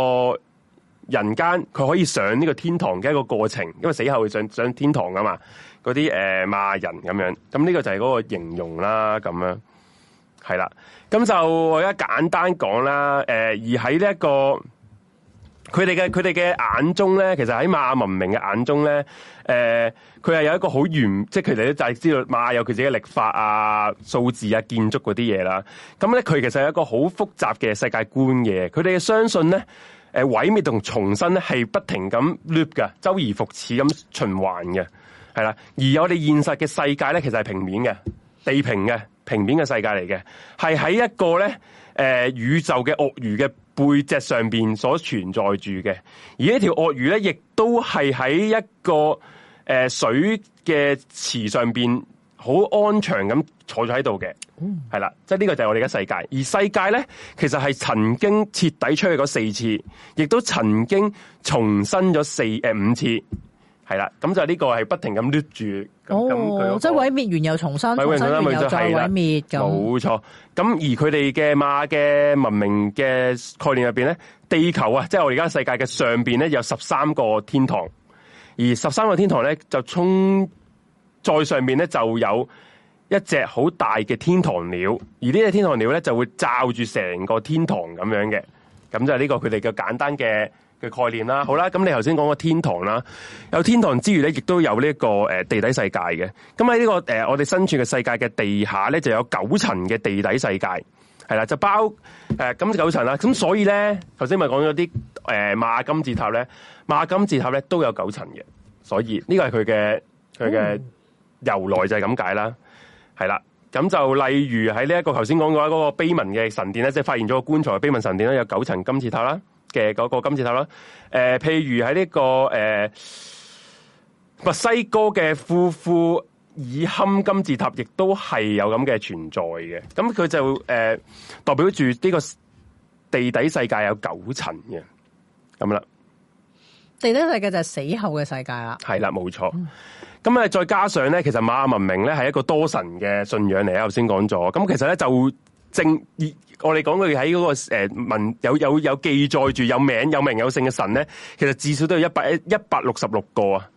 人間，佢可以上呢個天堂嘅一個過程。因為死後會上上天堂噶嘛，嗰啲誒罵人咁樣。咁呢個就係嗰個形容啦，咁樣。係啦，咁就我而家簡單講啦。誒、呃，而喺呢一個佢哋嘅佢哋嘅眼中咧，其實喺瑪雅文明嘅眼中咧，誒、呃，佢係有一個好完，即係佢哋都就係知道瑪雅有佢自己嘅曆法啊、數字啊、建築嗰啲嘢啦。咁咧，佢其實係一個好複雜嘅世界觀嘅。佢哋嘅相信咧，誒，毀滅同重生咧係不停咁 loop 嘅，周而復始咁循環嘅，係啦。而我哋現實嘅世界咧，其實係平面嘅，地平嘅。平面嘅世界嚟嘅，係喺一個咧，誒、呃、宇宙嘅鱷魚嘅背脊上邊所存在住嘅，而這呢條鱷魚咧，亦都係喺一個誒、呃、水嘅池上邊好安詳咁坐咗喺度嘅，係、mm. 啦，即係呢個就係我哋嘅世界，而世界咧，其實係曾經徹底出去過四次，亦都曾經重生咗四誒、呃、五次。係啦，咁就呢個係不停咁擮住，咁、哦、即係毀滅完又重新，毀滅完、完又再毀滅咁。冇錯，咁而佢哋嘅瑪雅文明嘅概念入邊咧，地球啊，即係我而家世界嘅上邊咧，有十三個天堂，而十三個天堂咧就衝再上邊咧，就有一隻好大嘅天堂鳥，而呢隻天堂鳥咧就會罩住成個天堂咁樣嘅，咁就係呢個佢哋嘅簡單嘅。概念啦，好啦，咁你頭先講個天堂啦，有天堂之餘咧，亦都有呢、這、一個誒、呃、地底世界嘅。咁喺呢個誒、呃、我哋身處嘅世界嘅地下咧，就有九層嘅地底世界係啦，就包誒九層啦。咁所以咧，頭先咪講咗啲誒瑪雅金字塔咧，瑪雅金字塔咧都有九層嘅。所以呢個係佢嘅佢嘅由來就係咁解啦，係、嗯、啦。咁就例如喺呢一個頭先講嘅嗰個碑文嘅神殿咧，即、就、係、是、發現咗個棺材碑文神殿咧，有九層金字塔啦。嘅嗰個金字塔啦，誒，譬如喺呢個誒墨西哥嘅庫庫爾坎金字塔，亦、呃這個呃、都係有咁嘅存在嘅。咁佢就誒、呃，代表住呢個地底世界有九層嘅，咁啦。地底世界就係死後嘅世界啦。係啦，冇錯。咁、嗯、啊，再加上咧，其實瑪雅文明咧係一個多神嘅信仰嚟啊，頭先講咗。咁其實咧就正我哋講佢喺嗰個誒文、呃、有有有記載住有名有名有姓嘅神咧，其實至少都有一百一百六十六個啊。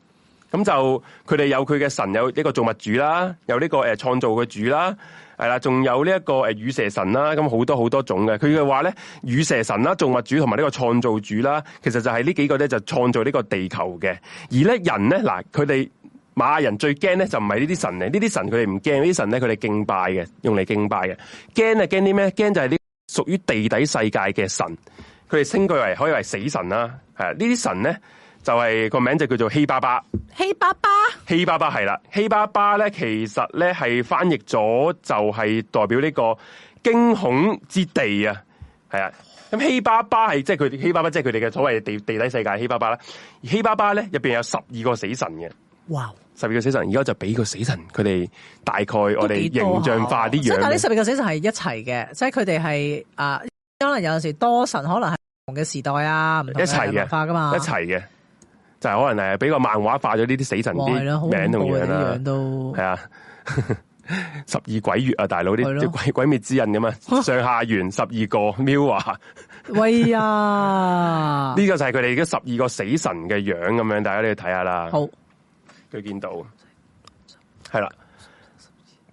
咁就佢哋有佢嘅神，有呢個造物主啦，有呢、這個誒創、呃、造嘅主啦，係啦，仲有呢一個誒羽蛇神啦，咁好多好多種嘅。佢嘅話咧，羽蛇神啦、造物主同埋呢個創造主啦，其實就係呢幾個咧就創造呢個地球嘅。而咧人咧，嗱佢哋。瑪雅人最驚咧就唔係呢啲神嚟，呢啲神佢哋唔驚，呢啲神咧佢哋敬拜嘅，用嚟敬拜嘅。驚啊驚啲咩？驚就係呢屬於地底世界嘅神，佢哋稱佢為可以為死神啦。係啊，呢啲神咧就係個名就叫做希巴巴。希巴巴，希巴巴係啦，希巴巴咧其實咧係翻譯咗就係代表呢個驚恐之地啊。係啊，咁希巴巴係即係佢哋希巴巴即係佢哋嘅所謂地地底世界希巴巴啦。Hey、Baba，而希巴巴咧入邊有十二個死神嘅。哇、wow！十二個死神，而家就俾個死神佢哋大概我哋形象化啲樣。但係呢十二個死神係一齊嘅，即係佢哋係啊，可能有陣時多神，可能係唔同嘅時代啊，唔同嘅文化噶嘛一齊。一齊嘅就係、是、可能係俾個漫畫化咗呢啲死神啲名同樣啦。係啊，樣都 十二鬼月啊，大佬啲叫鬼鬼滅之刃咁嘛，上下元十二個喵啊， 米華 喂啊！呢個就係佢哋而家十二個死神嘅樣咁樣，大家你睇下啦。好。佢見到，係啦，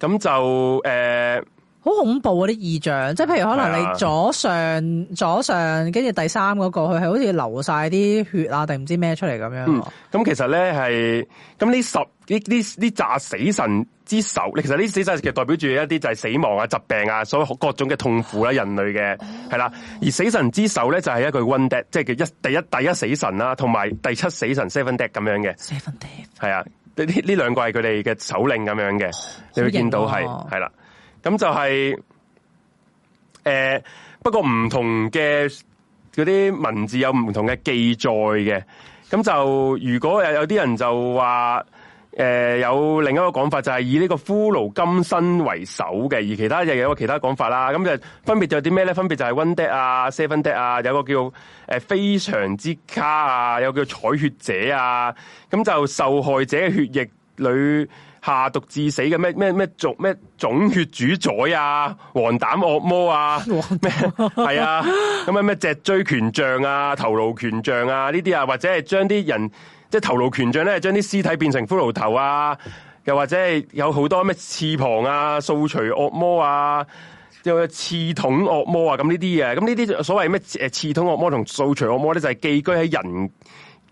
咁就誒，好、呃、恐怖嗰、啊、啲異象，即係譬如可能你左上左上，跟住第三嗰個，那個，佢係好似流晒啲血啊，定唔知咩出嚟咁樣。咁、嗯、其實咧係，咁呢十。呢呢呢扎死神之手，其實呢死神其實代表住一啲就係死亡啊、疾病啊，所以各種嘅痛苦啦，人類嘅係啦。而死神之手咧就係一句 one dead，即係叫一第一第一死神啦，同埋第七死神 seven dead 咁樣嘅。seven dead 係、oh. 啊，呢呢兩個係佢哋嘅首領咁樣嘅，你會見到係係啦。咁就係誒，不過唔同嘅嗰啲文字有唔同嘅記載嘅。咁就如果有有啲人就話。誒、呃、有另一個講法就係以呢個骷髏金身為首嘅，而其他又有個其他講法啦。咁就分別有啲咩咧？分別就係温迪啊、seven 迪啊，有個叫誒非常之卡啊，有個叫採血者啊，咁就受害者嘅血液裏下毒致死嘅咩咩咩族咩種血主宰啊、黃膽惡魔啊，咩 係啊？咁啊咩脊椎權杖啊、頭顱權杖啊呢啲啊，或者係將啲人。即係頭顱權杖將咧，將啲屍體變成骷髏頭啊！又或者係有好多咩翅膀啊、掃除惡魔啊、有刺筒惡魔啊咁呢啲嘅。咁呢啲所謂咩誒刺筒惡魔同掃除惡魔咧，就係寄居喺人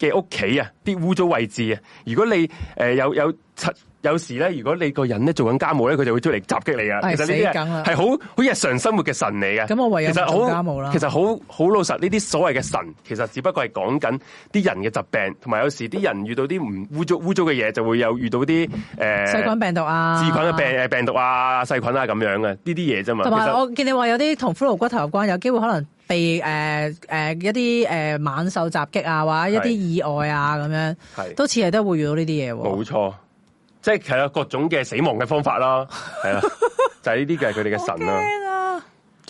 嘅屋企啊、啲污糟位置啊。如果你誒、呃、有有擦。七有時咧，如果你個人咧做緊家務咧，佢就會出嚟襲擊你噶。係死梗啦，係好好日常生活嘅神嚟噶。咁我唯有做家務啦。其實好好老實，呢啲所謂嘅神，其實只不過係講緊啲人嘅疾病，同埋有，有時啲人遇到啲唔污糟污糟嘅嘢，就會有遇到啲誒細菌病毒啊，真菌嘅病，病毒啊、細菌啊咁樣嘅呢啲嘢啫嘛。同埋我見你話有啲同骷髏骨頭有關，有機會可能被誒誒、呃呃呃呃、一啲誒猛獸襲擊啊，或者一啲意外啊咁樣，都似係都會遇到呢啲嘢。冇錯。即係係啦，各種嘅死亡嘅方法啦，係啦、 啊，就係呢啲嘅佢哋嘅神啦。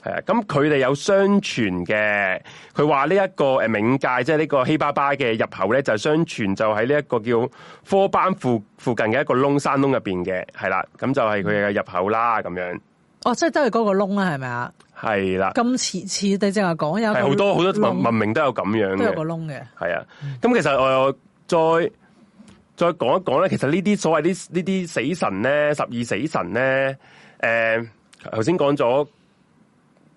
係啊，咁佢哋有相傳嘅，佢話呢一個誒冥界，即係呢個希巴巴嘅入口咧，就是、相傳就喺呢一個叫科班附附近嘅一個窿山窿入邊嘅，係啦，咁就係佢嘅入口啦，咁、哦、樣。哦，即係都係嗰個窿啦，係咪啊？係啦。咁似似地，正話講有好多好多文文明都有咁樣的，都有個窿嘅。係啊，咁其實我再。再講一講咧，其實呢啲所謂啲呢啲死神咧，十二死神咧，誒頭先講咗，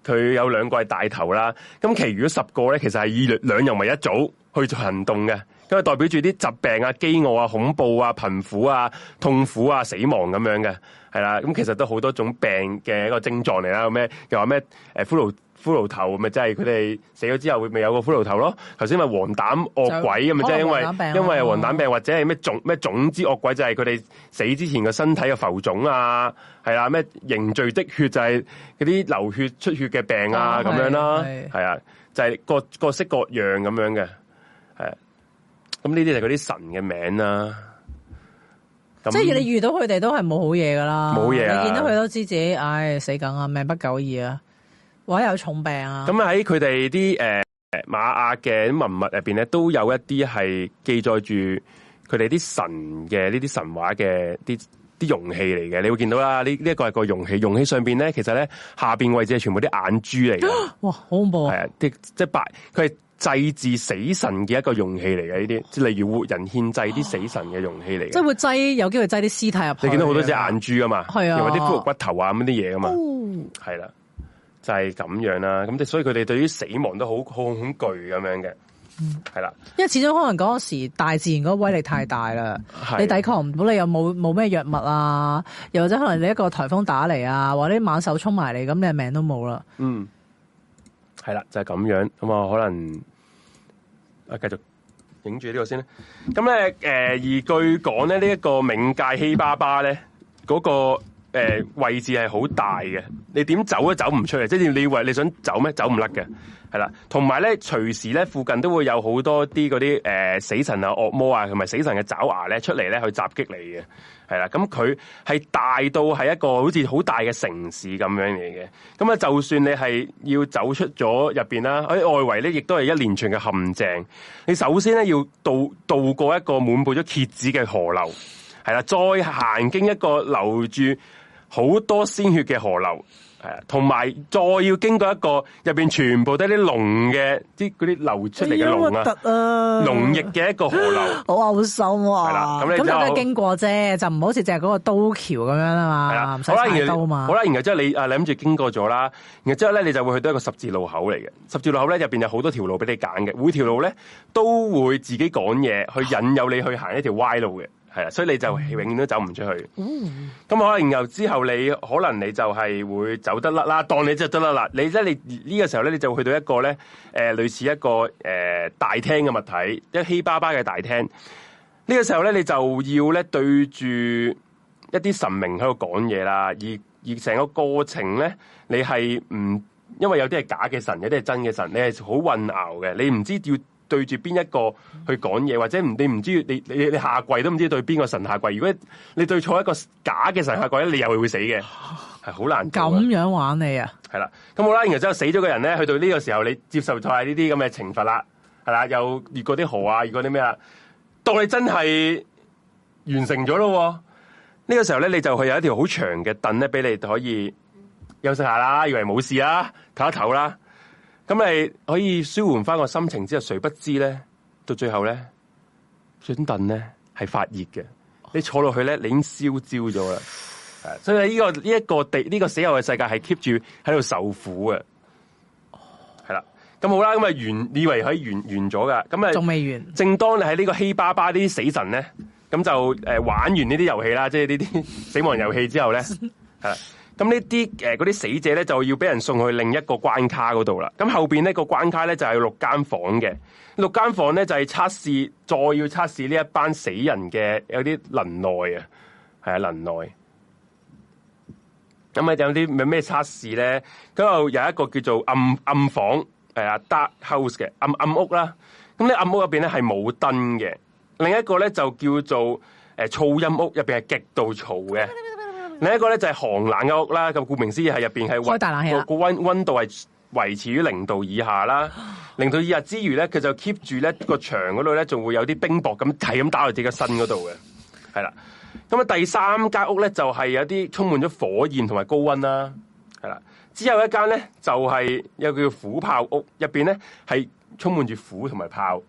佢有兩個係大頭啦，咁其餘嗰十個咧，其實係以兩,兩人為一組去做行動嘅，因為代表住啲疾病啊、饑餓啊、恐怖啊、貧苦啊、痛苦啊、死亡咁樣嘅，係啦，咁其實都好多種病嘅一個症狀嚟啦，咩又話咩誒骷髏頭咪即係佢哋死咗之後，會咪有個骷髏頭咯。頭先咪黃疸惡鬼咁啊，即係因為因為黃疸病或者係咩種咩種之惡鬼，就係佢哋死之前個身體嘅浮腫啊，係啊，咩凝聚的血就係嗰啲流血出血嘅病啊，咁樣啦，係啊，就係、是、各各色各樣咁樣嘅，係。咁呢啲就嗰啲神嘅名啦、啊。即係你遇到佢哋都係冇好嘢噶啦，冇嘢、啊。你見到佢都知自己唉、哎、死梗啊，命不久矣啊。或者有重病啊？咁喺佢哋啲誒誒，瑪雅嘅文物入邊咧，都有一啲係記載住佢哋啲神嘅呢啲神話嘅啲啲容器嚟嘅。你會見到啦，呢、這、呢、個、一個係個容器，容器上邊咧，其實咧下邊位置係全部啲眼珠嚟嘅。哇，好恐怖啊！係啊，啲即係白，佢係祭祀死神嘅一個容器嚟嘅呢啲，即係例如活人獻祭啲死神嘅容器嚟嘅。即係會擠，有機會擠啲屍體入去。你見到好多隻眼珠啊嘛，係啊，同埋啲骷髏骨頭啊咁啲嘢噶嘛，係、哦、啦。就係、是、咁樣啦，咁即係所以佢哋對於死亡都好好恐懼咁樣嘅，係啦，因為始終可能嗰時大自然嗰個威力太大啦、嗯，你抵抗唔到，你又冇冇咩藥物啊，又或者可能你一個台風打嚟啊，或者猛獸衝埋嚟，咁你嘅命都冇啦，嗯，係啦，就係、是、咁樣，咁啊可能啊繼續影住呢個先啦，咁咧誒而據講咧呢一、這個冥界希巴巴咧嗰個。誒、呃、位置係好大嘅，你點走都走唔出嚟，即係你以為你想走咩？走唔甩嘅，係啦。同埋咧，隨時咧，附近都會有好多啲嗰啲誒死神啊、惡魔啊，同埋死神嘅爪牙咧出嚟咧去襲擊你嘅，係啦。咁佢係大到係一個好似好大嘅城市咁樣嚟嘅。咁、嗯、啊，就算你係要走出咗入面啦，喺外圍咧，亦都係一連串嘅陷阱。你首先咧要渡渡過一個滿布咗蠍子嘅河流，係啦，再行經一個留住，好多鮮血嘅河流，係啊，同埋再要經過一個入面全部都係啲龍嘅，啲嗰啲流出嚟嘅龍啊，哎、龍翼嘅一個河流，好、哎、嘔心喎、啊。係啦，咁你都經過啫，就唔好似就係嗰個刀橋咁樣啊嘛。係啦，唔使嘛。好啦，然後之後你啊，你諗住經過咗啦，然後之後咧你，你，你，你就會去到一個十字路口嚟嘅。十字路口咧入面有好多條路俾你揀嘅，每條路咧都會自己講嘢，去引誘你去行一條歪路嘅。 係啦，所以你就永遠都走唔出去。咁、嗯、可能然後之後你，你可能你就係會走得甩啦，當你就走得甩啦，你咧你呢、這個時候咧，你就去到一個咧，誒、呃、類似一個誒、呃、大廳嘅物體，一稀巴巴嘅大廳。呢、這個時候咧，你就要咧對住一啲神明喺度講嘢啦，而而成個過程咧，你係唔因為有啲係假嘅神，有啲係真嘅神，你係好混淆嘅，你唔知道要。對住邊一個去講嘢，或者唔你唔知你你你下跪都唔知對邊個神下跪。如果你對錯一個假嘅神下跪咧，你又會死嘅，係、啊、好難。咁樣玩你啊？係啦，咁、嗯、好啦，然後之後死咗個人咧，去到呢個時候你接受就係呢啲咁嘅懲罰啦，係啦，又越過啲河啊，越過啲咩啊？當你真係完成咗咯，呢、這個時候咧你就係有一條好長嘅凳咧，俾你可以休息下啦，以為冇事啊，唞一唞啦。咁你可以舒緩翻個心情，之後誰不知咧，到最後咧，張凳咧係發熱嘅，你坐落去咧，你已經燒焦咗啦。係、哦，所以呢、這個呢一、這個地呢、這個死後嘅世界係 keep 住喺度受苦嘅。哦，係啦，咁好啦，咁啊完，以為可以完完咗噶，咁啊仲未完。正當你喺呢個稀巴巴啲死神咧，咁就誒、呃、玩完呢啲遊戲啦，即係呢啲死亡遊戲之後咧，係、哦。咁呢啲誒嗰啲死者咧就要俾人送去另一個關卡嗰度啦。咁後面呢個關卡咧就係六間房嘅，六間房咧就係測試，再要測試呢一班死人嘅有啲能耐啊，係啊能耐。咁啊有啲咩咩測試咧？咁有一個叫做暗暗房，誒呃啊 dark house 嘅暗暗屋啦。咁呢個暗屋入面咧係冇燈嘅。另一個咧就叫做誒呃噪音屋，入面係極度嘈嘅。 另一個咧就係、是、寒冷嘅屋啦，咁顧名思義係入邊係個個溫溫度係維持於零度以下啦，零度以下之餘咧，佢就 keep 住咧個牆嗰度咧，仲會有啲冰雹咁係咁打落自己個身嗰度嘅係啦。咁啊，第三間屋咧就係、是、有啲充滿咗火焰同埋高溫啦，係啦。之後一間咧就係、是、有個叫虎豹屋，入邊咧係充滿住虎同埋豹。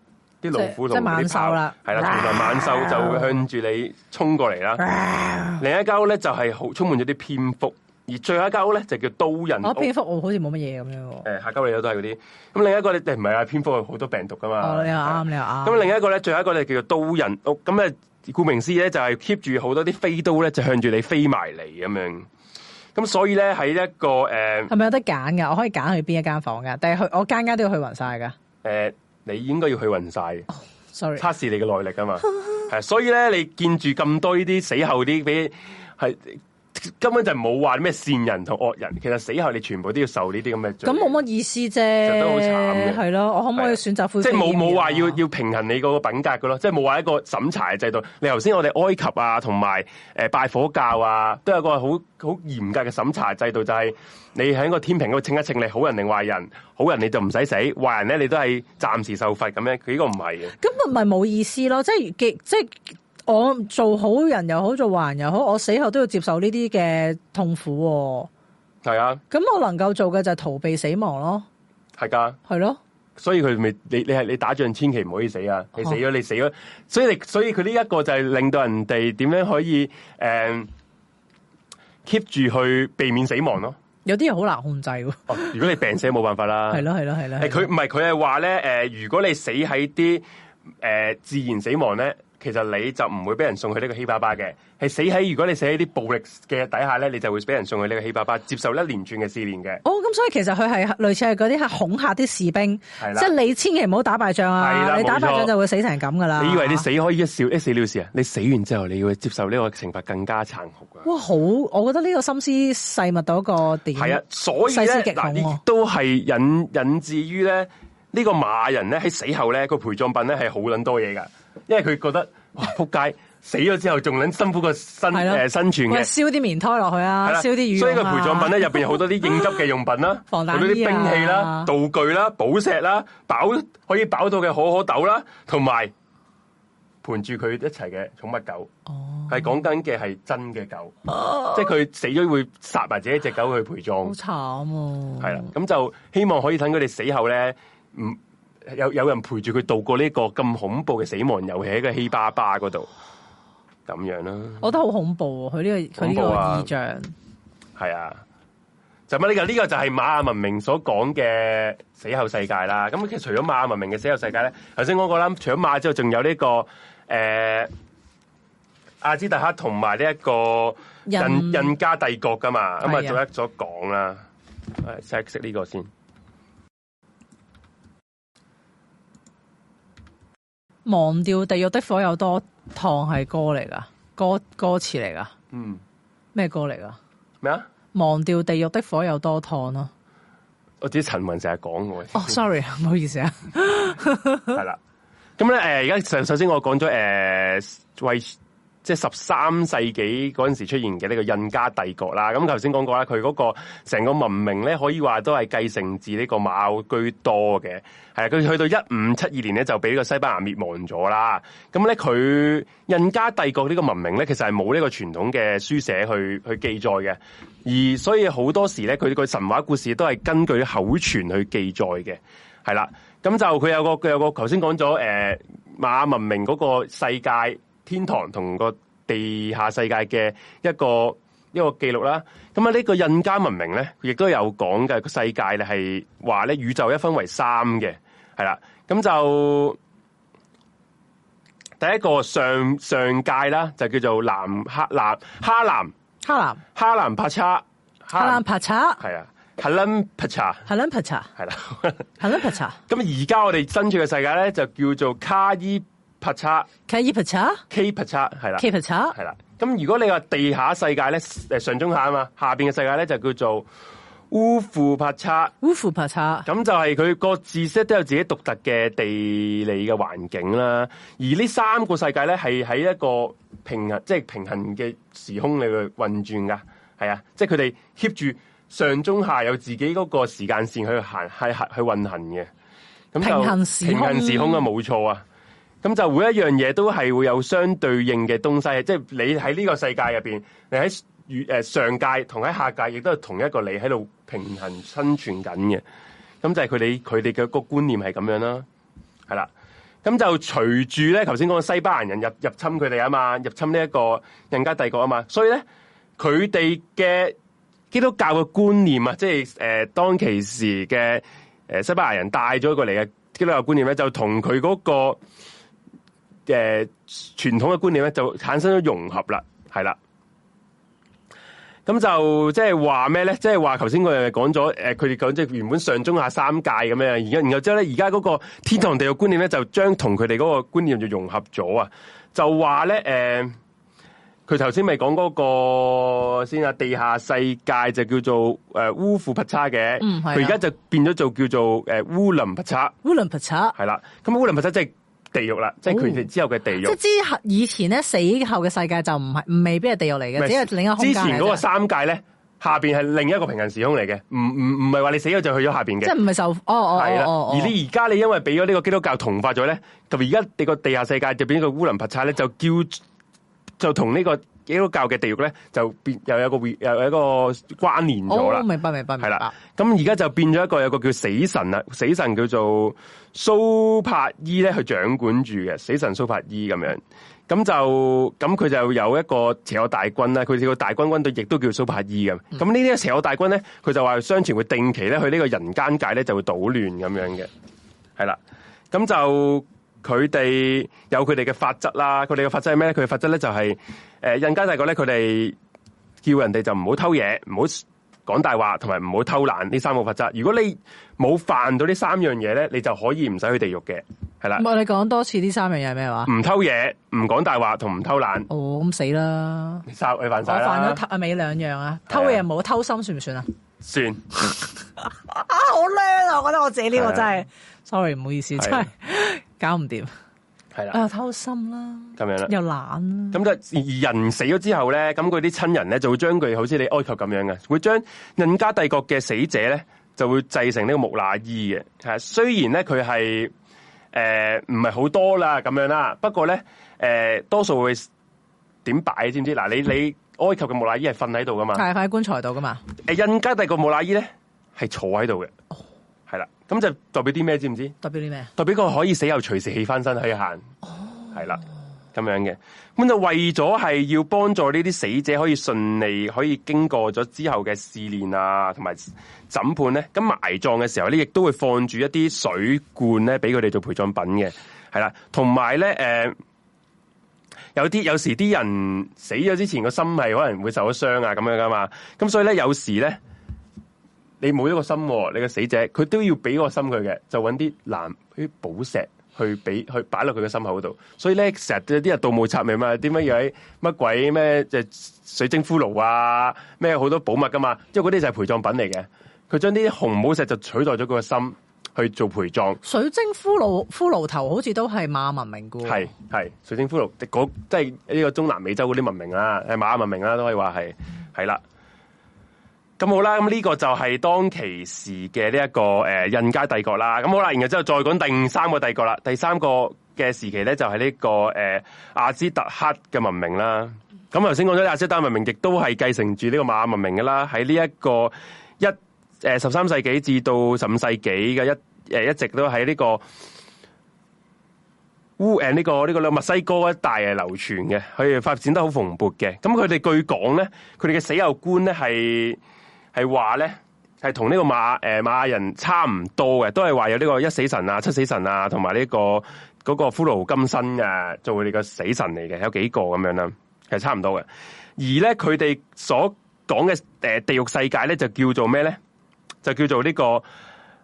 即猛獸啦，係啦，同埋猛獸就會向住你衝過嚟啦、啊。另一間屋咧就係、是、好充滿咗啲蝙蝠，而最後一間屋咧就叫刀人屋。哦，蝙蝠我好似冇乜嘢咁樣。誒，下溝你都係嗰啲。咁另一個你誒唔係啊，蝙蝠有好多病毒噶嘛。哦，你又啱，你又啱。咁另一個咧，最後一個咧叫做刀人屋。咁咧，顧名思義咧，就係 keep 住好多啲飛刀咧，就向住你飛埋嚟咁樣。咁所以咧，喺一個誒，係、呃、咪有得揀噶？我可以揀去邊一間房噶？但係去我間間都要去勻晒噶。誒、呃。你應該要去暈晒嘅，oh, sorry. 測試你嘅耐力啊嘛， 係，所以咧，你見住咁多呢啲死後啲俾係根本就冇話咩善人同惡人，其實死後你全部都要受呢啲咁嘅罪。咁冇乜意思啫，都好慘嘅，係咯？我可唔可以選擇？即係冇冇話要要平衡你個品格噶咯？即係冇話一個審查嘅制度。你頭先我哋埃及啊，同埋誒拜火教啊，都有個好好嚴格嘅審查制度，就係你喺個天平度稱一稱，你好人定壞人？好人你就唔使死，壞人咧你都係暫時受罰咁樣。佢呢個唔係嘅，咁咪咪冇意思咯？即係即係。我做好人又好，做壞人又好，我死後都要接受呢啲嘅痛苦。係啊，咁我能夠做嘅就係逃避死亡咯。係噶，係咯，所以佢咪你你係你打仗千祈唔可以死啊！你死咗、哦、你死咗，所以所以佢呢一個就係令到人哋點樣可以誒 keep 住去避免死亡咯。有啲嘢好難控制。如果你病死冇辦法啦，係咯係咯係咯。誒，佢唔係佢係話咧，誒、呃，如果你死喺啲誒自然死亡咧。其實你就唔會俾人送去呢個希巴巴嘅，係死喺如果你死喺啲暴力嘅底下咧，你就會俾人送去呢個希巴巴接受一連串嘅試煉嘅。哦，咁所以其實佢係類似係嗰啲係恐嚇啲士兵，即係你千祈唔好打敗仗啊！你打敗仗就會死成咁噶啦。你以為你死可以一笑一、啊哎、死了事啊？你死完之後你要接受呢個懲罰更加殘酷嘅。哇，好！我覺得呢個心思細密到一個點。係啊，所以咧，啊、都係引引致於咧呢、這個馬人咧喺死後咧個陪葬品咧係好捻多嘢噶。因為佢覺得哇，撲街 死咗之後仲諗辛苦個生誒生存嘅，燒啲、呃、棉胎落去啊，燒啲魚、啊。所以個陪葬品咧入邊好多啲應急嘅用品啦，好 多啲兵器啦、啊、道具啦、寶石啦、飽可以飽到嘅可可豆啦，同埋盤住佢一齊嘅寵物狗。哦，係講緊嘅係真嘅狗，哦、即係佢死咗會殺埋自己一隻狗去陪葬，好、哦、慘。係啦，咁就希望可以等佢哋死後咧唔。嗯有有人陪住佢渡過呢個咁恐怖嘅死亡遊戲喺個希巴巴嗰度，咁樣啦。我覺得好恐怖啊！佢呢、呢個恐怖、啊、個意象係啊，就乜、呢、呢個呢、呢個就係瑪雅文明所講嘅死後世界啦。咁其實除咗瑪雅文明嘅死後世界咧，頭先講過啦，除咗瑪雅之後還、呢個，仲有呢個誒阿茲特克同埋呢一個印印加帝國噶嘛。咁啊，做、哎、一咗講啦，誒，識一識呢個先。忘掉地獄的火有多燙係歌嚟噶，歌歌詞嚟噶。嗯咩嚟㗎，咩歌嚟噶？咩啊？忘掉地獄的火有多燙咯、啊。我知陳雲成日講我，哦、oh，sorry，唔 好意思啊。 係啦，咁咧誒，而家首首先我講咗誒為。即係十三世紀嗰陣時出現嘅呢個印加帝國啦，咁頭先講過啦，佢嗰個成個文明咧，可以話都係繼承自呢個瑪雅居多嘅，係啊，佢去到一五七二年咧就俾呢個西班牙滅亡咗啦，咁咧佢印加帝國呢個文明咧，其實係冇呢個傳統嘅書寫去去記載嘅，而所以好多時咧佢佢神話故事都係根據口傳去記載嘅，係啦，咁就佢有個佢有個頭先講咗誒瑪雅文明嗰個世界，天堂同個地下世界嘅一個一個記錄啦，咁啊呢個印加文明咧，亦都有講嘅個世界咧係話咧宇宙一分為三嘅，係啦，咁就第一個上上界啦，就叫做南哈南，哈南哈南哈南哈南，哈南帕查哈，哈南帕查，係啊哈倫帕查哈倫帕查係啦哈倫帕查。咁而家我哋身處嘅世界咧，就叫做卡伊。珀差 k 珀差，K 珀差係啦，K 珀差係啦。咁如果你話地下世界咧，誒上中下啊嘛，下邊嘅世界咧就叫做烏富珀差。烏富珀差，咁就係佢各自都有自己獨特嘅地理嘅環境啦。而呢三個世界咧係喺一個平行，即係平行嘅時空嚟去運轉噶。係啊，即係佢哋 keep 住上中下有自己嗰個時間線去行，係去運行嘅。咁平行時空，平行時空啊，冇錯啊。咁就每一樣嘢都係會有相對應嘅東西，即係你喺呢個世界入邊，你喺誒上界同喺下界，亦都係同一個你喺度平衡生存緊嘅。咁就係佢哋佢哋嘅個觀念係咁樣啦，係啦。咁就隨住咧，頭先講西班牙人入入侵佢哋啊嘛，入侵呢一個印加帝國啊嘛，所以咧佢哋嘅基督教嘅觀念啊，即係誒當其時嘅誒、呃、西班牙人帶咗過嚟嘅基督教觀念咧，就同佢嗰個。誒、呃，傳統嘅觀念咧就產生咗融合啦，係啦，咁就即係話咩咧？即係話頭先佢哋講咗，誒、呃，佢哋講即係原本上中下三界咁樣，而家然後之後咧，而家嗰個天堂地獄觀念咧就將同佢哋嗰個觀念就融合咗啊，就話咧，誒、呃，佢頭先咪講嗰個先啊，地下世界就叫做誒烏富匹叉嘅，嗯係，佢而家就變咗做叫做誒烏、呃、林匹叉，烏林匹叉，係啦，咁烏、嗯、林匹叉即係。地獄啦，即係佢哋之後嘅地獄，哦。即係之後以前咧，死後嘅世界就唔係，未必係地獄嚟嘅，只係另一空間。之前嗰個三界咧，下邊係另一個平行時空嚟嘅，唔唔唔係話你死咗就去咗下邊嘅。即係唔係受哦哦，係、哦、啦、哦哦。而你而家你因為俾咗呢個基督教同化咗咧，同而家你個地下世界就變咗個烏林匹差咧，就叫就同呢個。基督教嘅地獄咧就變又有個又有一個關聯咗啦，明白明白。係啦，咁而家就變咗一個有個叫死神啦，死神叫做蘇柏伊咧去掌管住嘅，死神蘇柏伊咁樣，咁就咁佢就有一個邪惡大軍啦，佢哋個大軍軍隊，亦都叫蘇柏伊咁。咁呢啲邪惡大軍咧，佢就話相傳會定期咧去呢個人間界咧就會搗亂咁樣嘅，係啦，咁就。佢哋有佢哋嘅法則啦，佢哋嘅法則係咩咧？佢嘅法則咧就係、是，誒、呃，印加大國咧，佢哋叫人哋就唔好偷嘢，唔好講大話，同埋唔好偷懶呢三個法則。如果你冇犯到呢三樣嘢咧，你就可以唔使去地獄嘅，係啦。唔係你講多次呢三樣嘢係咩話？唔偷嘢，唔講大話，同唔偷懶。哦，咁死啦，你 sorry 犯晒啦。我犯咗啊，尾兩樣啊，偷嘢冇偷心算唔算啊？算。 啊，好叻啊！我覺得我自己呢個真係，sorry，唔好意思，真係。搞唔掂，係啦，又偷心啦，咁樣啦，又懶，咁就人死咗之後咧，咁佢啲親人咧就會將佢好似你埃及咁樣嘅，會將印加帝國嘅死者咧就會製成呢個木乃伊嘅。吓，雖然咧佢係誒唔係好多啦咁樣啦，不過咧誒、呃、多數會點擺，知唔知？嗱，你你埃及嘅木乃伊係瞓喺度噶嘛？係喺棺材度噶嘛？誒，印加帝國木乃伊咧係坐喺度嘅。係啦，咁就代表啲咩？知唔知？代表啲咩？代表個可以死後隨時起翻身去行。哦，係啦，咁樣嘅，咁就為咗係要幫助呢啲死者可以順利可以經過咗之後嘅試煉啊，同埋審判咧，咁埋葬嘅時候咧，亦都會放住一啲水罐咧，俾佢哋做陪葬品嘅。係啦，同埋咧，誒、呃，有啲有時啲人死咗之前個心係可能會受咗傷啊，咁樣噶嘛，咁所以咧有時咧。你冇一個心，你個死者，佢都要俾個心佢嘅，就搵啲藍啲寶石去俾去擺落佢嘅心口度。所以咧，成日啲人盜墓賊明白點解要喺乜鬼咩即係水晶骷髏啊，咩好多寶物噶嘛，因為嗰啲就係陪葬品嚟嘅。佢將啲紅寶石就取代咗佢個心去做陪葬。水晶骷髏骷髏頭好似都係瑪雅文明㗎，係係水晶骷髏，即係即係呢個中南美洲嗰啲文明啦，係瑪雅文明啦，都可以話係係啦。咁好啦，咁呢個就係當其時嘅呢一個誒印加帝國啦。咁好啦，然後之後再講第三個帝國啦。第三個嘅時期咧就係呢個誒阿茲特克嘅文明啦。咁頭先講咗阿茲特克文明，亦都係繼承住呢個瑪雅文明嘅啦。喺呢一個一誒十三世紀至到十五世紀嘅一誒、呃，一直都喺呢個烏誒呢個呢個墨西哥一帶係流傳嘅，佢哋發展得好蓬勃嘅。咁佢哋據講咧，佢哋嘅死後觀咧係。係話咧，係同呢個馬誒、呃、瑪雅人差唔多嘅，都係話有呢個一死神啊、七死神啊，同埋呢個嗰、那個骷髏金身嘅、啊、做佢哋個死神嚟嘅，有幾個咁樣啦，其實差唔多嘅。而咧佢哋所講嘅誒地獄世界咧，就叫做咩咧？就叫做呢個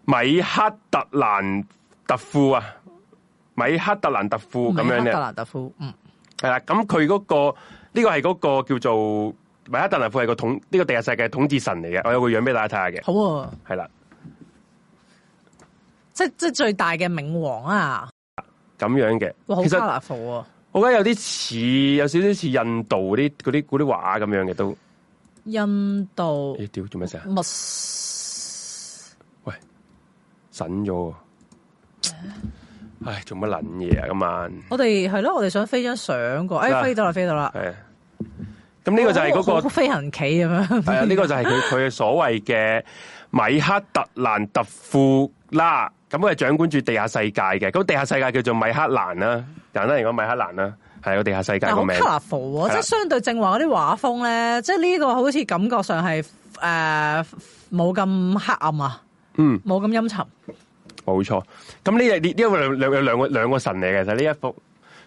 米克特蘭特夫啊，米克特蘭特夫咁樣嘅，米克特蘭特夫，嗯，係啦。咁佢嗰個呢、這個係嗰個叫做。米克特納庫係個統呢、這個地下世界統治神嚟嘅，我有個樣俾大家睇下嘅。好、啊，係啦，即即最大嘅冥王啊，咁樣嘅。哇，好達拿傅啊！我覺得有啲似，有少少似印度嗰啲嗰啲嗰啲畫咁樣嘅都。印度、欸。誒屌，做咩聲？喂，損咗。 唉，做乜撚嘢啊？今晚我哋係咯，我哋想飛張相個，哎，飛到啦，飛到啦。咁呢個就係嗰、那個好好好飛行棋咁樣。係啊，呢、這個就係佢佢所謂嘅米克特蘭特庫啦，咁佢係掌管住地下世界嘅。咁地下世界叫做米克蘭啦，簡單嚟講米克蘭啦，係個地下世界個名。好 colour。即係相對正話嗰啲畫風咧，即係呢個好似感覺上係誒冇咁黑暗啊，嗯，冇咁陰沉。冇錯。咁呢、這個呢，這個兩兩個兩個神嚟嘅，就係呢一幅。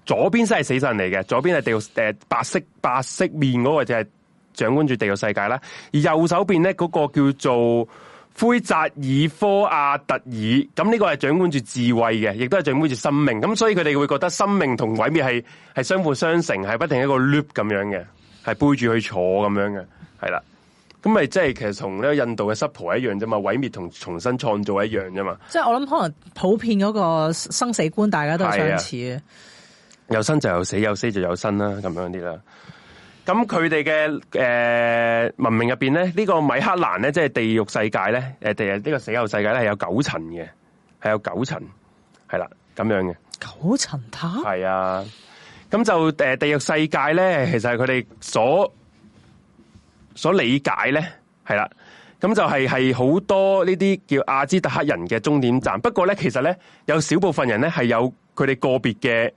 左邊先係死神嚟嘅，左邊係地獄，呃、白色白色面嗰個就係掌管住地獄世界啦。而右手邊咧嗰個叫做灰澤爾科阿特爾，咁呢個係掌管住智慧嘅，亦都係掌管住生命。咁所以佢哋會覺得生命同毀滅係係相輔相成，係不停一個 loop 咁樣嘅，係背住去坐咁樣嘅，係啦。咁咪即係其實同呢個印度嘅濕婆一樣啫嘛，毀滅同重新創造一樣啫嘛。即係我諗，可能普遍嗰個生死觀，大家都相似啊。有生就有死，有死就有生啦，咁樣啲啦。咁佢哋嘅誒文明入邊咧，呢、這個米克蘭咧，即係地獄世界咧，誒、呃，呢、這個死後世界咧，係有九層嘅，係有九層，係啦，咁樣嘅九層塔。係啊，咁就誒地獄世界咧，其實係佢哋所所理解咧，係啦、啊，咁就係係好多呢啲叫阿茲特克人嘅終點站。不過咧，其實咧有少部分人咧係有佢哋個別嘅。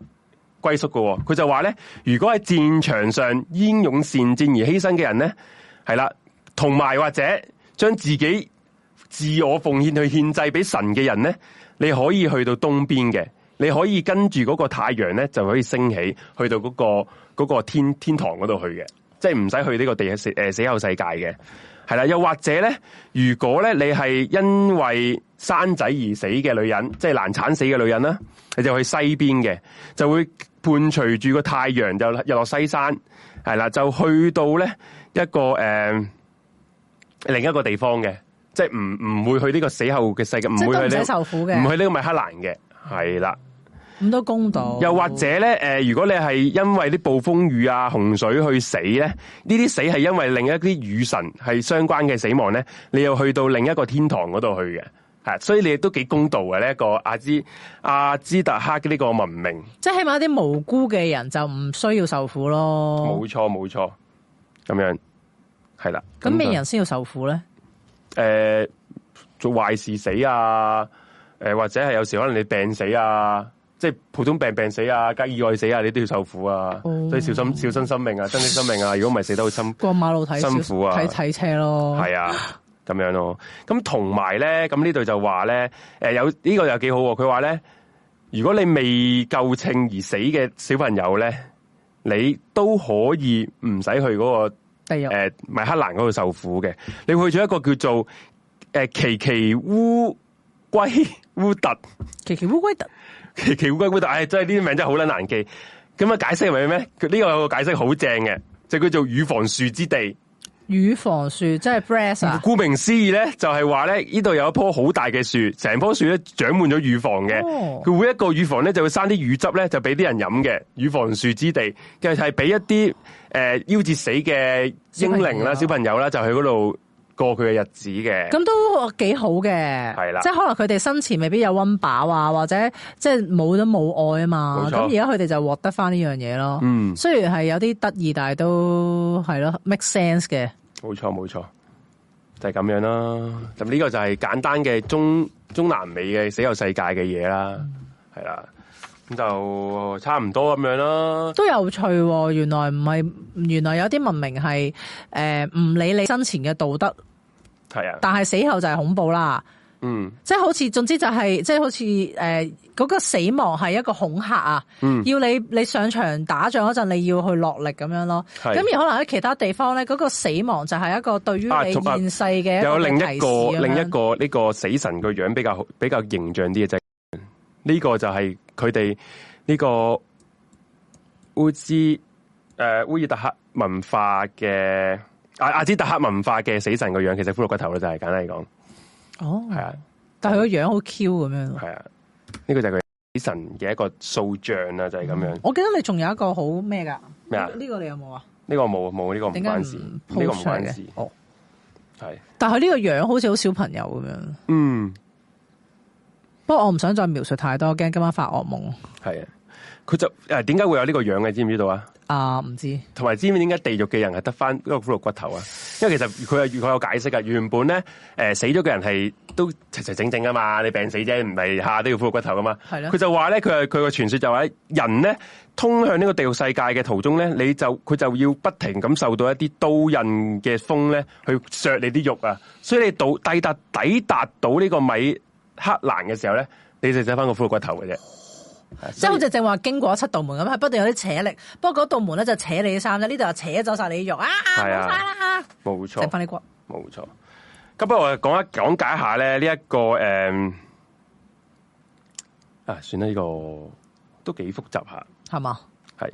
歸宿嘅，佢就話咧，如果喺戰場上英勇善戰而犧牲嘅人咧，係啦，同埋或者將自己自我奉獻去獻祭俾神嘅人咧，你可以去到東邊嘅，你可以跟住嗰個太陽咧就可以升起，去到嗰個嗰個天天堂嗰度去嘅，即係唔使去呢個地誒死後世界嘅，係啦，又或者咧，如果咧你係因為生仔而死嘅女人，即係難產死嘅女人啦，你就去西邊嘅，就會伴隨住個太陽就日落西山，係啦，就去到咧一個誒、呃、另一個地方嘅，即係唔唔會去呢個死後嘅世界，唔會去呢個死受苦嘅，唔去呢個咪黑蘭嘅，係啦，咁都公道。又或者咧，誒、呃，如果你係因為啲暴風雨啊、洪水去死咧，呢啲死係因為另一啲雨神係相關嘅死亡咧，你又去到另一個天堂嗰度去嘅。.所以你都幾公道嘅呢、這個阿茲阿茲特克呢個文明，即係起碼啲無辜嘅人就唔需要受苦咯。冇錯冇錯，咁樣係啦。咁咩人先要受苦咧？誒、呃，做壞事死啊！誒、呃，或者係有時候可能你病死啊，即係普通病病死啊，加意外死啊，你都要受苦啊！Oh. 所以小心小心生命啊，珍惜生，生命啊！如果唔係死得好辛苦，過馬路睇辛苦啊，睇睇車咯，係啊。咁樣咯，咁同埋咧，咁呢度就話咧，誒有呢、呢、呃這個又幾好，佢話咧，如果你未夠秤而死嘅小朋友咧，你都可以唔使去嗰、那個誒米、呃、克蘭嗰度受苦嘅，你去咗一個叫做誒、呃、奇奇烏龜烏特，奇奇烏龜特，奇奇烏龜烏特，唉、哎、真係呢啲名真係好撚難記，咁、那、啊、個、解釋係咩呢個有個解釋好正嘅，就叫做乳房樹之地。乳房樹即係 breast 啊！顧名思義咧，就係話咧，呢度有一棵好大嘅樹，成棵樹咧長滿咗乳房嘅，佢、oh。每一個乳房咧就會生啲乳汁咧，就俾啲人飲嘅。乳房樹之地就係俾一啲誒、呃、夭折死嘅嬰靈啦、小朋友啦，就去嗰度。過佢嘅日子嘅，咁都幾好嘅，係啦，即係可能佢哋生前未必有溫飽啊，或者即係冇得冇愛啊嘛，咁而家佢哋就獲得翻呢樣嘢咯，嗯，雖然係有啲得意，但係都係咯，make sense 嘅，冇錯冇錯，冇錯，就係咁樣啦，咁呢個就係簡單嘅中中南美嘅死後世界嘅嘢啦，係啦，嗯，咁就差唔多咁樣啦，都有趣啊，原來唔係，原來有啲文明係誒唔理你生前嘅道德。係啊，但係死後就係恐怖啦，嗯，即係好似，總之就係、是，即係好似，誒、呃，嗰、那個死亡係一個恐嚇啊，嗯，要你你上場打仗嗰陣，你要去落力咁樣咯，咁而可能喺其他地方咧，嗰、那個死亡就係一個對於你現世嘅、啊、有，有另一個，另一個呢個死神個樣比較好，比較形象啲嘅就係，呢、這個就係佢哋呢個烏茲誒烏爾特克文化嘅。阿阿茲特克文化嘅死神個樣，其實骷髏骨頭咯，就是，就係簡單嚟講。哦，係啊，但係佢個樣好 Q 咁樣。係啊，呢個就係佢死神嘅一個塑像啦，就係咁樣。我記得你仲有一個好咩噶？咩啊？呢個你有冇啊？呢個冇，冇呢個唔關事，呢個唔關事。哦，係。但係呢個樣好似好小朋友咁樣。嗯。不過我唔想再描述太多，驚今晚發噩夢。係啊。佢就誒，點解會有呢個樣嘅？知唔知道啊？啊，唔知。同埋知唔知點解地獄嘅人係得翻呢個骷髏骨頭啊？因為其實佢係佢有解釋噶。原本咧，誒、呃、死咗嘅人係都齊齊整整㗎嘛，你病死啫，唔係下都要骷髏骨頭噶嘛。係咯。佢就話咧，佢係佢個傳說就話，人咧通向呢個地獄世界嘅途中咧，你就佢就要不停咁受到一啲刀刃嘅風咧，去削你啲肉啊。所以你到抵達抵達到呢個米克蘭嘅時候咧，你就剩翻個骷髏骨頭嘅啫。即係好似正話經過七道門咁，係不斷有啲扯力。不過嗰道門咧就扯你嘅衫咧，呢度又扯走晒你嘅肉啊！冇晒啦，冇錯、啊，剩翻啲骨。冇錯。咁不如我哋講一講解下咧，呢、這、一個誒、嗯、啊，算啦，呢、這個都幾複雜下，係嘛？係，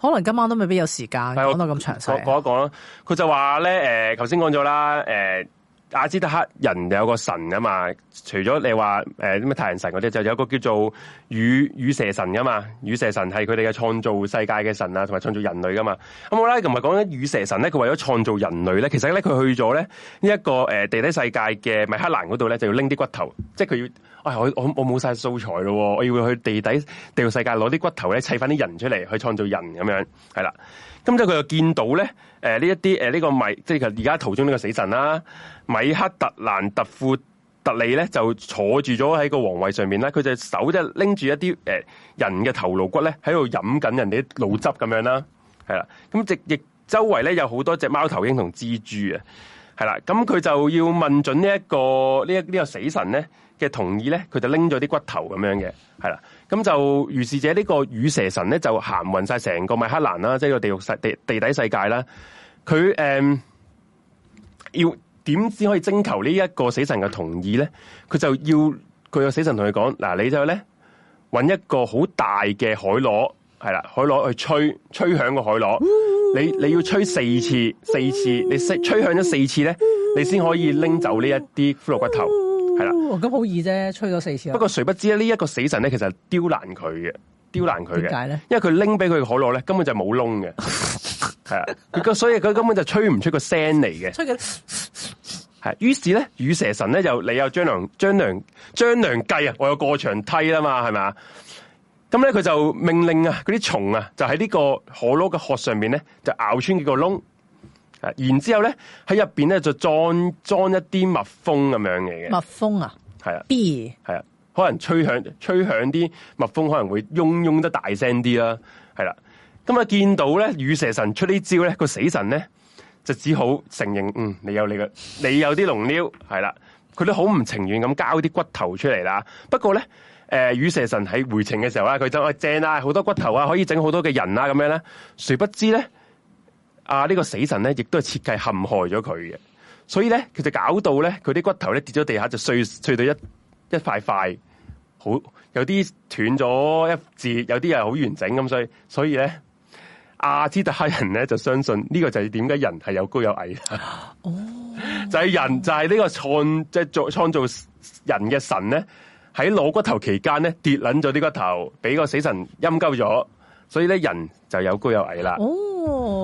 可能今晚都未必有時間講到咁詳細。講一講啦，佢就話咧，誒、呃，頭先講咗啦，誒、呃。阿茲特克人就有個神㗎嘛？除咗你話誒咩太陽神嗰啲，就有個叫做羽羽蛇神㗎嘛？羽蛇神係佢哋嘅創造世界嘅神啊，同埋創造人類噶嘛？咁、嗯、我呢，同埋講緊羽蛇神咧，佢為咗創造人類咧，其實咧佢去咗咧呢一、這個地底世界嘅米克蘭嗰度咧，就要拎啲骨頭，即係佢要、哎、我我我冇曬素材咯，我要去地底地獄世界攞啲骨頭咧砌翻啲人出嚟去創造人咁樣係啦。咁、嗯、就佢又見到咧。誒呢一啲誒呢個米，即係而家圖中呢個死神啦。米克特蘭特庫特利咧就坐住咗喺個皇位上面啦。佢就手即係拎住一啲人嘅頭顱骨咧，喺度飲緊人哋啲腦汁咁樣啦。係啦，咁直亦周圍咧有好多隻貓頭鷹同蜘蛛啊。係啦，咁佢就要問準呢一個呢一呢個死神咧嘅同意咧，佢就拎咗啲骨頭咁樣嘅係啦。咁就如是者呢、呢個羽蛇神咧就行勻晒成個米克蘭啦，即係個地獄世地地底世界啦。佢誒、嗯，要點先可以徵求呢一個死神嘅同意咧？佢就要佢個死神同佢講，嗱，你就咧搵一個好大嘅海螺，係啦，海螺去吹吹響個海螺。你你要吹四次，四次，你吹響咗四次咧，你先可以拎走呢一啲骷髏骨頭。係啦，咁、哦、好易啫，吹咗四次。不過誰不知呢一個死神咧，其實係刁難佢嘅。刁難佢嘅，因為佢拎俾佢海螺咧，根本就冇窿嘅，係 啊，咁所以佢根本就吹唔出個聲嚟嘅。吹嘅係，於是咧，羽蛇神咧就你有張良、張良、張良計啊，我有過牆梯啦嘛，係咪？咁咧佢就命令啊，嗰啲蟲啊，就喺呢個海螺嘅殼上面咧，就咬穿幾個窿，係，然之後咧喺入邊咧就裝裝一啲蜜蜂咁樣嘢嘅，蜜蜂啊，係啊 b 係啊。可能吹響吹響啲蜜蜂可能會嗡嗡得大聲啲啦，係啦。咁啊見到咧，羽蛇神出呢招咧，個死神咧就只好承認，嗯，你有你嘅，你有啲龍料，係啦。佢都好唔情願咁交啲骨頭出嚟啦。不過咧，誒、呃，羽蛇神喺回程嘅時候啊，佢就，誒、哎，正啊，好多骨頭啊，可以整好多嘅人啊，咁樣咧。誰不知咧，啊呢、這個死神咧，亦都係設計陷害咗佢嘅。所以咧，佢就搞到咧，佢啲骨頭咧跌咗地下，就碎碎到一一塊塊。.好有啲斷咗一截，有啲係好完整咁，所以所以咧，阿茲特克人咧就相信呢個就係點解人係有高有矮哦、 oh，就係、是、人就係呢個創即係造創造人嘅神咧，喺攞骨頭期間咧跌捻咗啲骨頭，俾個死神陰鳩咗，所以咧人就有高有矮啦。哦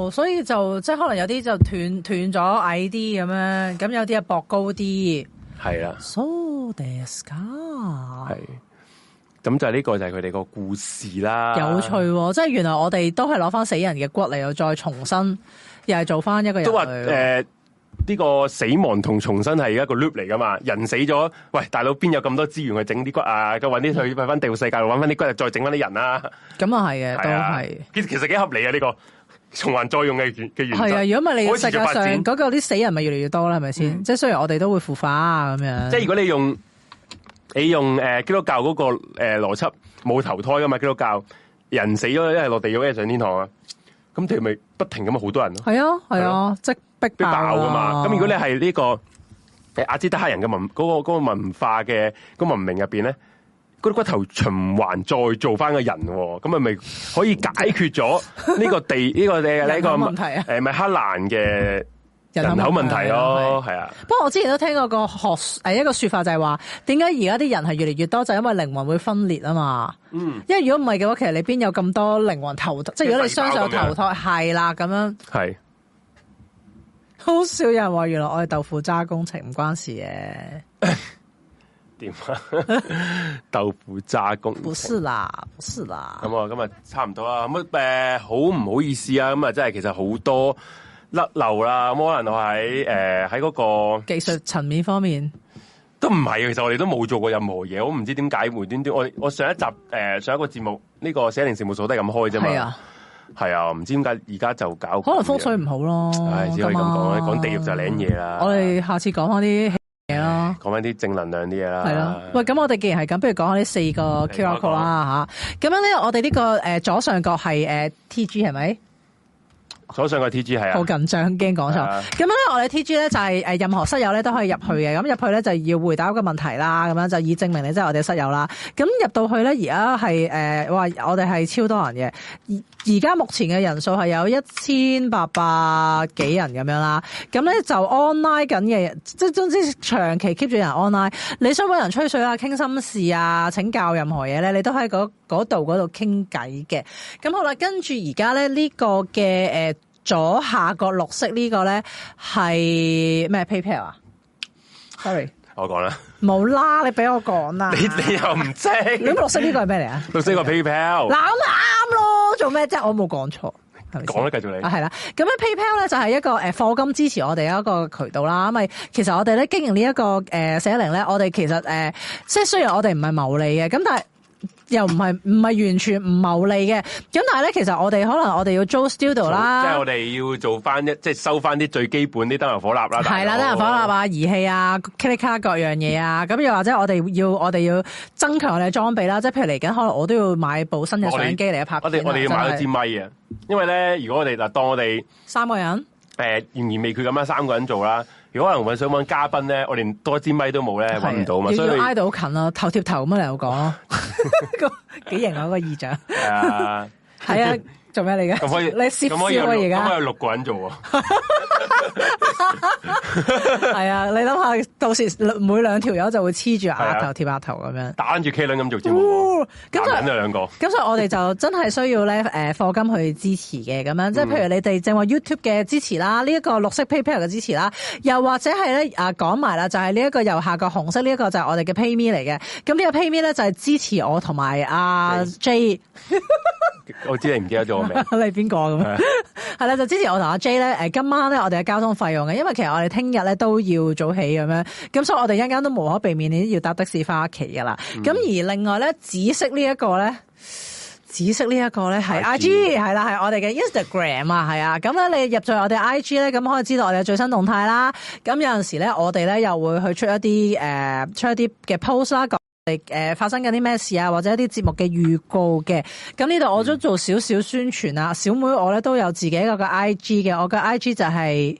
，oh, 所以就即係可能有啲就斷斷咗矮啲咁樣，咁有啲又博高啲，係啦、啊。So scar，係。咁就係呢個，就係佢哋個故事啦。有趣、哦，即係原來我哋都係攞翻死人嘅骨嚟，又再重新，又係做翻一個人。都話誒，呢、呃呢個死亡同重生係一個 loop 嚟噶嘛？人死咗，喂，大佬邊有咁多資源去整啲骨啊？佢揾啲去搵翻地獄世界，搵翻啲骨嚟再整翻啲人啦、啊。咁啊係嘅，都係。其實幾幾合理啊？呢、呢個循環再用嘅原嘅原則。係啊，如果唔係你世界上嗰個啲死人咪越嚟越多啦？係咪先？即係雖然我哋都會腐化啊咁樣。即係如果你用。你用、呃、基督教嗰、那個誒、呃、邏輯冇投胎噶嘛？基督教人死咗一係落地獄，一係上天堂啊！咁佢咪不停咁好多人咯。係啊，係啊，啊，即逼爆㗎、啊、嘛！咁如果你係呢、這個阿茲、呃、德克人嘅文嗰、那個那個文化嘅、那個文明入邊咧，嗰、那、啲、個、骨頭循環再做翻個人、啊，咁咪咪可以解決咗呢個地呢 個呢、這個問題啊！誒咪哈蘭嘅。嗯人口問題咯，係啊。不過我之前都聽過個學誒一個說法，就係話點解而家啲人係越嚟越多，就因為靈魂會分裂啊嘛。嗯。因為如果唔係嘅話，其實你邊有咁多靈魂投，即係如果你相信投胎，係啦咁樣。係、啊。好少人話原來我係豆腐渣工程唔關事嘅。點 樣了 豆腐渣工程。不是啦，不是啦。咁啊，咁啊，差唔多啦。咁誒，好唔好意思啊？咁啊，真係其實好多。甩流啦，咁可能我喺誒喺嗰個技術層面方面都唔係，其實我哋都冇做過任何嘢，我唔知點解無端端我我上一集誒、呃、上一個節目呢、這個寫零成目數都係咁開啫嘛，係啊，係啊，唔知點解而家就搞，可能風水唔好咯，只可以咁講，講、啊、地獄就嚟嘢啦。我哋下次講翻啲嘢咯，講翻啲正能量啲啊，係咯。喂，咁我哋既然係咁，不如講下呢四個 KOC 啦吓。咁樣咧，我哋呢我、這個誒、呃、左上角係誒 T G 係咪？呃 TG，是所上嘅 T G 係啊，好緊張，好驚講錯。咁樣咧，我哋 T G 咧就係誒任何室友咧都可以入去嘅。咁入去咧就要回答一個問題啦。咁樣就以證明你真係我哋室友啦。咁入到去咧，而家係誒，哇我哋係超多人嘅。而家目前嘅人數係有一千八百幾人咁樣啦。咁咧就 online 緊嘅，即係總之長期 keep 住人 online。你想揾人吹水啊、傾心事啊、請教任何嘢咧，你都喺嗰嗰度嗰度傾偈嘅。咁好啦，跟住而家咧呢、呢個嘅誒左下角綠色呢個咧係咩 PayPal 啊？Sorry，我講啦，冇啦，你俾我講啦，你又唔知，咁綠色呢個係咩嚟啊？綠色個 PayPal，嗱咁啱咯，做咩？即係我冇講錯，講啦，繼續你。係、啊、啦，咁樣 PayPal 咧就係一個誒課金支持我哋一個渠道啦。咁咪其實我哋咧經營呢一個誒社零咧，我哋其實誒，即係雖然我哋唔係牟利嘅，咁但係。又唔係唔係完全唔牟利嘅，咁但係咧，其實我哋可能我哋要租 studio 啦，即係我哋要做翻一即係收翻啲最基本啲燈油火蠟啦，係啦燈油火蠟啊，儀器啊 click 卡各樣嘢啊，咁、嗯、又或者我哋要我哋要增強我哋裝備啦，即係譬如嚟緊可能我都要買部新嘅相機嚟拍，我哋我哋要買一支咪啊，因為咧如果我哋嗱當我哋三個人，誒、呃，懸疑未決咁樣三個人做啦。如果可能，我想揾嘉賓咧，我連多支咪都冇咧，揾唔到嘛，所以挨到好近咯，頭貼頭咁樣嚟講，幾 型啊個議長，係 啊 是的。 是的 做咩嚟嘅？你試唔試過而家？咁有六個人做啊！係啊，你諗下，到時每兩條友就會黐住額頭貼額頭咁樣，打住 K 輪咁做節目。男、哦、人啊，兩個。咁所以，所以我哋就真係需要咧，誒，課金去支持嘅咁 樣。即係，譬如你哋正話 YouTube 嘅支持啦，呢、這、一個綠色 PayPal 嘅支持啦，又或者係咧啊，講埋啦，就係呢一個右下個紅色呢一、這個就係我哋嘅 PayMe 嚟嘅。咁呢個 PayMe 呢，咧就係支持我同埋阿 J。我知你唔記得咗。 你係邊個咁樣？係 啦，就之前我同阿 J 咧，誒，今晚咧我哋嘅交通費用嘅，因為其實我哋聽日咧都要早起咁樣，咁所以我哋一間都無可避免要搭的士返屋企噶啦。咁、嗯、而另外咧，紫色呢一個咧，紫色呢一個咧係 I G 係啦，係 我哋嘅 Instagram 啊，係啊。咁咧你入咗我哋 I G 咧，咁可以知道我哋嘅最新動態啦。咁有陣時咧，我哋咧又會去出一啲誒、呃，出一啲嘅 post 啦。嚟、呃、誒，發生緊啲咩事啊？或者一啲節目嘅預告嘅。咁呢度我都做少少宣傳啦、嗯。小妹我咧都有自己一個 I G 嘅，我個 I G 就係、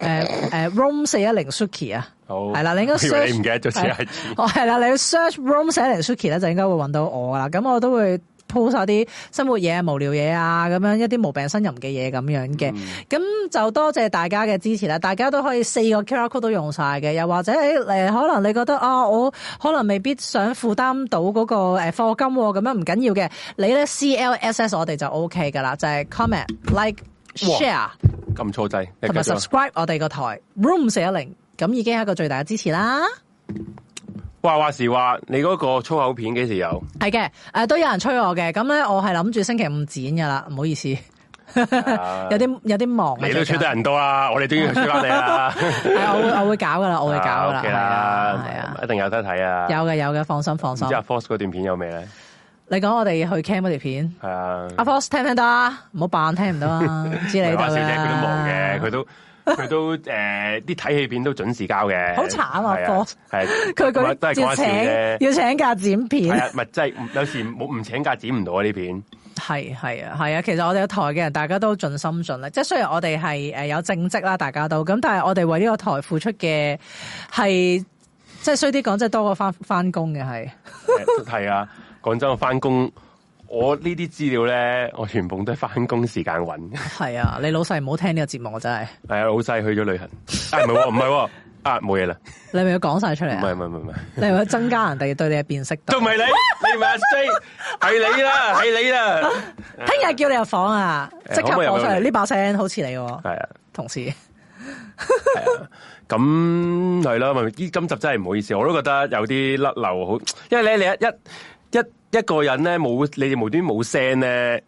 是、誒誒、 呃、，Room 四一零 suki 啊。好、oh, 係啦，你應該唔記得咗哦，IG。我係、啊、 啦，你要 search Room 四一零 suki 咧就應該會搵到我啦。咁我都會。鋪晒啲生活嘢、無聊嘢啊，咁樣一啲無病呻吟嘅嘢咁樣嘅，咁、嗯、就多謝大家嘅支持啦！大家都可以四個 QR Code 都用晒嘅，又或者誒，可能你覺得啊、哦，我可能未必想負擔到嗰個誒課金咁樣，唔緊要嘅，你咧 C L S S 我哋就 O K 噶啦，就係、是、comment、like、哦、share、撳錯掣，同埋 subscribe 我哋個台 room 四一零，咁已經係一個最大嘅支持啦。話話時話，你嗰個粗口片幾時有？係嘅，誒、呃、都有人催我嘅，咁咧我係諗住星期五剪噶啦，唔好意思， 有啲、uh, 有啲忙、啊。你都出得人多啊， 我哋都要出翻你啊！我我會搞噶啦，我會搞噶啦，係啊、uh, okay，一定有得睇啊！有嘅有嘅，放心放心。而家 Force 嗰段片有咩咧？你講我哋去 Cam 嗰條片係、uh, uh, 啊？阿 Force 聽唔聽到啊？唔好扮聽唔到啊！知你佢都忙嘅，佢都。佢 都誒，啲睇戲片都準時交嘅，好慘啊！哥、啊，係佢佢都係怪要，要請假剪片、 啊，唔咪，即、就、係、是、有時冇唔請假剪唔到啊！呢片係 係啊係啊，其實我哋台嘅人大盡盡、呃，大家都盡心盡力，即係雖然我哋係誒有正職啦，大家都咁，但係我哋為呢個台付出嘅係即係衰啲講，真係多過翻翻工嘅係，係 啊，講真我翻工。我資呢啲資料咧，我全部都係返工時間揾。係啊，你老細唔好聽呢個節目我真係。係啊，老細去咗旅行。哎、啊，唔係，唔係。啊，冇嘢啦。你咪要講晒出嚟啊？唔係，唔係，唔係。你係咪要增加人哋對你嘅辨識度？都唔係你， 你唔係係你啦，係你啦。聽日叫你入房啊，即、啊、刻播出嚟。呢把聲好似你喎、啊。係啊，同事。咁係啦，咪、啊、今集真係唔好意思，我都覺得有啲甩漏好，因為你你一一。一個人咧冇，你哋無端冇聲咧，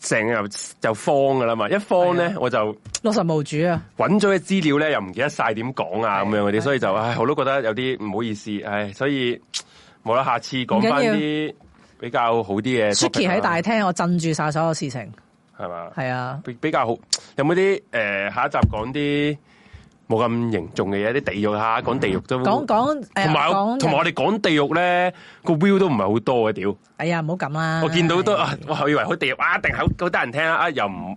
成日就慌噶啦嘛，一慌咧、啊、我就六神無主啊，揾咗啲資料咧又唔記得晒點講啊咁樣嗰啲，所以就唉，我都覺得有啲唔好意思，唉，所以冇啦，下次講翻啲比較好啲嘅。Suki 喺大廳，我鎮住晒所有事情，係嘛，係啊，比較好。有冇啲誒下一集講啲？冇咁嚴重嘅嘢，啲地獄吓，講地獄都。講講同埋同埋我哋講地獄咧，個 view 都唔係好多嘅屌。哎呀，唔好咁啦。我見到都，我係以為開地獄，哇，一定好好多人聽啊！又唔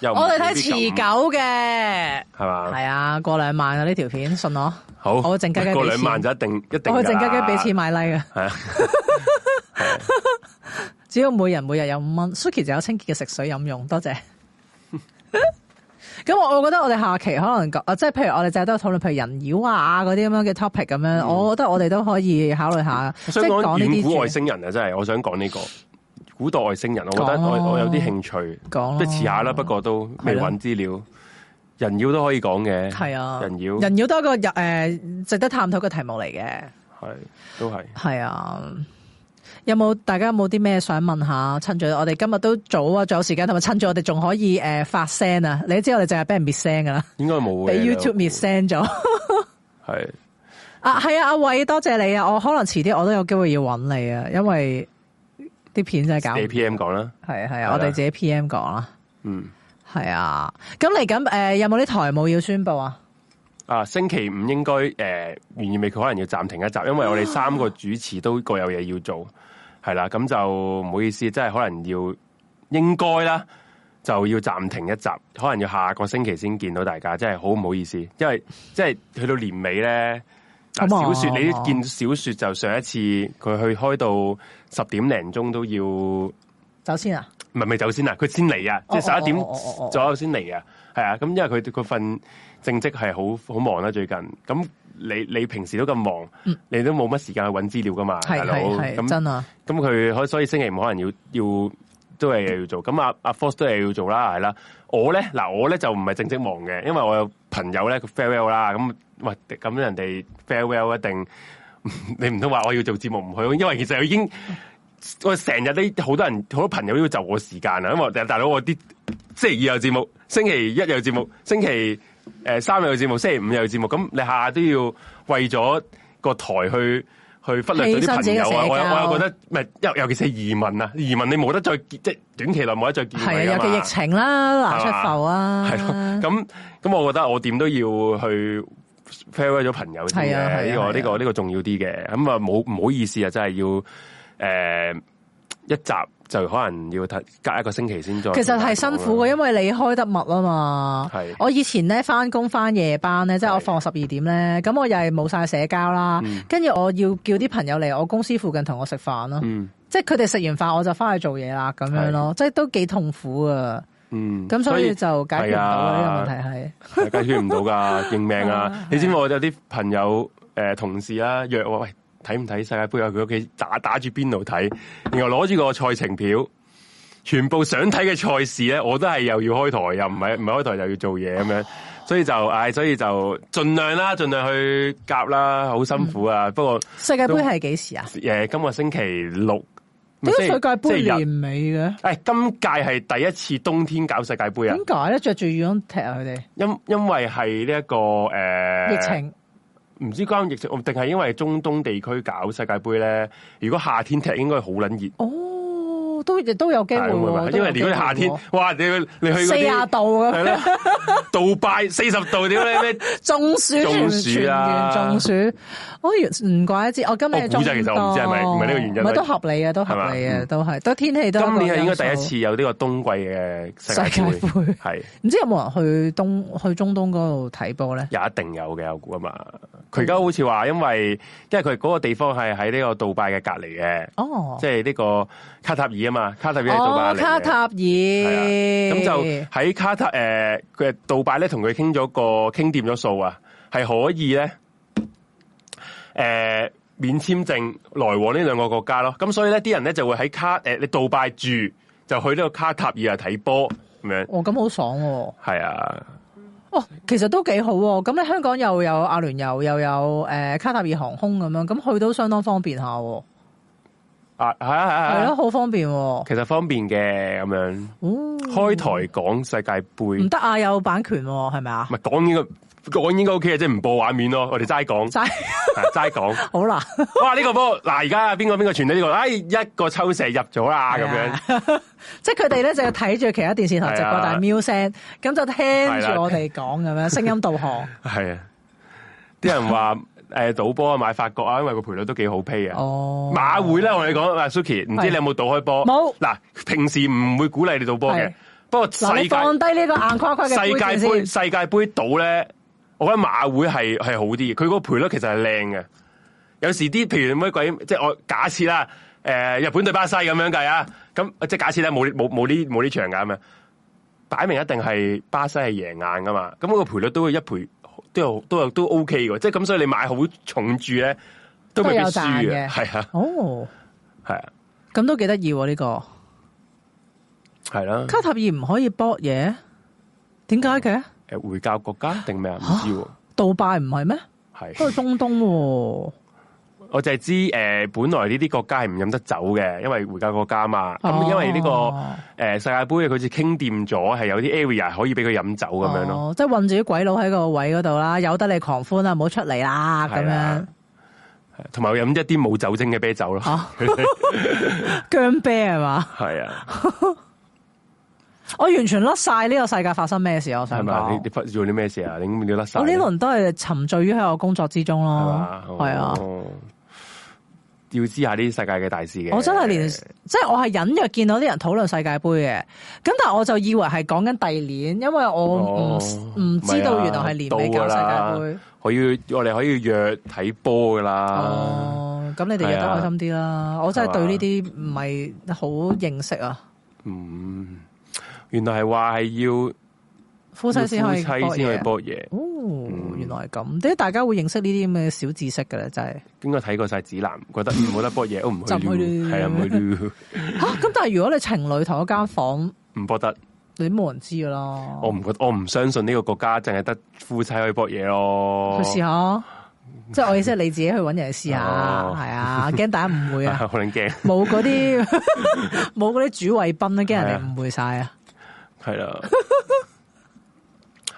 又我哋睇持久嘅係嘛？係啊，過兩萬啊！呢條片信我。好我靜雞雞過兩萬就一定一定我靜雞雞俾錢買 like 啊。係啊，只要每人每日有五蚊，Suki 就有清潔嘅食水飲用，多謝。咁我我覺得我哋下期可能講啊即係譬如我哋就都討論，譬如人妖啊嗰啲咁樣嘅 topic 咁樣，我覺得我哋都可以考慮下，即係講呢啲外星人啊，真係我想講呢、呢個古代外星人，我覺得我我有啲興趣講，即係遲下啦。不過都未揾資料，人妖都可以講嘅，係啊，人妖人妖都係一個誒、呃、值得探討嘅題目嚟嘅，係都係，係啊。有冇大家有冇啲咩想問下？趁住我哋今日都早啊，仲有時間同埋趁住我哋仲可以誒、呃、發聲啊！你知我哋淨係俾人滅聲噶啦，應該冇俾 YouTube 滅聲咗。係 啊，係啊，阿偉多謝你啊！我可能遲啲我都有機會要揾你啊，因為啲片真係搞唔掂。Stay、P.M. 講啦，係啊係啊，我哋自己 P.M. 講啦。嗯，係啊。咁嚟緊誒，有冇啲台務要宣布啊？啊，星期五應該誒，袁葉美佢可能要暫停一集，因為我哋三個主持都各有嘢要做。係啦，咁就唔好意思，即係可能要應該啦，就要暫停一集，可能要下個星期先見到大家，即係好唔好意思，因為即係去到年尾咧，oh、小雪、oh、你見小雪就上一次佢去開到十點零鐘都要走先啊？唔係咪走先啊？佢先嚟啊，即係十一點左右先嚟啊，係、oh、啊，咁因為佢佢份正職係好好忙啦、啊，最近咁。你你平時都咁忙，嗯、你都冇乜時間去搵資料噶嘛？大佬咁真啊！咁佢可所以星期五可能要要都係要做，咁、嗯、阿阿 Force 都係要做啦，係啦。我咧嗱，我咧就唔係正職忙嘅，因為我有朋友咧佢 farewell 啦。咁喂咁人哋 farewell 一定，你唔通話我要做節目唔去？因為其實我已經我成日都好多人好多朋友都要就我時間啊。因為大佬我啲星期二有節目，星期一有節目，星期。誒、呃，三日有節目，星期五又有節目，咁你下下都要為咗個台去去忽略咗啲朋友啊！我我我覺得，係尤尤其是移民啊，移民你冇得再即係短期內冇得再見係啊，尤其疫情啦，難出埠啊，係咯，咁咁，我覺得我點都要去 farewell 咗朋友啲嘅呢個呢、啊這個呢、啊這個這個重要啲嘅，咁啊冇唔好意思啊，真係要誒、呃、一集。就可能要隔一個星期先再。其實係辛苦嘅，因為你開得密啊嘛。係。我以前咧翻工翻夜班咧，即係我放十二點咧，咁我又係冇晒社交啦。跟、嗯、住我要叫啲朋友嚟我公司附近同我食飯咯。即係佢哋食完飯我就翻去做嘢啦，咁樣咯。即係都幾痛苦啊。嗯。咁所以就解決唔到呢個問題係、啊。解決唔到噶， 認命啊！啊啊你知唔知我有啲朋友誒、呃、同事啊，約我喂？睇唔睇世界杯啊？佢屋企打打住邊度睇，然後攞住個賽程表，全部想睇嘅賽事咧，我都係又要開台，又唔係唔開台又要做嘢咁樣，所以就唉，所以就盡量啦，盡量去夾啦，好辛苦啊、嗯！不過世界杯係幾時啊？誒，今個星期六，點世界杯係年尾嘅？誒、哎，今屆係第一次冬天搞世界杯啊？點解咧？着住羽絨踢啊？佢哋因因為係呢一個誒、呃、疫情。唔知關疫情，定係因為中東地區搞世界杯咧？如果夏天踢，應該好撚熱。哦。都亦都有機會，因為如果你夏天、啊，哇！你去你去嗰啲四十度 杜拜四十度點解咩？ 中暑，中暑啦，中暑。 我唔怪得之，我今日中。我其實唔知係咪，唔係呢個原因。唔係都合理嘅，都合理嘅，都係都天氣都係。今年係應該第一次有呢個冬季嘅世界盃。唔知有冇人去東去中東嗰度睇波咧？有一定有嘅，我估啊嘛。佢而家好似話，因為因為佢嗰個地方係喺呢個杜拜嘅隔離嘅。哦。即係呢個卡塔爾啊。啊、哦，卡塔爾喺、啊呃、杜拜卡塔爾。咁就喺卡塔誒嘅杜拜咧，同佢傾咗個傾掂咗數啊，係可以咧誒、呃、免簽證來往呢兩個國家咯。咁所以咧，啲人咧就會喺卡誒你、呃、杜拜住，就去呢個卡塔爾啊睇波咁樣。哦，咁好爽喎、啊。係啊。哦，其實都幾好喎、啊。咁咧，香港又有阿聯酋又有誒、呃、卡塔爾航空咁樣，咁去到相當方便下、啊。啊，係啊，係係、啊。係咯、啊，好方便、啊。其實方便嘅，咁樣、哦，開台講世界杯。唔得啊，有版權係咪啊？唔係講應該，講應該 OK 嘅，即係唔播畫面咯。我哋齋講，齋齋講。好啦， 哇，呢、這個波嗱，而家邊個邊個傳到呢、這個？哎，一個抽射入咗啦，咁樣。啊、 即係佢哋咧，就睇住其他電視台直播，啊、但係瞄聲，咁、啊、就聽住我哋講咁樣，聲音導航。係啊，啲人話。 誒，賭波啊，買法國啊，因為個賠率都幾好 pay 嘅。哦，馬會咧，我哋講啊，Suki，唔知你有冇賭開波？冇。嗱，平時唔會鼓勵你賭波嘅。不過世界你放低呢個硬框框嘅世界盃，世界盃賭咧，我覺得馬會係係好啲嘅。佢個賠率其實係靚嘅。有時啲譬如乜鬼，即係我假設啦，誒，日本對巴西咁樣計啊，咁即係假設咧冇冇冇呢冇呢場噶嘛，擺明一定係巴西係贏硬噶嘛，咁個賠率都會一賠。都有都有都 OK 嘅，即係咁，所以你買好重住咧，都未必輸嘅，係啊，哦，係啊，咁都幾得意喎呢個，係啦。卡塔爾唔可以博嘢，點解嘅？誒、哦，回教國家定咩啊？唔知喎。杜拜唔係咩？係，都係中東喎。我就係知誒、呃，本來呢啲國家係唔飲得酒嘅，因為回家國家嘛。咁、哦、因為呢、這個誒、呃、世界杯佢似傾掂咗，係有啲 area 可以俾佢飲酒咁、哦、樣咯。即係混住啲鬼佬喺個位嗰度啦，由得你狂歡啊，唔好出嚟啦咁、啊、樣。同埋我飲一啲冇酒精嘅啤酒咯，哦、 薑啤係嘛？係啊， 我完全甩晒呢個世界發生咩事啊！我想，你你發生啲咩事啊？你要甩晒？我呢輪都係沉醉於喺我工作之中咯，係啊。要知下呢啲世界嘅大事嘅，我真係連，是即係我係隱約見到啲人討論世界杯嘅，咁但係我就以為係講緊第二年，因為我唔唔、哦、知道原來係年尾屆世界杯，啊，可以我哋可以約睇波噶啦哦，咁你哋約得開心啲啦，啊。我真係對呢啲唔係好認識啊。嗯，原來係話係要，夫妻先可以搏嘢，哦，嗯、原來係咁，點解大家會認識呢啲咁嘅小知識嘅咧，真係。應該睇過晒指南，覺得唔好得搏嘢，我唔去撩。係啊，唔 去咁了 但係如果你情侶同一間房，唔搏得，你冇人知噶啦。我唔覺，我唔相信呢個國家淨係得夫妻可以搏嘢咯。去試下，嗯、即係我意思係你自己去揾人試下，係、哦、啊，驚大家誤會啊。可能驚，冇嗰啲，冇嗰啲主謂賓啊，驚人哋誤會晒啊。係啦。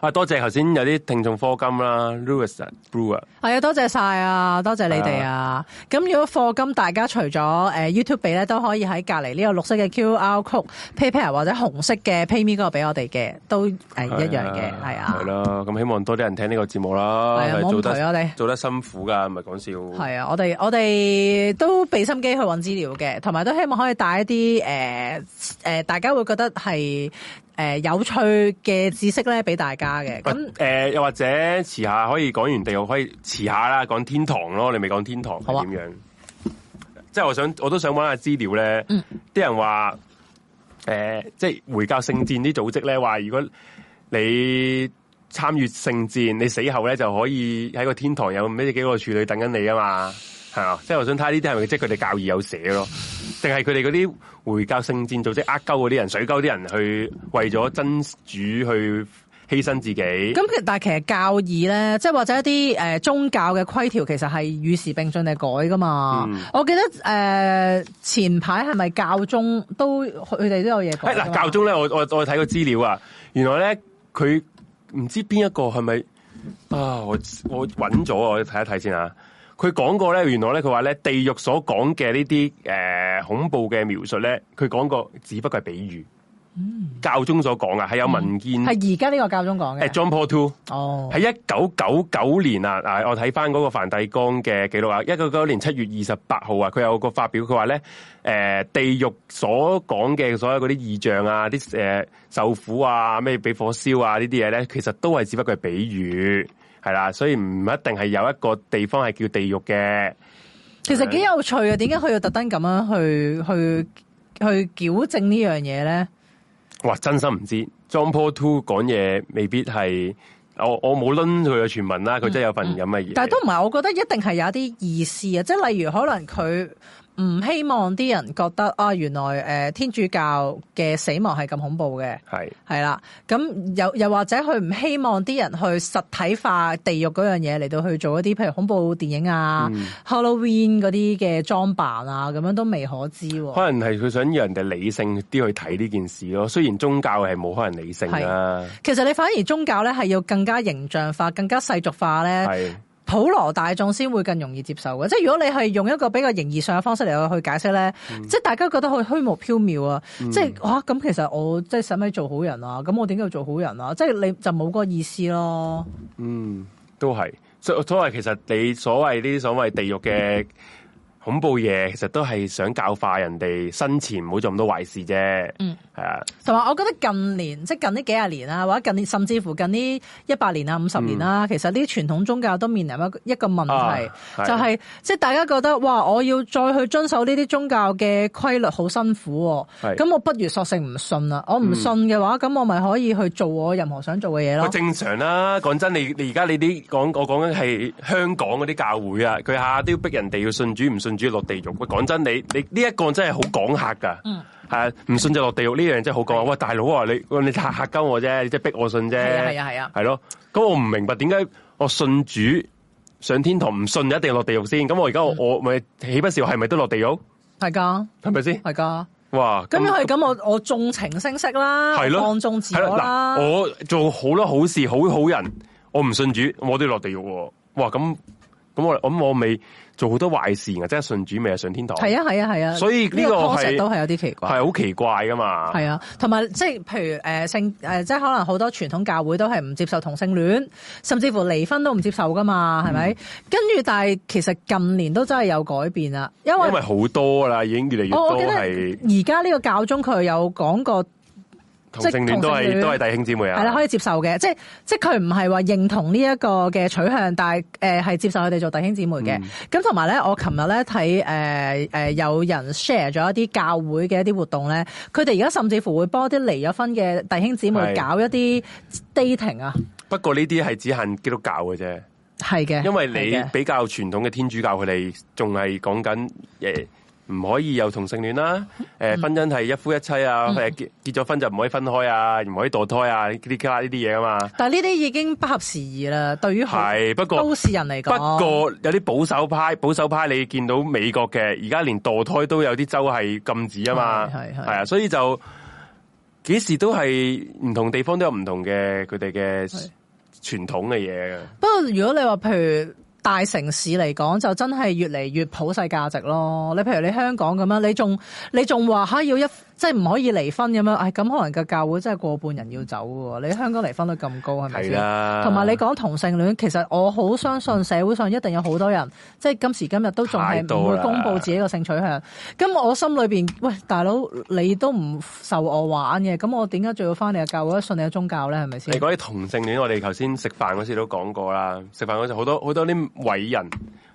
啊！多謝頭先有啲聽眾課金啦，Lewis Blue，啊。係啊，多謝晒啊，多謝你哋啊。咁如果課金，大家除咗誒、呃、YouTube 俾咧，都可以喺隔籬呢個綠色嘅 QR code PayPal 或者紅色嘅 PayMe 嗰個俾我哋嘅，都誒一樣嘅，係啊。係啦，咁希望多啲人聽呢個節目啦。係做得你，做得辛苦噶，唔係講笑。係啊，我哋我哋都畀心機去搵資料嘅，同埋都希望可以帶一啲誒誒，大家會覺得係。誒、呃，有趣嘅知識咧，俾大家嘅。咁誒，又、呃呃、或者遲下可以講完地獄，可以遲下啦，講天堂咯。你未講天堂係點樣、啊？即係我想，我都想搵下資料咧。嗯。啲人話，誒、呃，即係回教聖戰啲組織咧，話如果你參與聖戰，你死後咧就可以喺個天堂有唔知幾個處女等緊你啊嘛。係、嗯、啊，即係我想睇呢啲係咪即係佢哋教義有寫咯。定係佢哋嗰啲回教聖戰組織，呃鳩嗰啲人，水鳩啲人去為咗真主去犧牲自己。咁但係其實教義咧，即係或者一啲誒宗教嘅規條，其實係與時並進嚟改噶嘛，嗯。我記得誒、呃、前排係咪教宗都佢哋都有嘢講？嗱、哎、教宗咧，我我我睇個資料啊，原來咧佢唔知邊一個係咪啊？我我揾咗我睇一睇先啊。佢講過咧，原來咧，佢話咧，地獄所講嘅呢啲誒恐怖嘅描述咧，佢講過，只不過係比喻。嗯，教宗所講啊，係有文件，係而家呢個教宗講嘅。欸、John Paul II。哦，喺一九九九年啊，啊，我睇翻嗰個梵蒂岡嘅記錄啊，一九九九年七月二十八號啊，佢有個發表，佢話咧，誒、呃，地獄所講嘅所有嗰啲異象啊，啲、呃、誒受苦啊，咩畀火燒啊，呢啲嘢咧，其實都係只不過係比喻。係啦，所以唔一定係有一個地方係叫地獄嘅。其實幾有趣啊，點解佢要特登咁樣去去去矯正呢樣嘢咧？哇！真心唔知道，John Paul Two 講嘢未必係，我我冇拎佢嘅傳聞啦，佢真係有份咁嘅嘢。但係都唔係，我覺得一定係有一啲意思啊！即係例如可能佢。唔希望啲人覺得啊，原來誒、呃、天主教嘅死亡係咁恐怖嘅，係係啦。咁又又或者佢唔希望啲人去實體化地獄嗰樣嘢嚟到去做一啲譬如恐怖電影啊、嗯、Halloween 嗰啲嘅裝扮啊，咁樣都未可知，啊。可能係佢想讓人哋理性啲去睇呢件事咯。雖然宗教係冇可能理性啦。其實你反而宗教咧係要更加形象化、更加世俗化咧。係。普羅大眾先會更容易接受嘅，即係如果你係用一個比較形而上嘅方式嚟去解釋咧、嗯，即係大家覺得好虛無縹緲、嗯、啊，即係哇咁其實我即係使唔使做好人啊？咁我點解要做好人啊？即係你就冇個個意思咯。嗯，都係，所所以其實你所謂啲所謂地獄嘅。恐怖嘢，其實都係想教化人哋生前唔好做咁多壞事啫。嗯，係啊。同埋，我覺得近年即係近呢幾十年啊，或者近甚至乎近呢一百年啊、五十年啦、嗯，其實呢啲傳統宗教都面臨一個一個問題，啊、就係、是、即係大家覺得哇，我要再去遵守呢啲宗教嘅規律好辛苦，咁我不如索性唔信啦。我唔信嘅話，咁、嗯、我咪可以去做我任何想做嘅嘢咯。正常啦、啊，講真，你你而家你啲講我講緊係香港嗰啲教會啊，佢下下都要逼人哋要信主唔信主。主落地獄，這個，嗯，喂，講真你你呢一個真係好講客噶，係唔信就落地獄呢樣真係好講。喂大佬啊，你你吓吓鳩我啫，你即係逼我信啫，係啊係啊係咯。咁我唔明白點解我信主上天堂，唔信就一定落地獄先。咁我而家我我咪豈不是係咪都落地獄？係噶，係咪先？係噶。哇！咁樣係咁，我我縱情聲色啦，放縱自我啦。我做好多好事，好好人，我唔信主，我都要落地獄。哇！咁咁我咁我未。做好多壞事，即係信主未命上天堂。係啊，係啊，係啊，所以呢個確實都係有啲奇怪，係好奇怪噶嘛。係啊，同埋即係譬如誒、呃、性誒、呃，即係可能好多傳統教會都係唔接受同性戀，甚至乎離婚都唔接受噶嘛，係、嗯、咪？跟住但係其實近年都真係有改變啦，因為因為好多啦，已經越嚟越多係。而家呢個教宗佢有講過。同性戀都係都係弟兄姊妹啊，係啦，可以接受嘅，即係即係佢唔係話認同呢一個嘅取向，但係誒係接受佢哋做弟兄姊妹嘅。咁同埋咧，我琴日咧睇誒誒有人 share 咗一啲教會嘅一啲活動咧，佢哋而家甚至乎會幫啲離咗婚嘅弟兄姊妹搞一啲 dating 啊。不過呢啲係只限基督教嘅啫，係嘅，因為你比較傳統嘅天主教佢哋仲係講緊誒。唔可以有同性戀啦，誒，婚姻係一夫一妻啊，或、嗯、結結咗婚就唔可以分開啊，唔可以墮胎啊，呢啲呢啲嘢啊嘛。但係呢啲已經不合時宜啦，對於係不過都市人嚟講，不過有啲保守派保守派，守派你見到美國嘅而家連墮胎都有啲州係禁止啊嘛，係啊，所以就幾時都係唔同地方都有唔同嘅佢哋嘅傳統嘅嘢啊。不過如果你話譬如。大城市嚟講，就真係越嚟越普世價值咯。你譬如你香港咁樣，你仲你仲話嚇要一。即係唔可以離婚咁樣、哎、咁可能個教會真係過半人要走喎。你香港離婚率咁高，係咪先？係啦。同埋、啊、你講同性戀，其實我好相信社會上一定有好多人，即係今時今日都仲係唔會公佈自己個性取向。咁我心裏面，喂，大佬，你都唔受我玩嘅，咁我點解仲要翻嚟個教會信你個宗教咧？係咪先？你講啲同性戀，我哋頭先食飯嗰時都講過啦。食飯嗰時好多好多啲偉人。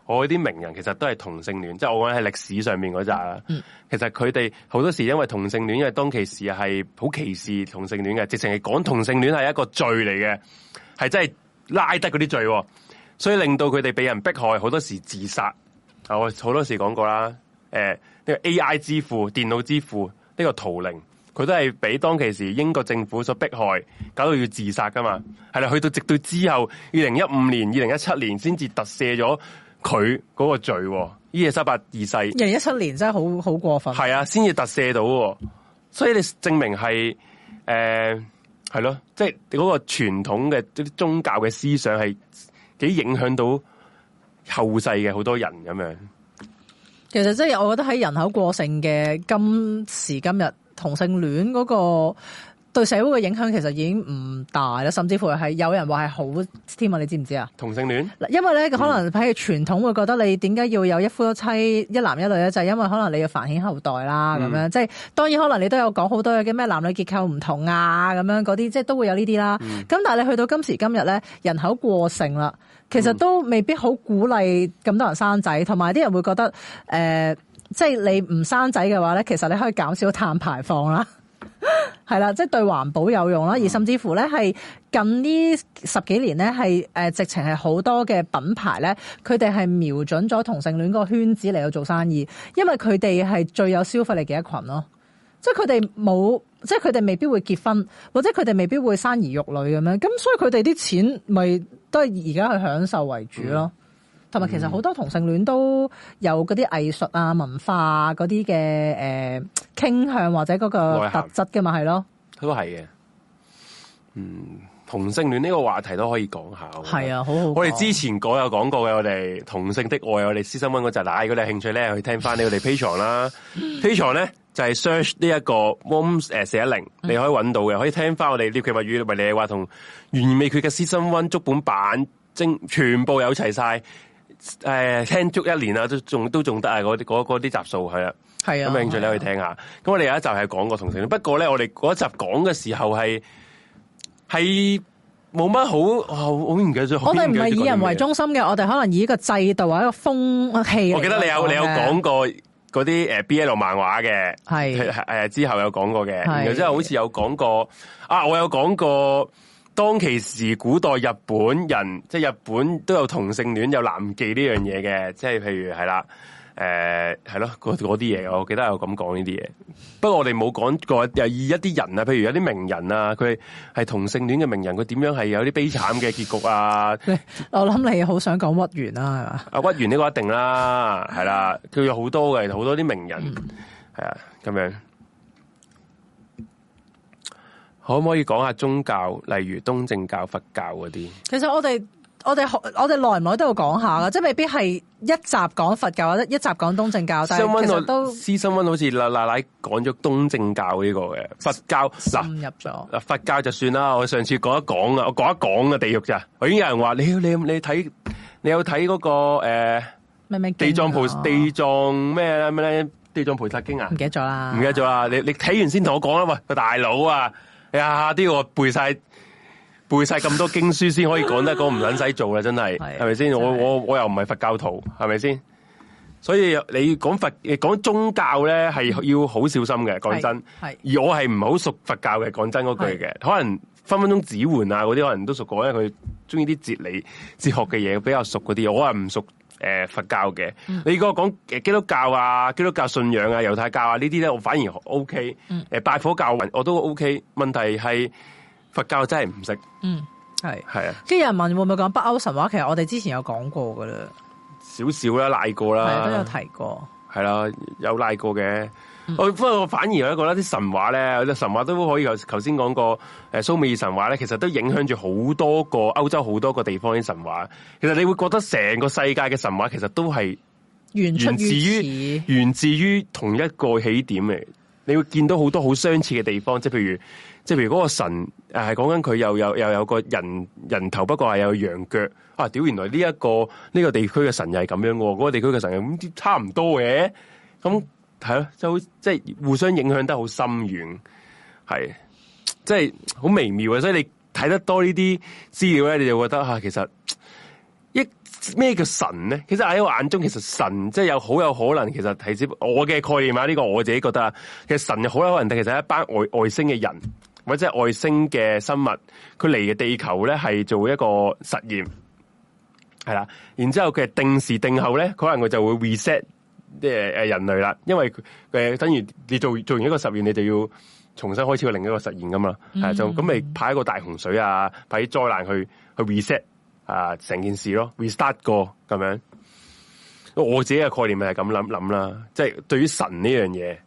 我啲名人其實都係同性戀，即係我講喺歷史上面嗰扎啦。其實佢哋好多時因為同性戀，因為當其時係好歧視同性戀嘅，直情係講同性戀係一個罪嚟嘅，係真係拉得嗰啲罪，所以令到佢哋俾人迫害，好多時自殺。我好多時講過啦，誒呢個 AI 之父、電腦之父呢個圖靈，佢都係俾當其時英國政府所迫害，搞到要自殺㗎嘛。係啦，去到直到之後，二零一五年、二零一七年先至特赦咗。佢嗰個罪，伊利沙伯二世，二零一七年真係好好過分，係啊，先至特赦到，所以你證明係誒係咯，即係嗰個傳統嘅啲宗教嘅思想係幾影響到後世嘅好多人咁樣。其實即係我覺得喺人口過剩嘅今時今日，同性戀嗰個對社會嘅影響其實已經唔大啦，甚至乎係有人話係好添，你知唔知啊？同性戀。因為咧，可能喺傳統會覺得你點解要有一夫一妻、一男一女咧，就係、是、因為可能你要繁衍後代啦。咁、嗯、樣即係當然，可能你都有講好多嘅咩男女結構唔同啊，咁樣嗰啲即係都會有呢啲啦。咁、嗯、但係你去到今時今日咧，人口過剩啦，其實都未必好鼓勵咁多人生仔，同埋啲人會覺得誒、呃，即係你唔生仔嘅話咧，其實你可以減少碳排放啦。係 啦，即係對環保有用啦，而甚至乎咧，係近呢十幾年咧係誒，是呃、直情係好多嘅品牌咧，佢哋係瞄準咗同性戀個圈子嚟到做生意，因為佢哋係最有消費力嘅一群咯。即係佢哋冇，即係佢哋未必會結婚，或者佢哋未必會生兒育女咁樣，咁所以佢哋啲錢咪都係而家去享受為主咯。嗯同埋，其實好多同性戀都有嗰啲藝術啊、文化嗰啲嘅誒傾向或者嗰個特質嘅嘛，係咯，都係嘅。嗯，同性戀呢個話題都可以講下。係啊，好好。我哋之前講有講過嘅，我哋同性的愛，我哋 Season 1嗰陣，嗱，如果你有興趣咧，去聽翻 呢，我哋 Patreon 啦，Patreon 咧就係 search 呢一個 Room 誒四一零，你可以揾到嘅，可以聽翻我哋獵奇物語，唔係你話同懸疑未決嘅 Season 1足本版精全部有齊晒。誒、嗯，聽足一年啦，都仲都仲得啊！嗰啲啲集數係啊，係啊，咁興趣你可以聽下。咁我哋有一集係講過同性戀，不過咧，我哋嗰一集講嘅時候係係冇乜好好好唔記得，我哋唔係以人為中心嘅，我哋可能以一個制度或一個風氣。我記得你有你有講過嗰啲誒 BL 漫畫嘅，係誒之後有講過嘅，然後之後好似有講過啊，我有講過。當其時，古代日本人即係日本都有同性戀有男妓呢樣嘢嘅，即係譬如係啦，誒係咯嗰啲嘢，我記得有咁講呢啲嘢。不過我哋冇講過又以一啲人啊，譬如有啲名人啊，佢係同性戀嘅名人，佢點樣係有啲悲慘嘅結局啊？我諗你好想講屈原啦，係嘛？啊，屈原呢個一定啦，係啦，佢有好多嘅，好多啲名人係啊咁樣。可唔可以講下宗教，例如東正教、佛教嗰啲？其實我哋我哋我哋耐唔耐都要講下嘅，即係未必係一集講佛教或者一集講東正教。但係問我都，私心好似奶奶講咗東正教呢個嘅佛教入咗。佛教就算啦，我上次講一講啊，我講一講嘅地獄咋？我已經有人話，你你你睇你有睇嗰個誒地藏菩地藏咩咩咧？地藏菩薩經啊，唔記得咗啦，唔記得咗啦。你你睇完先同我講啦，喂，大佬啊！呀！啲我背晒背晒咁多經書先可以講得講唔撚使做啦， 真係係咪先？我我我又唔係佛教徒，係咪先？所以你講佛講宗教咧，係要好小心嘅。講真，係而我係唔好熟佛教嘅。講真嗰句嘅，可能分分鐘指換啊嗰啲，可能都熟因咧。佢中意啲哲理哲學嘅嘢比較熟嗰啲，我啊唔熟。誒、呃，佛教嘅，嗯，你如果講誒基督教啊，基督教信仰啊，猶太教啊呢啲咧，這些我反而 O K，誒，拜火教我都 O K，問題係佛教真係唔識，嗯，係、呃、係、OK，嗯、啊，有人問會唔會講北歐神話？其實我哋之前有講過噶啦，少少啦，賴過啦，都有提過，係啦、啊，有賴過嘅。我不過我反而有一個咧，啲神話咧，神話都可以由頭先講過，誒蘇美爾神話咧，其實都影響住好多個歐洲好多個地方啲神話。其實你會覺得成個世界嘅神話其實都係源自於源，源自於同一個起點嚟。你會見到好多好相似嘅地方，即係譬如即係譬如嗰個神誒係講緊佢又有又有，有個人人頭，不過係有羊腳啊！屌，原來呢、呢、一個呢、呢個地區嘅神又係咁樣嘅，嗰、嗰個地區嘅神又咁差唔多嘅咁。係咯，好即係互相影響得好深遠，係即係好微妙啊！所以你睇得多這些資呢啲資料咧，你就覺得吓、啊，其實一咩叫神咧？其實喺我眼中，其實神即係有好有可能，其實係我嘅概念啊！呢、這個我自己覺得啊，其實神有好有可能，其實是一班外外星嘅人或者係外星嘅生物，佢嚟嘅地球咧係做一個實驗，係啦，然之後佢係定時定候咧，可能佢就會 reset。即係誒人類啦，因為誒等於你做做完一個實驗，你就要重新開始去另一個實驗噶嘛，係、mm -hmm. 啊、就咁咪派一個大洪水啊，派啲災難去去 reset 啊成件事咯，restart 過咁樣。我自己嘅概念咪係咁諗諗啦，即係對於神呢樣嘢。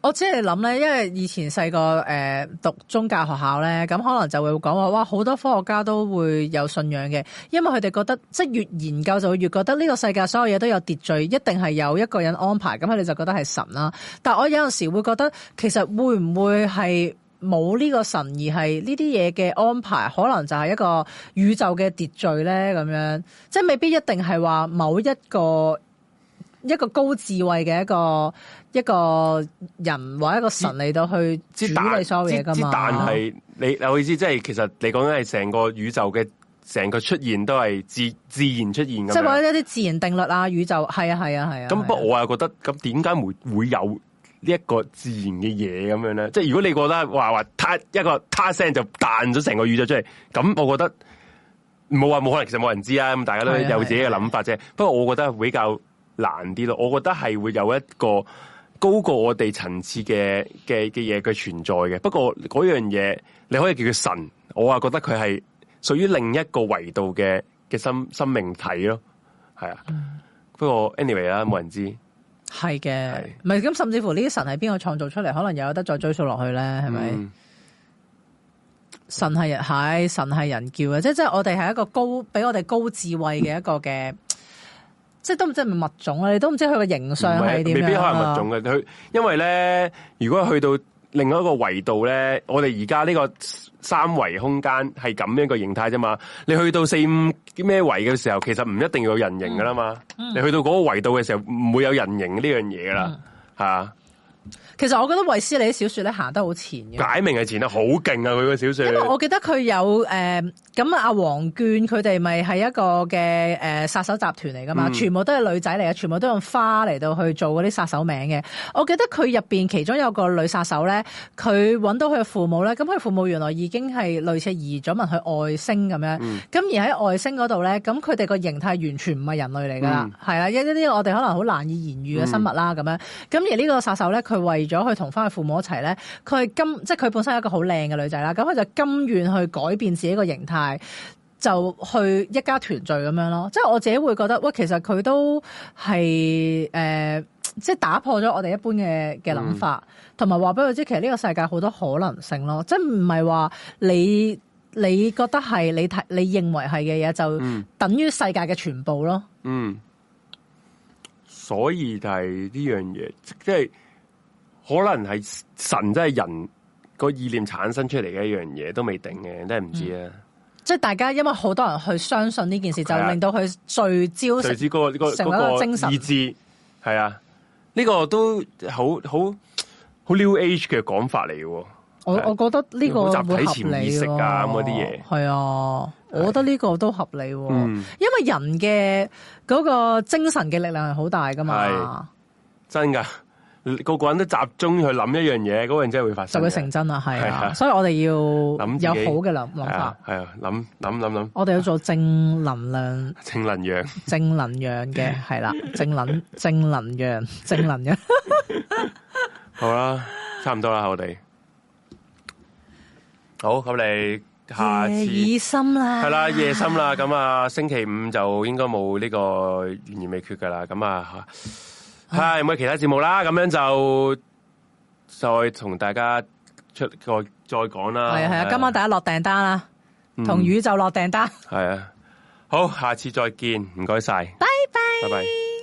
我只係諗咧，因為以前細個誒讀宗教學校咧，咁可能就會講話，哇，好多科學家都會有信仰嘅，因為佢哋覺得即係越研究就會越覺得呢個世界所有嘢都有秩序，一定係有一個人安排，咁佢哋就覺得係神啦。但係我有陣時會覺得，其實會唔會係冇呢個神，而係呢啲嘢嘅安排，可能就係一個宇宙嘅秩序咧，咁樣即係未必一定係話某一個一個高智慧嘅一個。一個人或一個神嚟到去打你所有嘢咁樣。但係、啊、你，我意思即係，其實你講緊係成個宇宙嘅成個出現都係自自然出現噶。即係話一啲自然定律啊，宇宙係啊，係啊，係啊。咁、啊啊啊啊、不過，我又覺得咁點解會會有呢一個自然嘅嘢咁樣咧？即係如果你覺得話話他一個他聲就彈咗成個宇宙出嚟，咁我覺得冇話冇可能，其實冇人知啊。咁大家都有自己嘅諗法啫、啊啊啊。不過我覺得比較難啲咯。我覺得係會有一個。高過我哋層次嘅嘅嘅嘢，佢存在嘅，不過嗰樣嘢你可以叫佢神，我啊覺得佢係屬於另一個維度嘅嘅生生命體咯，係啊。不過 anyway 啦，冇人知。係嘅，唔係咁，甚至乎呢啲神係邊個創造出嚟，可能又有得再追溯落去咧，係、嗯、咪？神係人係神係人叫嘅，即係即係我哋係一個高比我哋高智慧嘅一個嘅。 即係都唔知係咪物種啊？你都唔知佢個形象係點樣，未必可能物種嘅佢。因為咧，如果去到另外一個維度咧，我哋而家呢個三維空間係咁樣一個形態啫嘛。你去到四五啲咩維嘅時候，其實唔一定要有人形噶啦嘛。嗯、你去到嗰個維度嘅時候，唔會有人形呢樣嘢噶啦，吓、嗯。其實我覺得衛斯理啲小說咧行得好前嘅，擺明係前得好勁啊佢個小說。因為我記得佢有誒咁啊阿黃眷，佢哋咪係一個嘅誒殺手集團嚟噶嘛，嗯、全部都係女仔嚟啊，全部都用花嚟到去做嗰啲殺手名嘅。我記得佢入邊其中有個女殺手咧，佢搵到佢父母咧，咁佢父母原來已經係類似移咗民去外星咁樣，咁、嗯、而喺外星嗰度咧，咁佢哋個形態完全唔係人類嚟噶，係啊一啲啲我哋可能好難以言喻嘅生物啦咁樣，咁、嗯、而呢個殺手咧佢為咗去同翻佢父母一齊咧，佢係甘即係佢本身係一個好靚嘅女仔啦。咁佢就甘願去改變自己個形態，就去一家團聚咁樣咯。即係我自己會覺得，喂、呃嗯，其實佢都係誒，即係打破咗我哋一般嘅嘅諗法，同埋話俾佢知，其實呢個世界好多可能性咯。即係唔係話你你覺得係你睇你認為係嘅嘢，就等於世界嘅全部咯、嗯。嗯，所以就係呢樣嘢，即係。可能係神真係人個意念產生出嚟嘅一樣嘢，都未定嘅，真係唔知啊、嗯！即係大家因為好多人去相信呢件事、啊，就令到佢聚焦，聚焦成，最、那個那個、成一個精神意志。係啊，呢、這個都好好好 new age 嘅講法嚟嘅、啊。我我覺得呢個集體潛意識啊，咁嗰啲嘢係啊，我覺得呢個都合理。喎、啊啊！因為人嘅嗰個精神嘅力量係好大噶嘛，真噶。個個人都集中去諗一樣嘢，嗰樣真係會發生，就會成真啦，係啊。所以我哋要有好嘅諗諗法，係啊，諗諗諗諗。我哋要做正能量，正能量，正能量嘅係啦，正能正能量，正能量。好啦，差唔多啦，我哋好咁嚟，下次夜深啦，係啦，夜深啦。咁啊，星期五就應該冇呢個懸疑未決噶啦。咁啊。係有冇？啊、其他節目啦，咁樣就再同大家出再再講啦。係係、啊啊，今晚大家落訂單啦，同、嗯、宇宙落訂單。係啊，好，下次再見，唔該晒，拜拜拜拜。拜拜